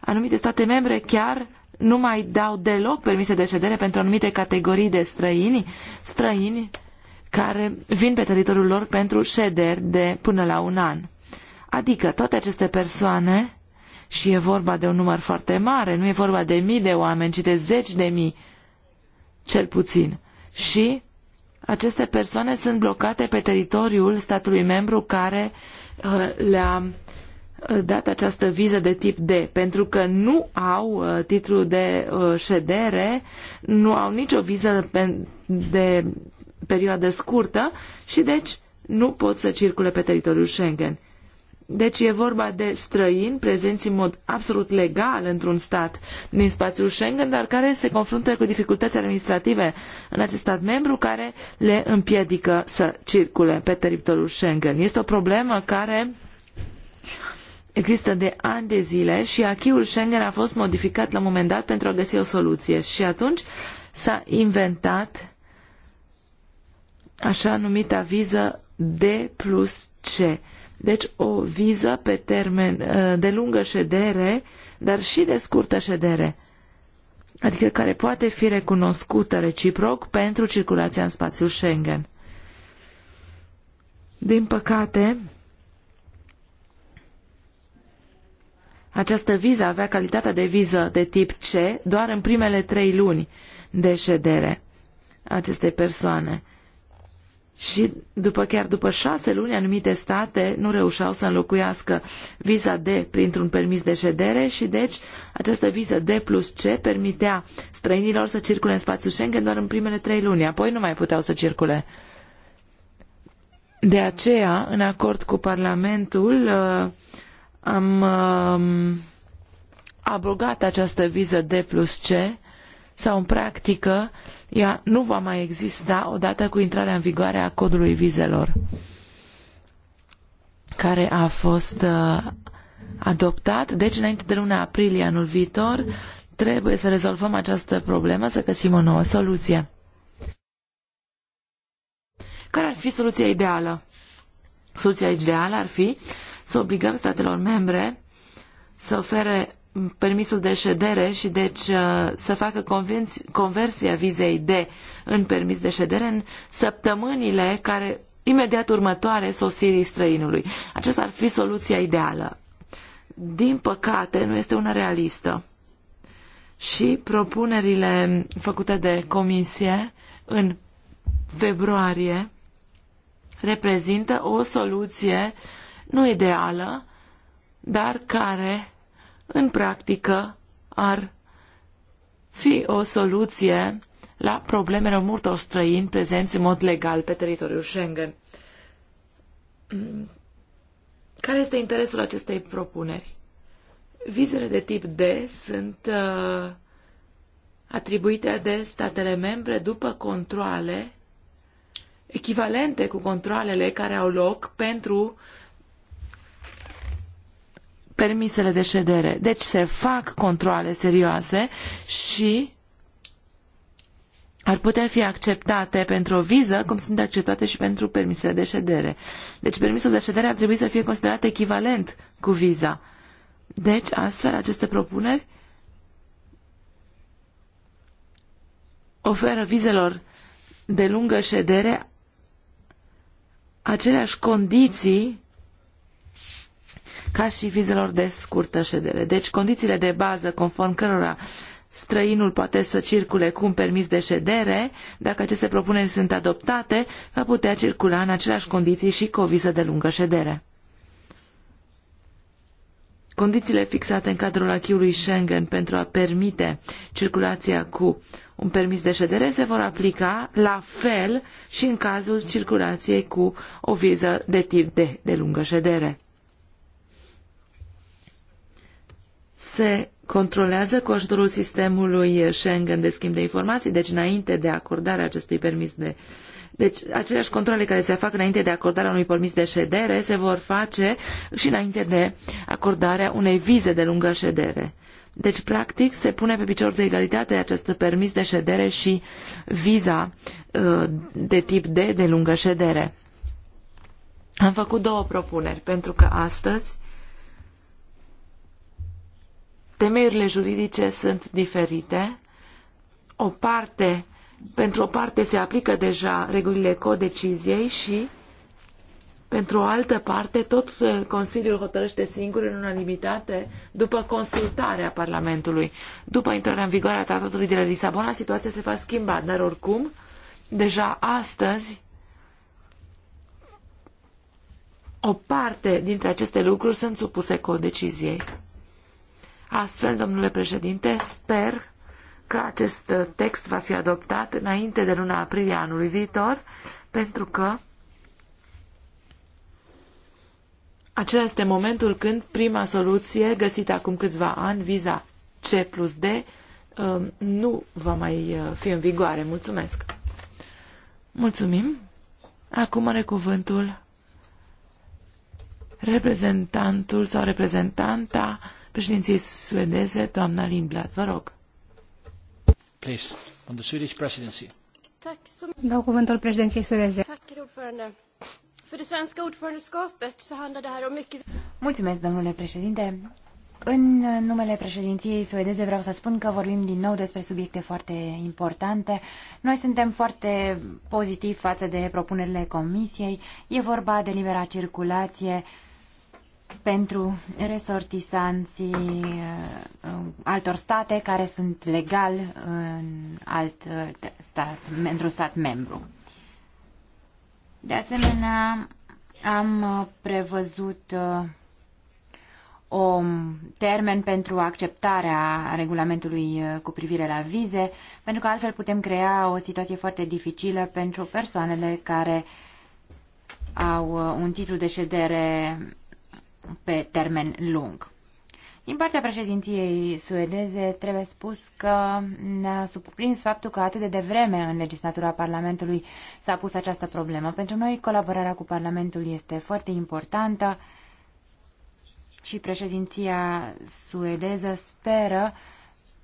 Anumite state membre chiar nu mai dau deloc permise de ședere pentru anumite categorii de străini, străini care vin pe teritoriul lor pentru șederi de până la un an. Adică toate aceste persoane, și e vorba de un număr foarte mare, nu e vorba de mii de oameni, ci de zeci de mii, cel puțin. Și aceste persoane sunt blocate pe teritoriul statului membru care uh, le-a uh, dat această viză de tip D, pentru că nu au uh, titlu de ședere, nu au nicio viză de perioadă scurtă și deci nu pot să circule pe teritoriul Schengen. Deci e vorba de străini prezenți în mod absolut legal într-un stat din spațiul Schengen, dar care se confruntă cu dificultăți administrative în acest stat membru care le împiedică să circule pe teritoriul Schengen. Este o problemă care există de ani de zile și achiul Schengen a fost modificat la un moment dat pentru a găsi o soluție și atunci s-a inventat așa numita viză D plus C deci o viză pe termen uh, de lungă ședere, dar și de scurtă ședere, adică care poate fi recunoscută reciproc pentru circulația în spațiul Schengen. Din păcate, Această viză avea calitatea de viză de tip C doar în primele trei luni de ședere acestei persoane și după chiar după șase luni anumite state nu reușeau să înlocuiască viza D printr-un permis de ședere și deci această viză D plus C permitea străinilor să circule în spațiul Schengen doar în primele trei luni, apoi nu mai puteau să circule. De aceea, în acord cu Parlamentul, uh, am uh, abrogat această viză D plus C sau în practică ea nu va mai exista odată cu intrarea în vigoare a codului vizelor care a fost uh, adoptat. Deci, înainte de luna aprilie anul viitor, trebuie să rezolvăm această problemă, să găsim o nouă soluție. Care ar fi soluția ideală? Soluția ideală ar fi să obligăm statelor membre să ofere permisul de ședere și deci uh, să facă conversia vizei D în permis de ședere în săptămânile care imediat următoare sosirii străinului. Aceasta ar fi soluția ideală. Din păcate, nu este una realistă. Și propunerile făcute de comisie în februarie reprezintă o soluție nu ideală, dar care în practică ar fi o soluție la problemele multor străini prezenți în mod legal pe teritoriul Schengen. Care este interesul acestei propuneri? Vizele de tip D sunt uh, atribuite de statele membre după controle echivalente cu controlele care au loc pentru permisele de ședere. Deci se fac controle serioase și ar putea fi acceptate pentru o viză, cum sunt acceptate și pentru permisele de ședere. Deci permisul de ședere ar trebui să fie considerat echivalent cu viza. Deci, astfel, aceste propuneri oferă vizelor de lungă ședere aceleași condiții ca și vizelor de scurtă ședere. Deci condițiile de bază conform cărora străinul poate să circule cu un permis de ședere, dacă aceste propuneri sunt adoptate, va putea circula în aceleași condiții și cu o viză de lungă ședere. Condițiile fixate în cadrul achiului Schengen pentru a permite circulația cu un permis de ședere se vor aplica la fel și în cazul circulației cu o viză de tip D, de lungă ședere. se controlează cu ajutorul sistemului Schengen de schimb de informații, deci înainte de acordarea acestui permis de deci aceleași controle care se fac înainte de acordarea unui permis de ședere se vor face și înainte de acordarea unei vize de lungă ședere. Deci, practic, se pune pe picior de egalitate acest permis de ședere și viza uh, de tip D de lungă ședere. Am făcut două propuneri, pentru că astăzi Temerile juridice sunt diferite. O parte, pentru o parte se aplică deja regulile codeciziei și pentru o altă parte, tot uh, Consiliul hotărăște singur în unanimitate după consultarea Parlamentului. După intrarea în vigoare a Tratatului de la Lisabona, situația se va schimba, dar oricum, deja astăzi, o parte dintre aceste lucruri sunt supuse codeciziei. Astfel, domnule președinte, sper că acest text va fi adoptat înainte de luna aprilie anului viitor, pentru că acela este momentul când prima soluție găsită acum câțiva ani, viza C plus D, um, nu va mai uh, fi în vigoare. Mulțumesc! Mulțumim! Acum are cuvântul reprezentantul sau reprezentanta președinției suedeze, doamna Lindblad. Vă rog. Please, from the Swedish presidency. Dau cuvântul președinției suedeze. Mulțumesc, domnule președinte. În numele președinției suedeze vreau să spun că vorbim din nou despre subiecte foarte importante. Noi suntem foarte pozitivi față de propunerile comisiei. E vorba de libera circulație, pentru resortisanții uh, uh, altor state care sunt legal în alt uh, stat, într-un stat membru. De asemenea, am prevăzut o termen pentru acceptarea regulamentului cu privire la vize, pentru că altfel putem crea o situație foarte dificilă pentru persoanele care au un titlu de ședere pe termen lung. Din partea președinției suedeze, trebuie spus că ne-a surprins faptul că atât de devreme în legislatura Parlamentului s-a pus această problemă. Pentru noi, colaborarea cu Parlamentul este foarte importantă și președinția suedeză speră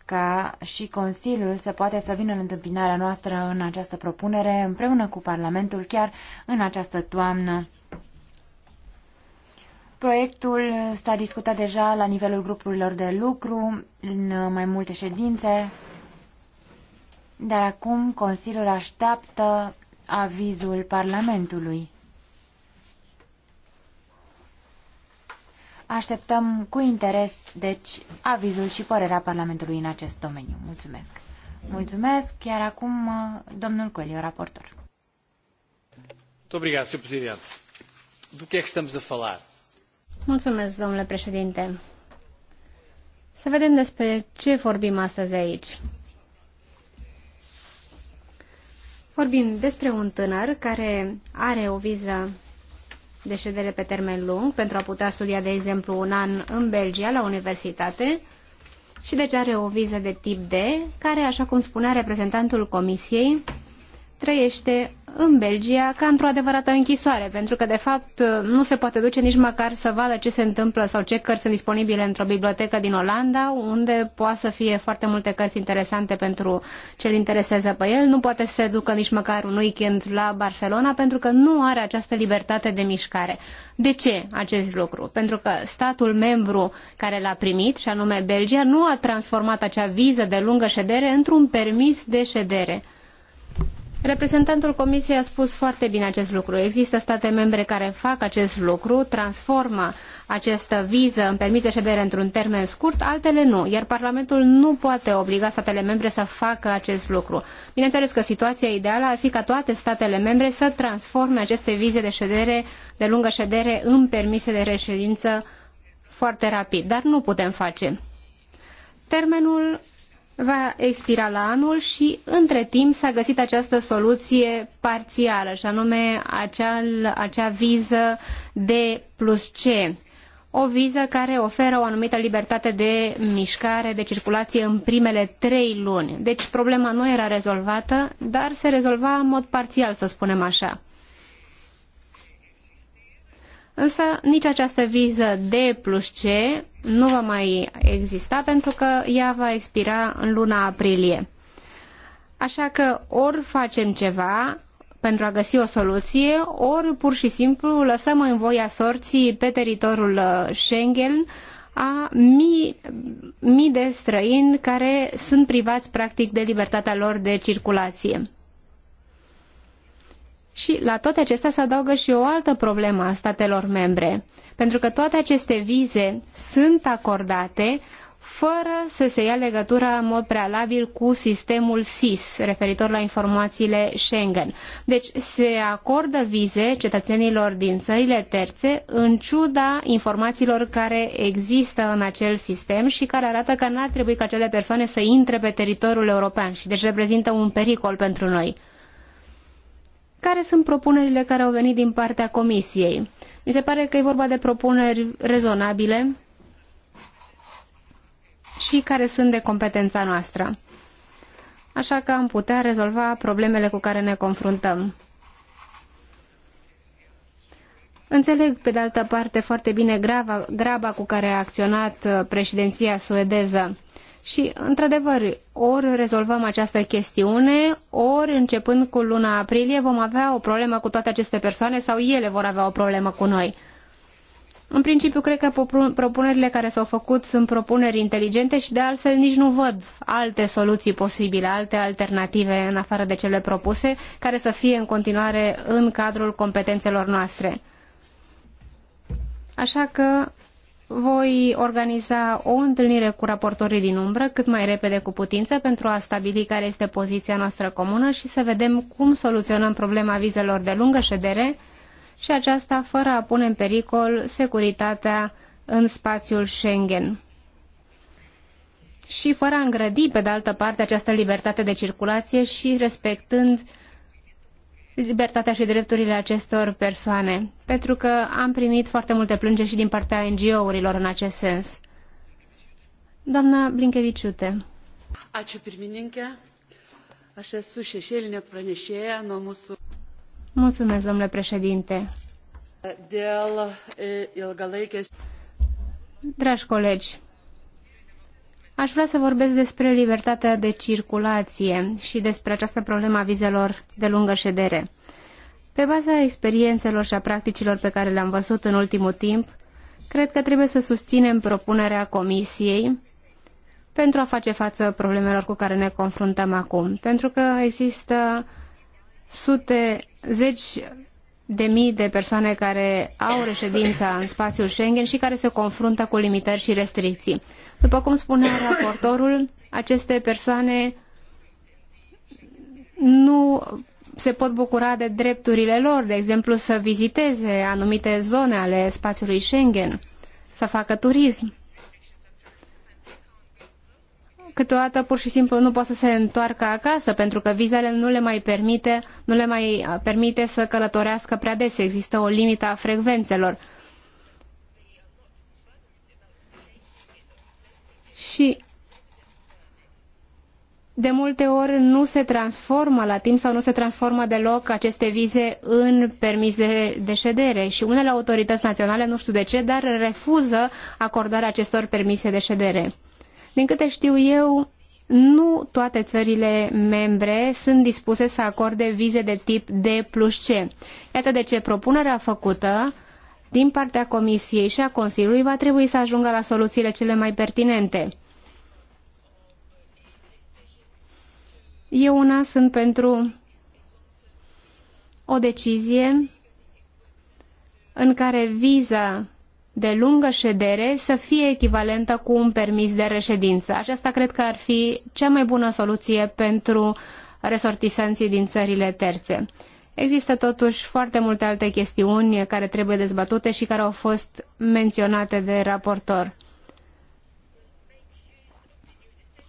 ca și Consiliul să poate să vină în întâmpinarea noastră în această propunere, împreună cu Parlamentul, chiar în această toamnă Proiectul s-a discutat deja la nivelul grupurilor de lucru, în mai multe ședințe, dar acum Consiliul așteaptă avizul Parlamentului. Așteptăm cu interes, deci, avizul și părerea Parlamentului în acest domeniu. Mulțumesc! Mulțumesc, iar acum domnul Coelho, raportor. Muito obrigado, Sr. Presidente. Do que é que estamos a falar? Mulțumesc, domnule președinte. Să vedem despre ce vorbim astăzi aici. Vorbim despre un tânăr care are o viză de ședere pe termen lung pentru a putea studia, de exemplu, un an în Belgia la universitate și deci are o viză de tip D, care, așa cum spunea reprezentantul Comisiei, trăiește în Belgia ca într-o adevărată închisoare, pentru că de fapt nu se poate duce nici măcar să vadă ce se întâmplă sau ce cărți sunt disponibile într-o bibliotecă din Olanda, unde poate să fie foarte multe cărți interesante pentru ce îl interesează pe el. Nu poate să se ducă nici măcar un weekend la Barcelona, pentru că nu are această libertate de mișcare. De ce acest lucru? Pentru că statul membru care l-a primit, și anume Belgia, nu a transformat acea viză de lungă ședere într-un permis de ședere Reprezentantul Comisiei a spus foarte bine acest lucru. Există state membre care fac acest lucru, transformă această viză în permis de ședere într-un termen scurt, altele nu, iar Parlamentul nu poate obliga statele membre să facă acest lucru. Bineînțeles că situația ideală ar fi ca toate statele membre să transforme aceste vize de ședere, de lungă ședere, în permise de reședință foarte rapid, dar nu putem face. Termenul va expira la anul și între timp s-a găsit această soluție parțială, și anume acel, acea viză D plus C. O viză care oferă o anumită libertate de mișcare, de circulație în primele trei luni. Deci problema nu era rezolvată, dar se rezolva în mod parțial, să spunem așa. Însă nici această viză D plus C nu va mai exista pentru că ea va expira în luna aprilie. Așa că ori facem ceva pentru a găsi o soluție, ori pur și simplu lăsăm în voia sorții pe teritoriul uh, Schengen a mii, mii de străini care sunt privați practic de libertatea lor de circulație. Și la toate acestea se adaugă și o altă problemă a statelor membre, pentru că toate aceste vize sunt acordate fără să se ia legătura în mod prealabil cu sistemul SIS, referitor la informațiile Schengen. Deci se acordă vize cetățenilor din țările terțe în ciuda informațiilor care există în acel sistem și care arată că n-ar trebui ca acele persoane să intre pe teritoriul european și deci reprezintă un pericol pentru noi care sunt propunerile care au venit din partea Comisiei. Mi se pare că e vorba de propuneri rezonabile și care sunt de competența noastră. Așa că am putea rezolva problemele cu care ne confruntăm. Înțeleg, pe de altă parte, foarte bine graba cu care a acționat uh, președinția suedeză. Și, într-adevăr, ori rezolvăm această chestiune, ori, începând cu luna aprilie, vom avea o problemă cu toate aceste persoane sau ele vor avea o problemă cu noi. În principiu, cred că propunerile care s-au făcut sunt propuneri inteligente și, de altfel, nici nu văd alte soluții posibile, alte alternative în afară de cele propuse, care să fie în continuare în cadrul competențelor noastre. Așa că voi organiza o întâlnire cu raportorii din umbră cât mai repede cu putință pentru a stabili care este poziția noastră comună și să vedem cum soluționăm problema vizelor de lungă ședere și aceasta fără a pune în pericol securitatea în spațiul Schengen. Și fără a îngrădi, pe de altă parte, această libertate de circulație și respectând uh, libertatea și drepturile acestor persoane, pentru că am primit foarte multe plângeri și din partea NGO-urilor în acest sens. Doamna Blinkeviciute. Ačiū pirmininkė. Aš esu šešėlinė pranešėja nuo mūsų. Mulțumesc, domnule președinte. Dėl ilgalaikės. Dragi colegi, Aș vrea să vorbesc despre libertatea de circulație și despre această problemă a vizelor de lungă ședere. Pe baza experiențelor și a practicilor pe care le-am văzut în ultimul timp, cred că trebuie să susținem propunerea Comisiei pentru a face față problemelor cu care ne confruntăm acum. Pentru că există sute, zeci de mii de persoane care au reședința în spațiul Schengen și care se confruntă cu limitări și restricții. După cum spunea (coughs) raportorul, aceste persoane nu se pot bucura de drepturile lor, de exemplu să viziteze anumite zone ale spațiului Schengen, să facă turism. Câteodată pur și simplu nu pot să se întoarcă acasă pentru că vizele nu le mai permite, nu le mai permite să călătorească prea des, există o limită a frecvențelor. și de multe ori nu se transformă la timp sau nu se transformă deloc aceste vize în permis de, de ședere și unele autorități naționale, nu știu de ce, dar refuză acordarea acestor permise de ședere. Din câte știu eu, nu toate țările membre sunt dispuse să acorde vize de tip D plus C. Iată de ce propunerea făcută din partea Comisiei și a Consiliului va trebui să ajungă la soluțiile cele mai pertinente. Eu una sunt pentru o decizie în care viza de lungă ședere să fie echivalentă cu un permis de reședință. Aceasta cred că ar fi cea mai bună soluție pentru resortisanții din țările terțe. Există totuși foarte multe alte chestiuni care trebuie dezbătute și care au fost menționate de raportor.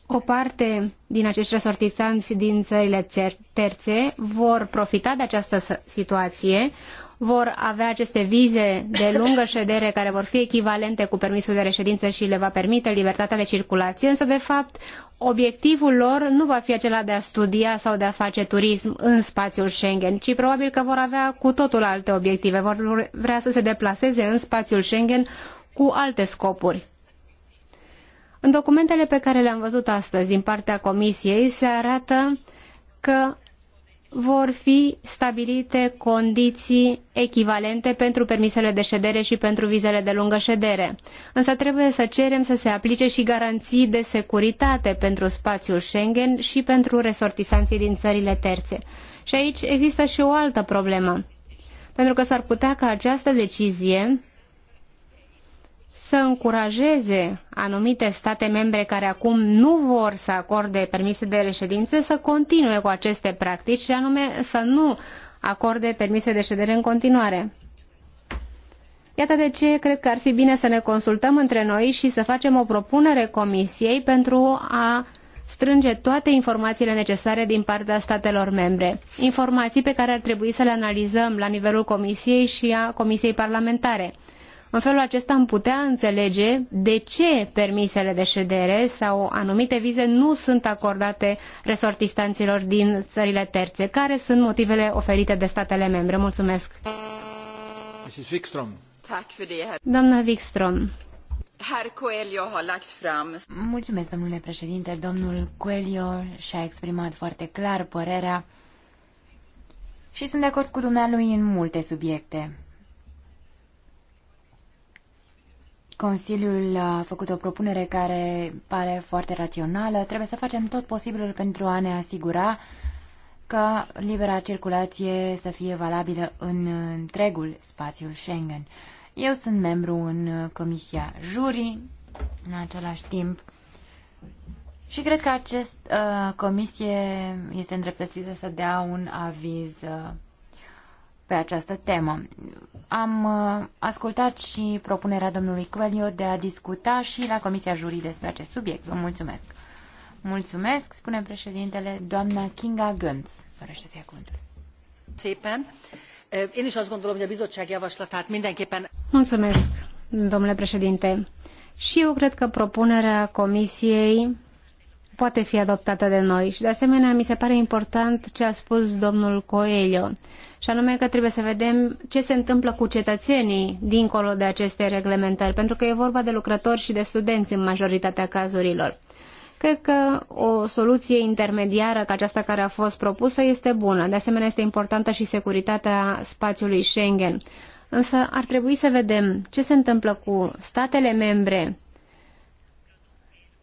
O parte din acești resortisanți din țările terțe vor profita de această situație, vor avea aceste vize de lungă (laughs) ședere care vor fi echivalente cu permisul de reședință și le va permite libertatea de circulație, însă de fapt obiectivul lor nu va fi acela de a studia sau de a face turism în spațiul Schengen, ci probabil că vor avea cu totul alte obiective, vor vrea să se deplaseze în spațiul Schengen cu alte scopuri. În documentele pe care le-am văzut astăzi din partea Comisiei se arată că vor fi stabilite condiții echivalente pentru permisele de ședere și pentru vizele de lungă ședere. Însă trebuie să cerem să se aplice și garanții de securitate pentru spațiul Schengen și pentru resortisanții din țările terțe. Și aici există și o altă problemă. Pentru că s-ar putea ca această decizie să încurajeze anumite state membre care acum nu vor să acorde permise de reședință să continue cu aceste practici și anume să nu acorde permise de ședere în continuare. Iată de ce cred că ar fi bine să ne consultăm între noi și să facem o propunere Comisiei pentru a strânge toate informațiile necesare din partea statelor membre. Informații pe care ar trebui să le analizăm la nivelul Comisiei și a Comisiei Parlamentare. În felul acesta am putea înțelege de ce permisele de ședere sau anumite vize nu sunt acordate resortistanților din țările terțe. Care sunt motivele oferite de statele membre? Mulțumesc! Mrs. Wikström. Doamna Wikström. Mulțumesc, domnule președinte. Domnul Coelho și-a exprimat foarte clar părerea și sunt de acord cu dumnealui în multe subiecte. Consiliul a făcut o propunere care pare foarte rațională. Trebuie să facem tot posibilul pentru a ne asigura ca libera circulație să fie valabilă în întregul spațiul Schengen. Eu sunt membru în Comisia Juri, în același timp, și cred că acest uh, comisie este îndreptățită să dea un aviz uh, pe această temă. Am uh, ascultat și propunerea domnului Coelho de a discuta și la Comisia Jurii despre acest subiect. Vă mulțumesc! Mulțumesc, spune președintele, doamna Kinga Gönz. Dorește să ia cuvântul. Eh, mulțumesc, domnule președinte. Și eu cred că propunerea Comisiei poate fi adoptată de noi. Și de asemenea, mi se pare important ce a spus domnul Coelho, și anume că trebuie să vedem ce se întâmplă cu cetățenii dincolo de aceste reglementări, pentru că e vorba de lucrători și de studenți în majoritatea cazurilor. Cred că o soluție intermediară ca aceasta care a fost propusă este bună. De asemenea, este importantă și securitatea spațiului Schengen. Însă ar trebui să vedem ce se întâmplă cu statele membre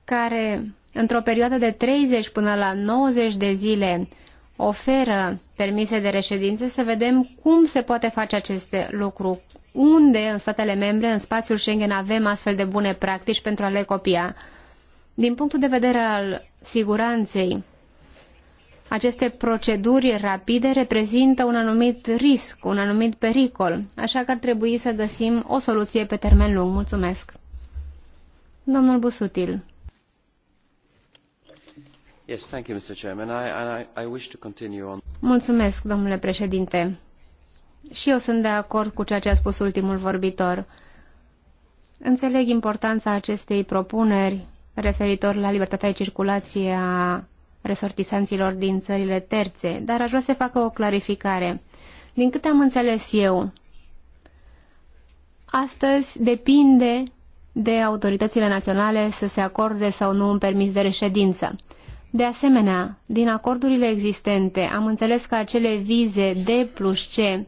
care într-o perioadă de 30 până la 90 de zile oferă permise de reședință, să vedem cum se poate face acest lucru, unde în statele membre, în spațiul Schengen, avem astfel de bune practici pentru a le copia. Din punctul de vedere al siguranței, aceste proceduri rapide reprezintă un anumit risc, un anumit pericol, așa că ar trebui să găsim o soluție pe termen lung. Mulțumesc. Domnul Busutil. Yes, thank you, Mr. Chairman. I, I, I wish to continue on... Mulțumesc, domnule președinte. Și eu sunt de acord cu ceea ce a spus ultimul vorbitor. Înțeleg importanța acestei propuneri referitor la libertatea de circulație a resortisanților din țările terțe, dar aș vrea să facă o clarificare. Din câte am înțeles eu, astăzi depinde de autoritățile naționale să se acorde sau nu un permis de reședință. De asemenea, din acordurile existente, am înțeles că acele vize D plus C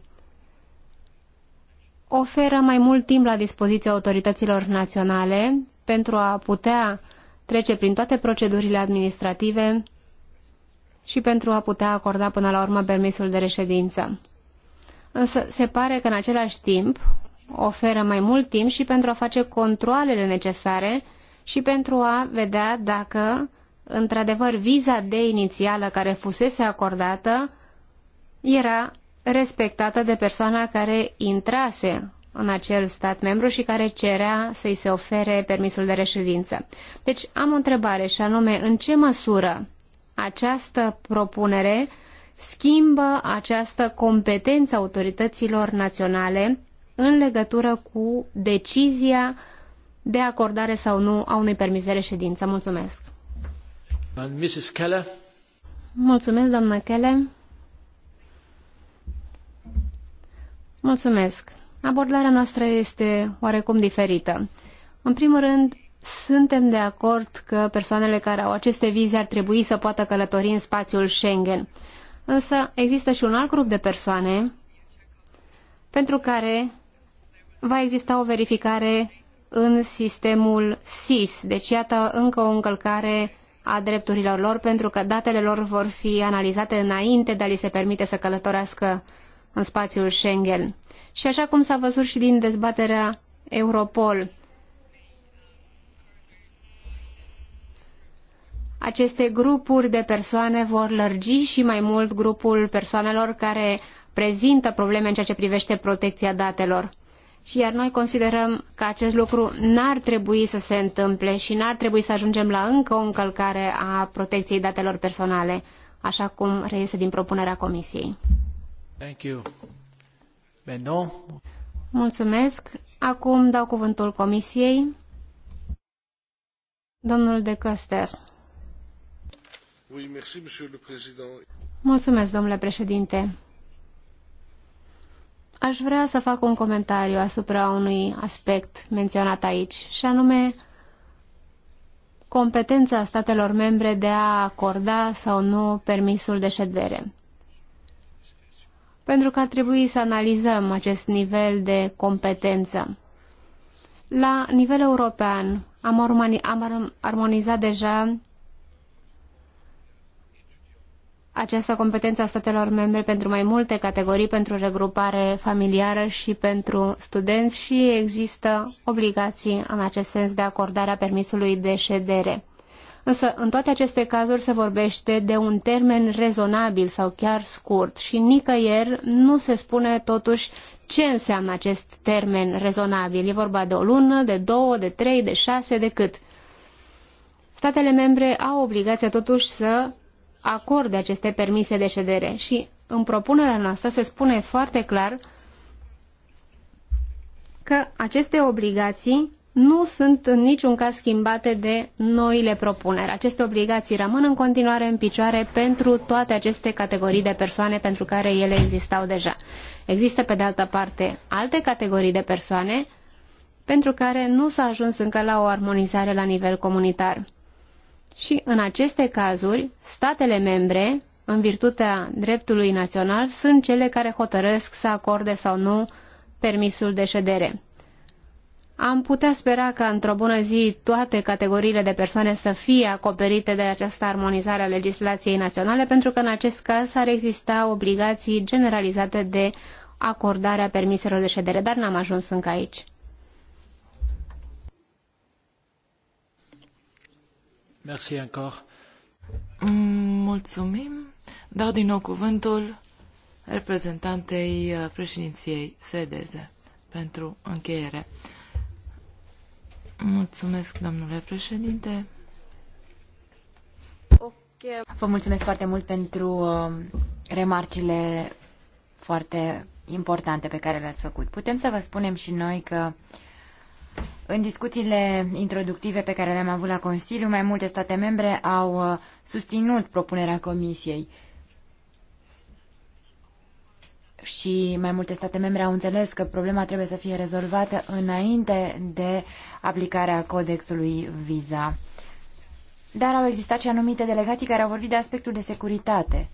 oferă mai mult timp la dispoziția autorităților naționale pentru a putea trece prin toate procedurile administrative și pentru a putea acorda până la urmă permisul de reședință. Însă se pare că în același timp oferă mai mult timp și pentru a face controlele necesare și pentru a vedea dacă într-adevăr, viza de inițială care fusese acordată era respectată de persoana care intrase în acel stat membru și care cerea să-i se ofere permisul de reședință. Deci am o întrebare și anume, în ce măsură această propunere schimbă această competență autorităților naționale în legătură cu decizia de acordare sau nu a unui permis de reședință. Mulțumesc! And Mrs. Keller. Mulțumesc, doamna Keller. Mulțumesc. Abordarea noastră este oarecum diferită. În primul rând, suntem de acord că persoanele care au aceste vize ar trebui să poată călători în spațiul Schengen. Însă există și un alt grup de persoane pentru care va exista o verificare în sistemul SIS. Deci iată încă o încălcare a drepturilor lor, pentru că datele lor vor fi analizate înainte de a li se permite să călătorească în spațiul Schengen. Și așa cum s-a văzut și din dezbaterea Europol, aceste grupuri de persoane vor lărgi și mai mult grupul persoanelor care prezintă probleme în ceea ce privește protecția datelor. Și iar noi considerăm că acest lucru n-ar trebui să se întâmple și n-ar trebui să ajungem la încă o încălcare a protecției datelor personale, așa cum reiese din propunerea Comisiei. Thank you. Beno. Mulțumesc. Acum dau cuvântul Comisiei. Domnul de Căster. Oui, merci, Mulțumesc, domnule președinte. Aș vrea să fac un comentariu asupra unui aspect menționat aici, și anume competența statelor membre de a acorda sau nu permisul de ședere. Pentru că ar trebui să analizăm acest nivel de competență. La nivel european am, am armonizat deja această competență a statelor membre pentru mai multe categorii, pentru regrupare familiară și pentru studenți și există obligații în acest sens de acordarea permisului de ședere. Însă, în toate aceste cazuri se vorbește de un termen rezonabil sau chiar scurt și nicăieri nu se spune totuși ce înseamnă acest termen rezonabil. E vorba de o lună, de două, de trei, de șase, de cât. Statele membre au obligația totuși să acorde aceste permise de ședere și în propunerea noastră se spune foarte clar că aceste obligații nu sunt în niciun caz schimbate de noile propuneri. Aceste obligații rămân în continuare în picioare pentru toate aceste categorii de persoane pentru care ele existau deja. Există, pe de altă parte, alte categorii de persoane pentru care nu s-a ajuns încă la o armonizare la nivel comunitar. Și în aceste cazuri, statele membre, în virtutea dreptului național, sunt cele care hotărăsc să acorde sau nu permisul de ședere. Am putea spera ca într-o bună zi toate categoriile de persoane să fie acoperite de această armonizare a legislației naționale, pentru că în acest caz ar exista obligații generalizate de acordarea permiselor de ședere, dar n-am ajuns încă aici. Merci encore. Mulțumim. Dau din nou cuvântul reprezentantei uh, președinției suedeze pentru încheiere. Mulțumesc, domnule președinte. Vă mulțumesc foarte mult pentru uh, remarcile foarte importante pe care le-ați făcut. Putem să vă spunem și noi că uh, în discuțiile introductive pe care le-am avut la Consiliu, mai multe state membre au uh, susținut propunerea Comisiei. Și mai multe state membre au înțeles că problema trebuie să fie rezolvată înainte de aplicarea codexului Visa. Dar au existat și anumite delegații care au vorbit de aspectul de securitate.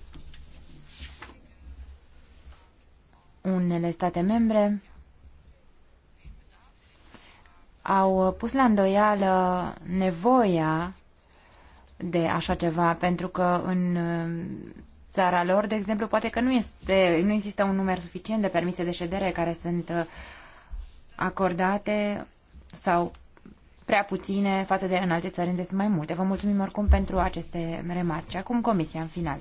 Unele state membre au pus la îndoială nevoia de așa ceva, pentru că în uh, țara lor, de exemplu, poate că nu, este, nu există un număr suficient de permise de ședere care sunt uh, acordate sau prea puține față de în alte țări unde sunt mai multe. Vă mulțumim oricum pentru aceste remarci. Acum comisia în final.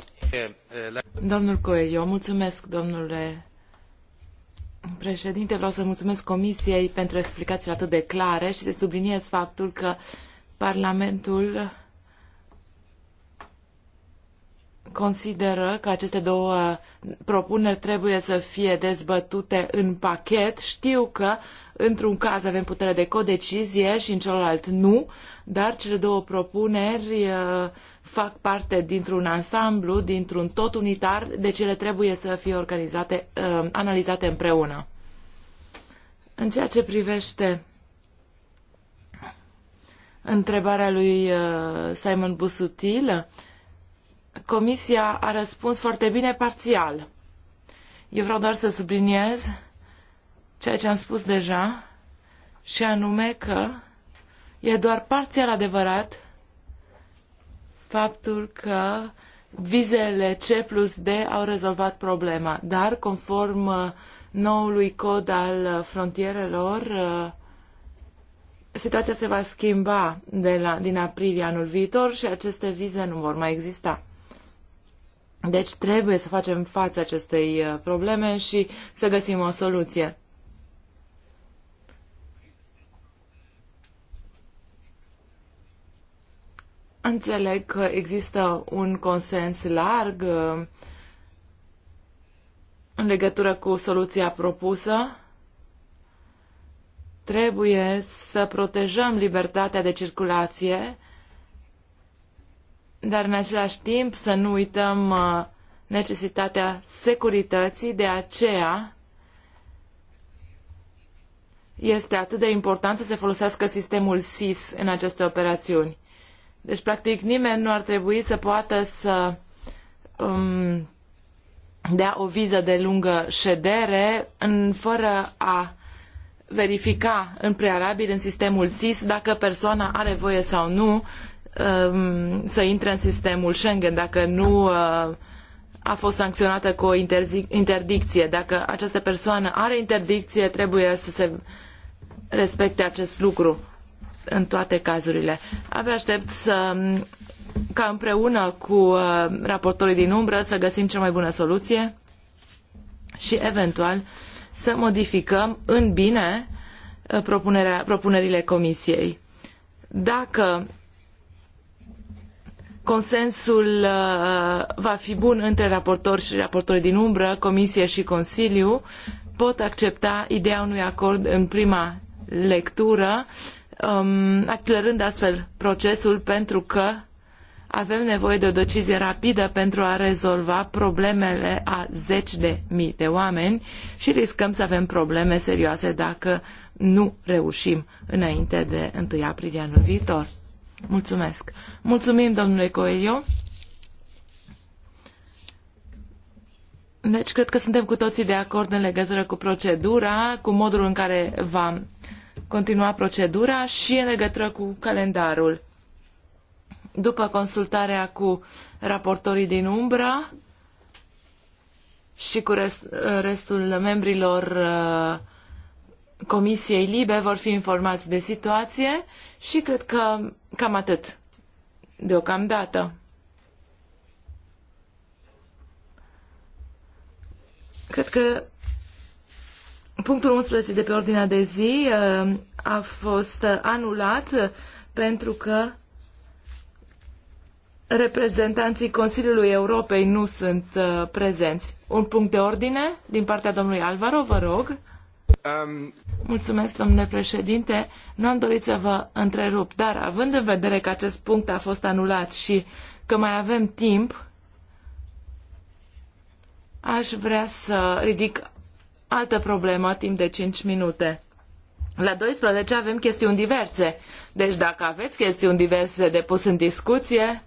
Domnul Coelho, mulțumesc, domnule Președinte, vreau să mulțumesc Comisiei pentru explicațiile atât de clare și să subliniez faptul că Parlamentul consideră că aceste două propuneri trebuie să fie dezbătute în pachet. Știu că într-un caz avem putere de codecizie și în celălalt nu, dar cele două propuneri fac parte dintr-un ansamblu, dintr-un tot unitar, deci ele trebuie să fie organizate, uh, analizate împreună. În ceea ce privește întrebarea lui uh, Simon Busutil, Comisia a răspuns foarte bine parțial. Eu vreau doar să subliniez ceea ce am spus deja, și anume că e doar parțial adevărat faptul că vizele C plus D au rezolvat problema, dar conform uh, noului cod al uh, frontierelor, uh, situația se va schimba de la, din aprilie anul viitor și aceste vize nu vor mai exista. Deci trebuie să facem față acestei probleme și să găsim o soluție. Înțeleg că există un consens larg uh, în legătură cu soluția propusă. Trebuie să protejăm libertatea de circulație, dar în același timp să nu uităm uh, necesitatea securității, de aceea este atât de important să se folosească sistemul SIS în aceste operațiuni. Deci, practic, nimeni nu ar trebui să poată să um, dea o viză de lungă ședere în, fără a verifica în prealabil în sistemul SIS dacă persoana are voie sau nu um, să intre în sistemul Schengen, dacă nu uh, a fost sancționată cu o interdicție. Dacă această persoană are interdicție, trebuie să se respecte acest lucru în toate cazurile. Abia aștept să ca împreună cu uh, raportorii din umbră să găsim cea mai bună soluție și eventual să modificăm în bine uh, propunerile comisiei. Dacă consensul uh, va fi bun între raportori și raportori din umbră, Comisie și Consiliu, pot accepta ideea unui acord în prima lectură uh, um, accelerând astfel procesul pentru că avem nevoie de o decizie rapidă pentru a rezolva problemele a zeci de mii de oameni și riscăm să avem probleme serioase dacă nu reușim înainte de 1 aprilie anul viitor. Mulțumesc. Mulțumim, domnule Coelho. Deci, cred că suntem cu toții de acord în legătură cu procedura, cu modul în care va continua procedura și în legătură cu calendarul. După consultarea cu raportorii din umbra și cu rest, restul membrilor uh, Comisiei Libe vor fi informați de situație și cred că cam atât deocamdată. Cred că Punctul 11 de pe ordinea de zi uh, a fost anulat pentru că reprezentanții Consiliului Europei nu sunt uh, prezenți. Un punct de ordine din partea domnului Alvaro, vă rog. Um... Mulțumesc, domnule președinte. Nu am dorit să vă întrerup, dar având în vedere că acest punct a fost anulat și că mai avem timp, aș vrea să ridic altă problemă timp de 5 minute. La 12 avem chestiuni diverse. Deci dacă aveți chestiuni diverse de pus în discuție,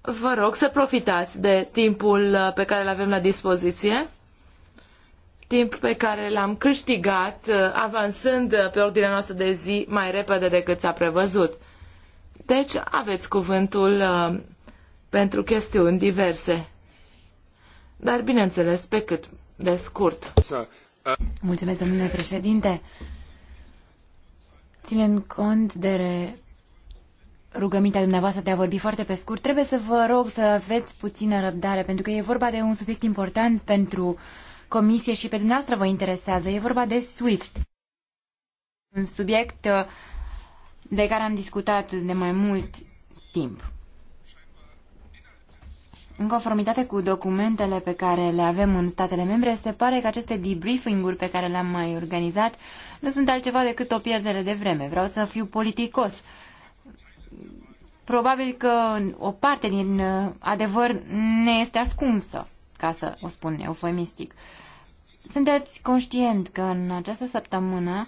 vă rog să profitați de timpul uh, pe care îl avem la dispoziție, timp pe care l-am câștigat uh, avansând uh, pe ordinea noastră de zi mai repede decât s-a prevăzut. Deci aveți cuvântul pentru chestiuni diverse dar bineînțeles pe cât de scurt. Mulțumesc, domnule președinte. Ținând cont de rugămintea dumneavoastră de a vorbi foarte pe scurt, trebuie să vă rog să aveți puțină răbdare, pentru că e vorba de un subiect important pentru comisie și pe dumneavoastră vă interesează. E vorba de SWIFT. Un subiect uh, de care am discutat de mai mult timp. În conformitate cu documentele pe care le avem în statele membre, se pare că aceste debriefing-uri pe care le-am mai organizat nu sunt altceva decât o pierdere de vreme. Vreau să fiu politicos. Probabil că o parte din uh, adevăr ne este ascunsă, ca să o spun eufemistic. Sunteți conștient că în această săptămână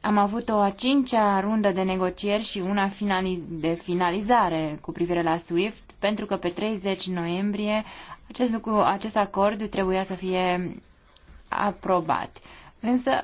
am avut o a cincea rundă de negocieri și una finaliz- de finalizare cu privire la SWIFT pentru că pe 30 noiembrie acest, lucru, acest acord trebuia să fie aprobat. Însă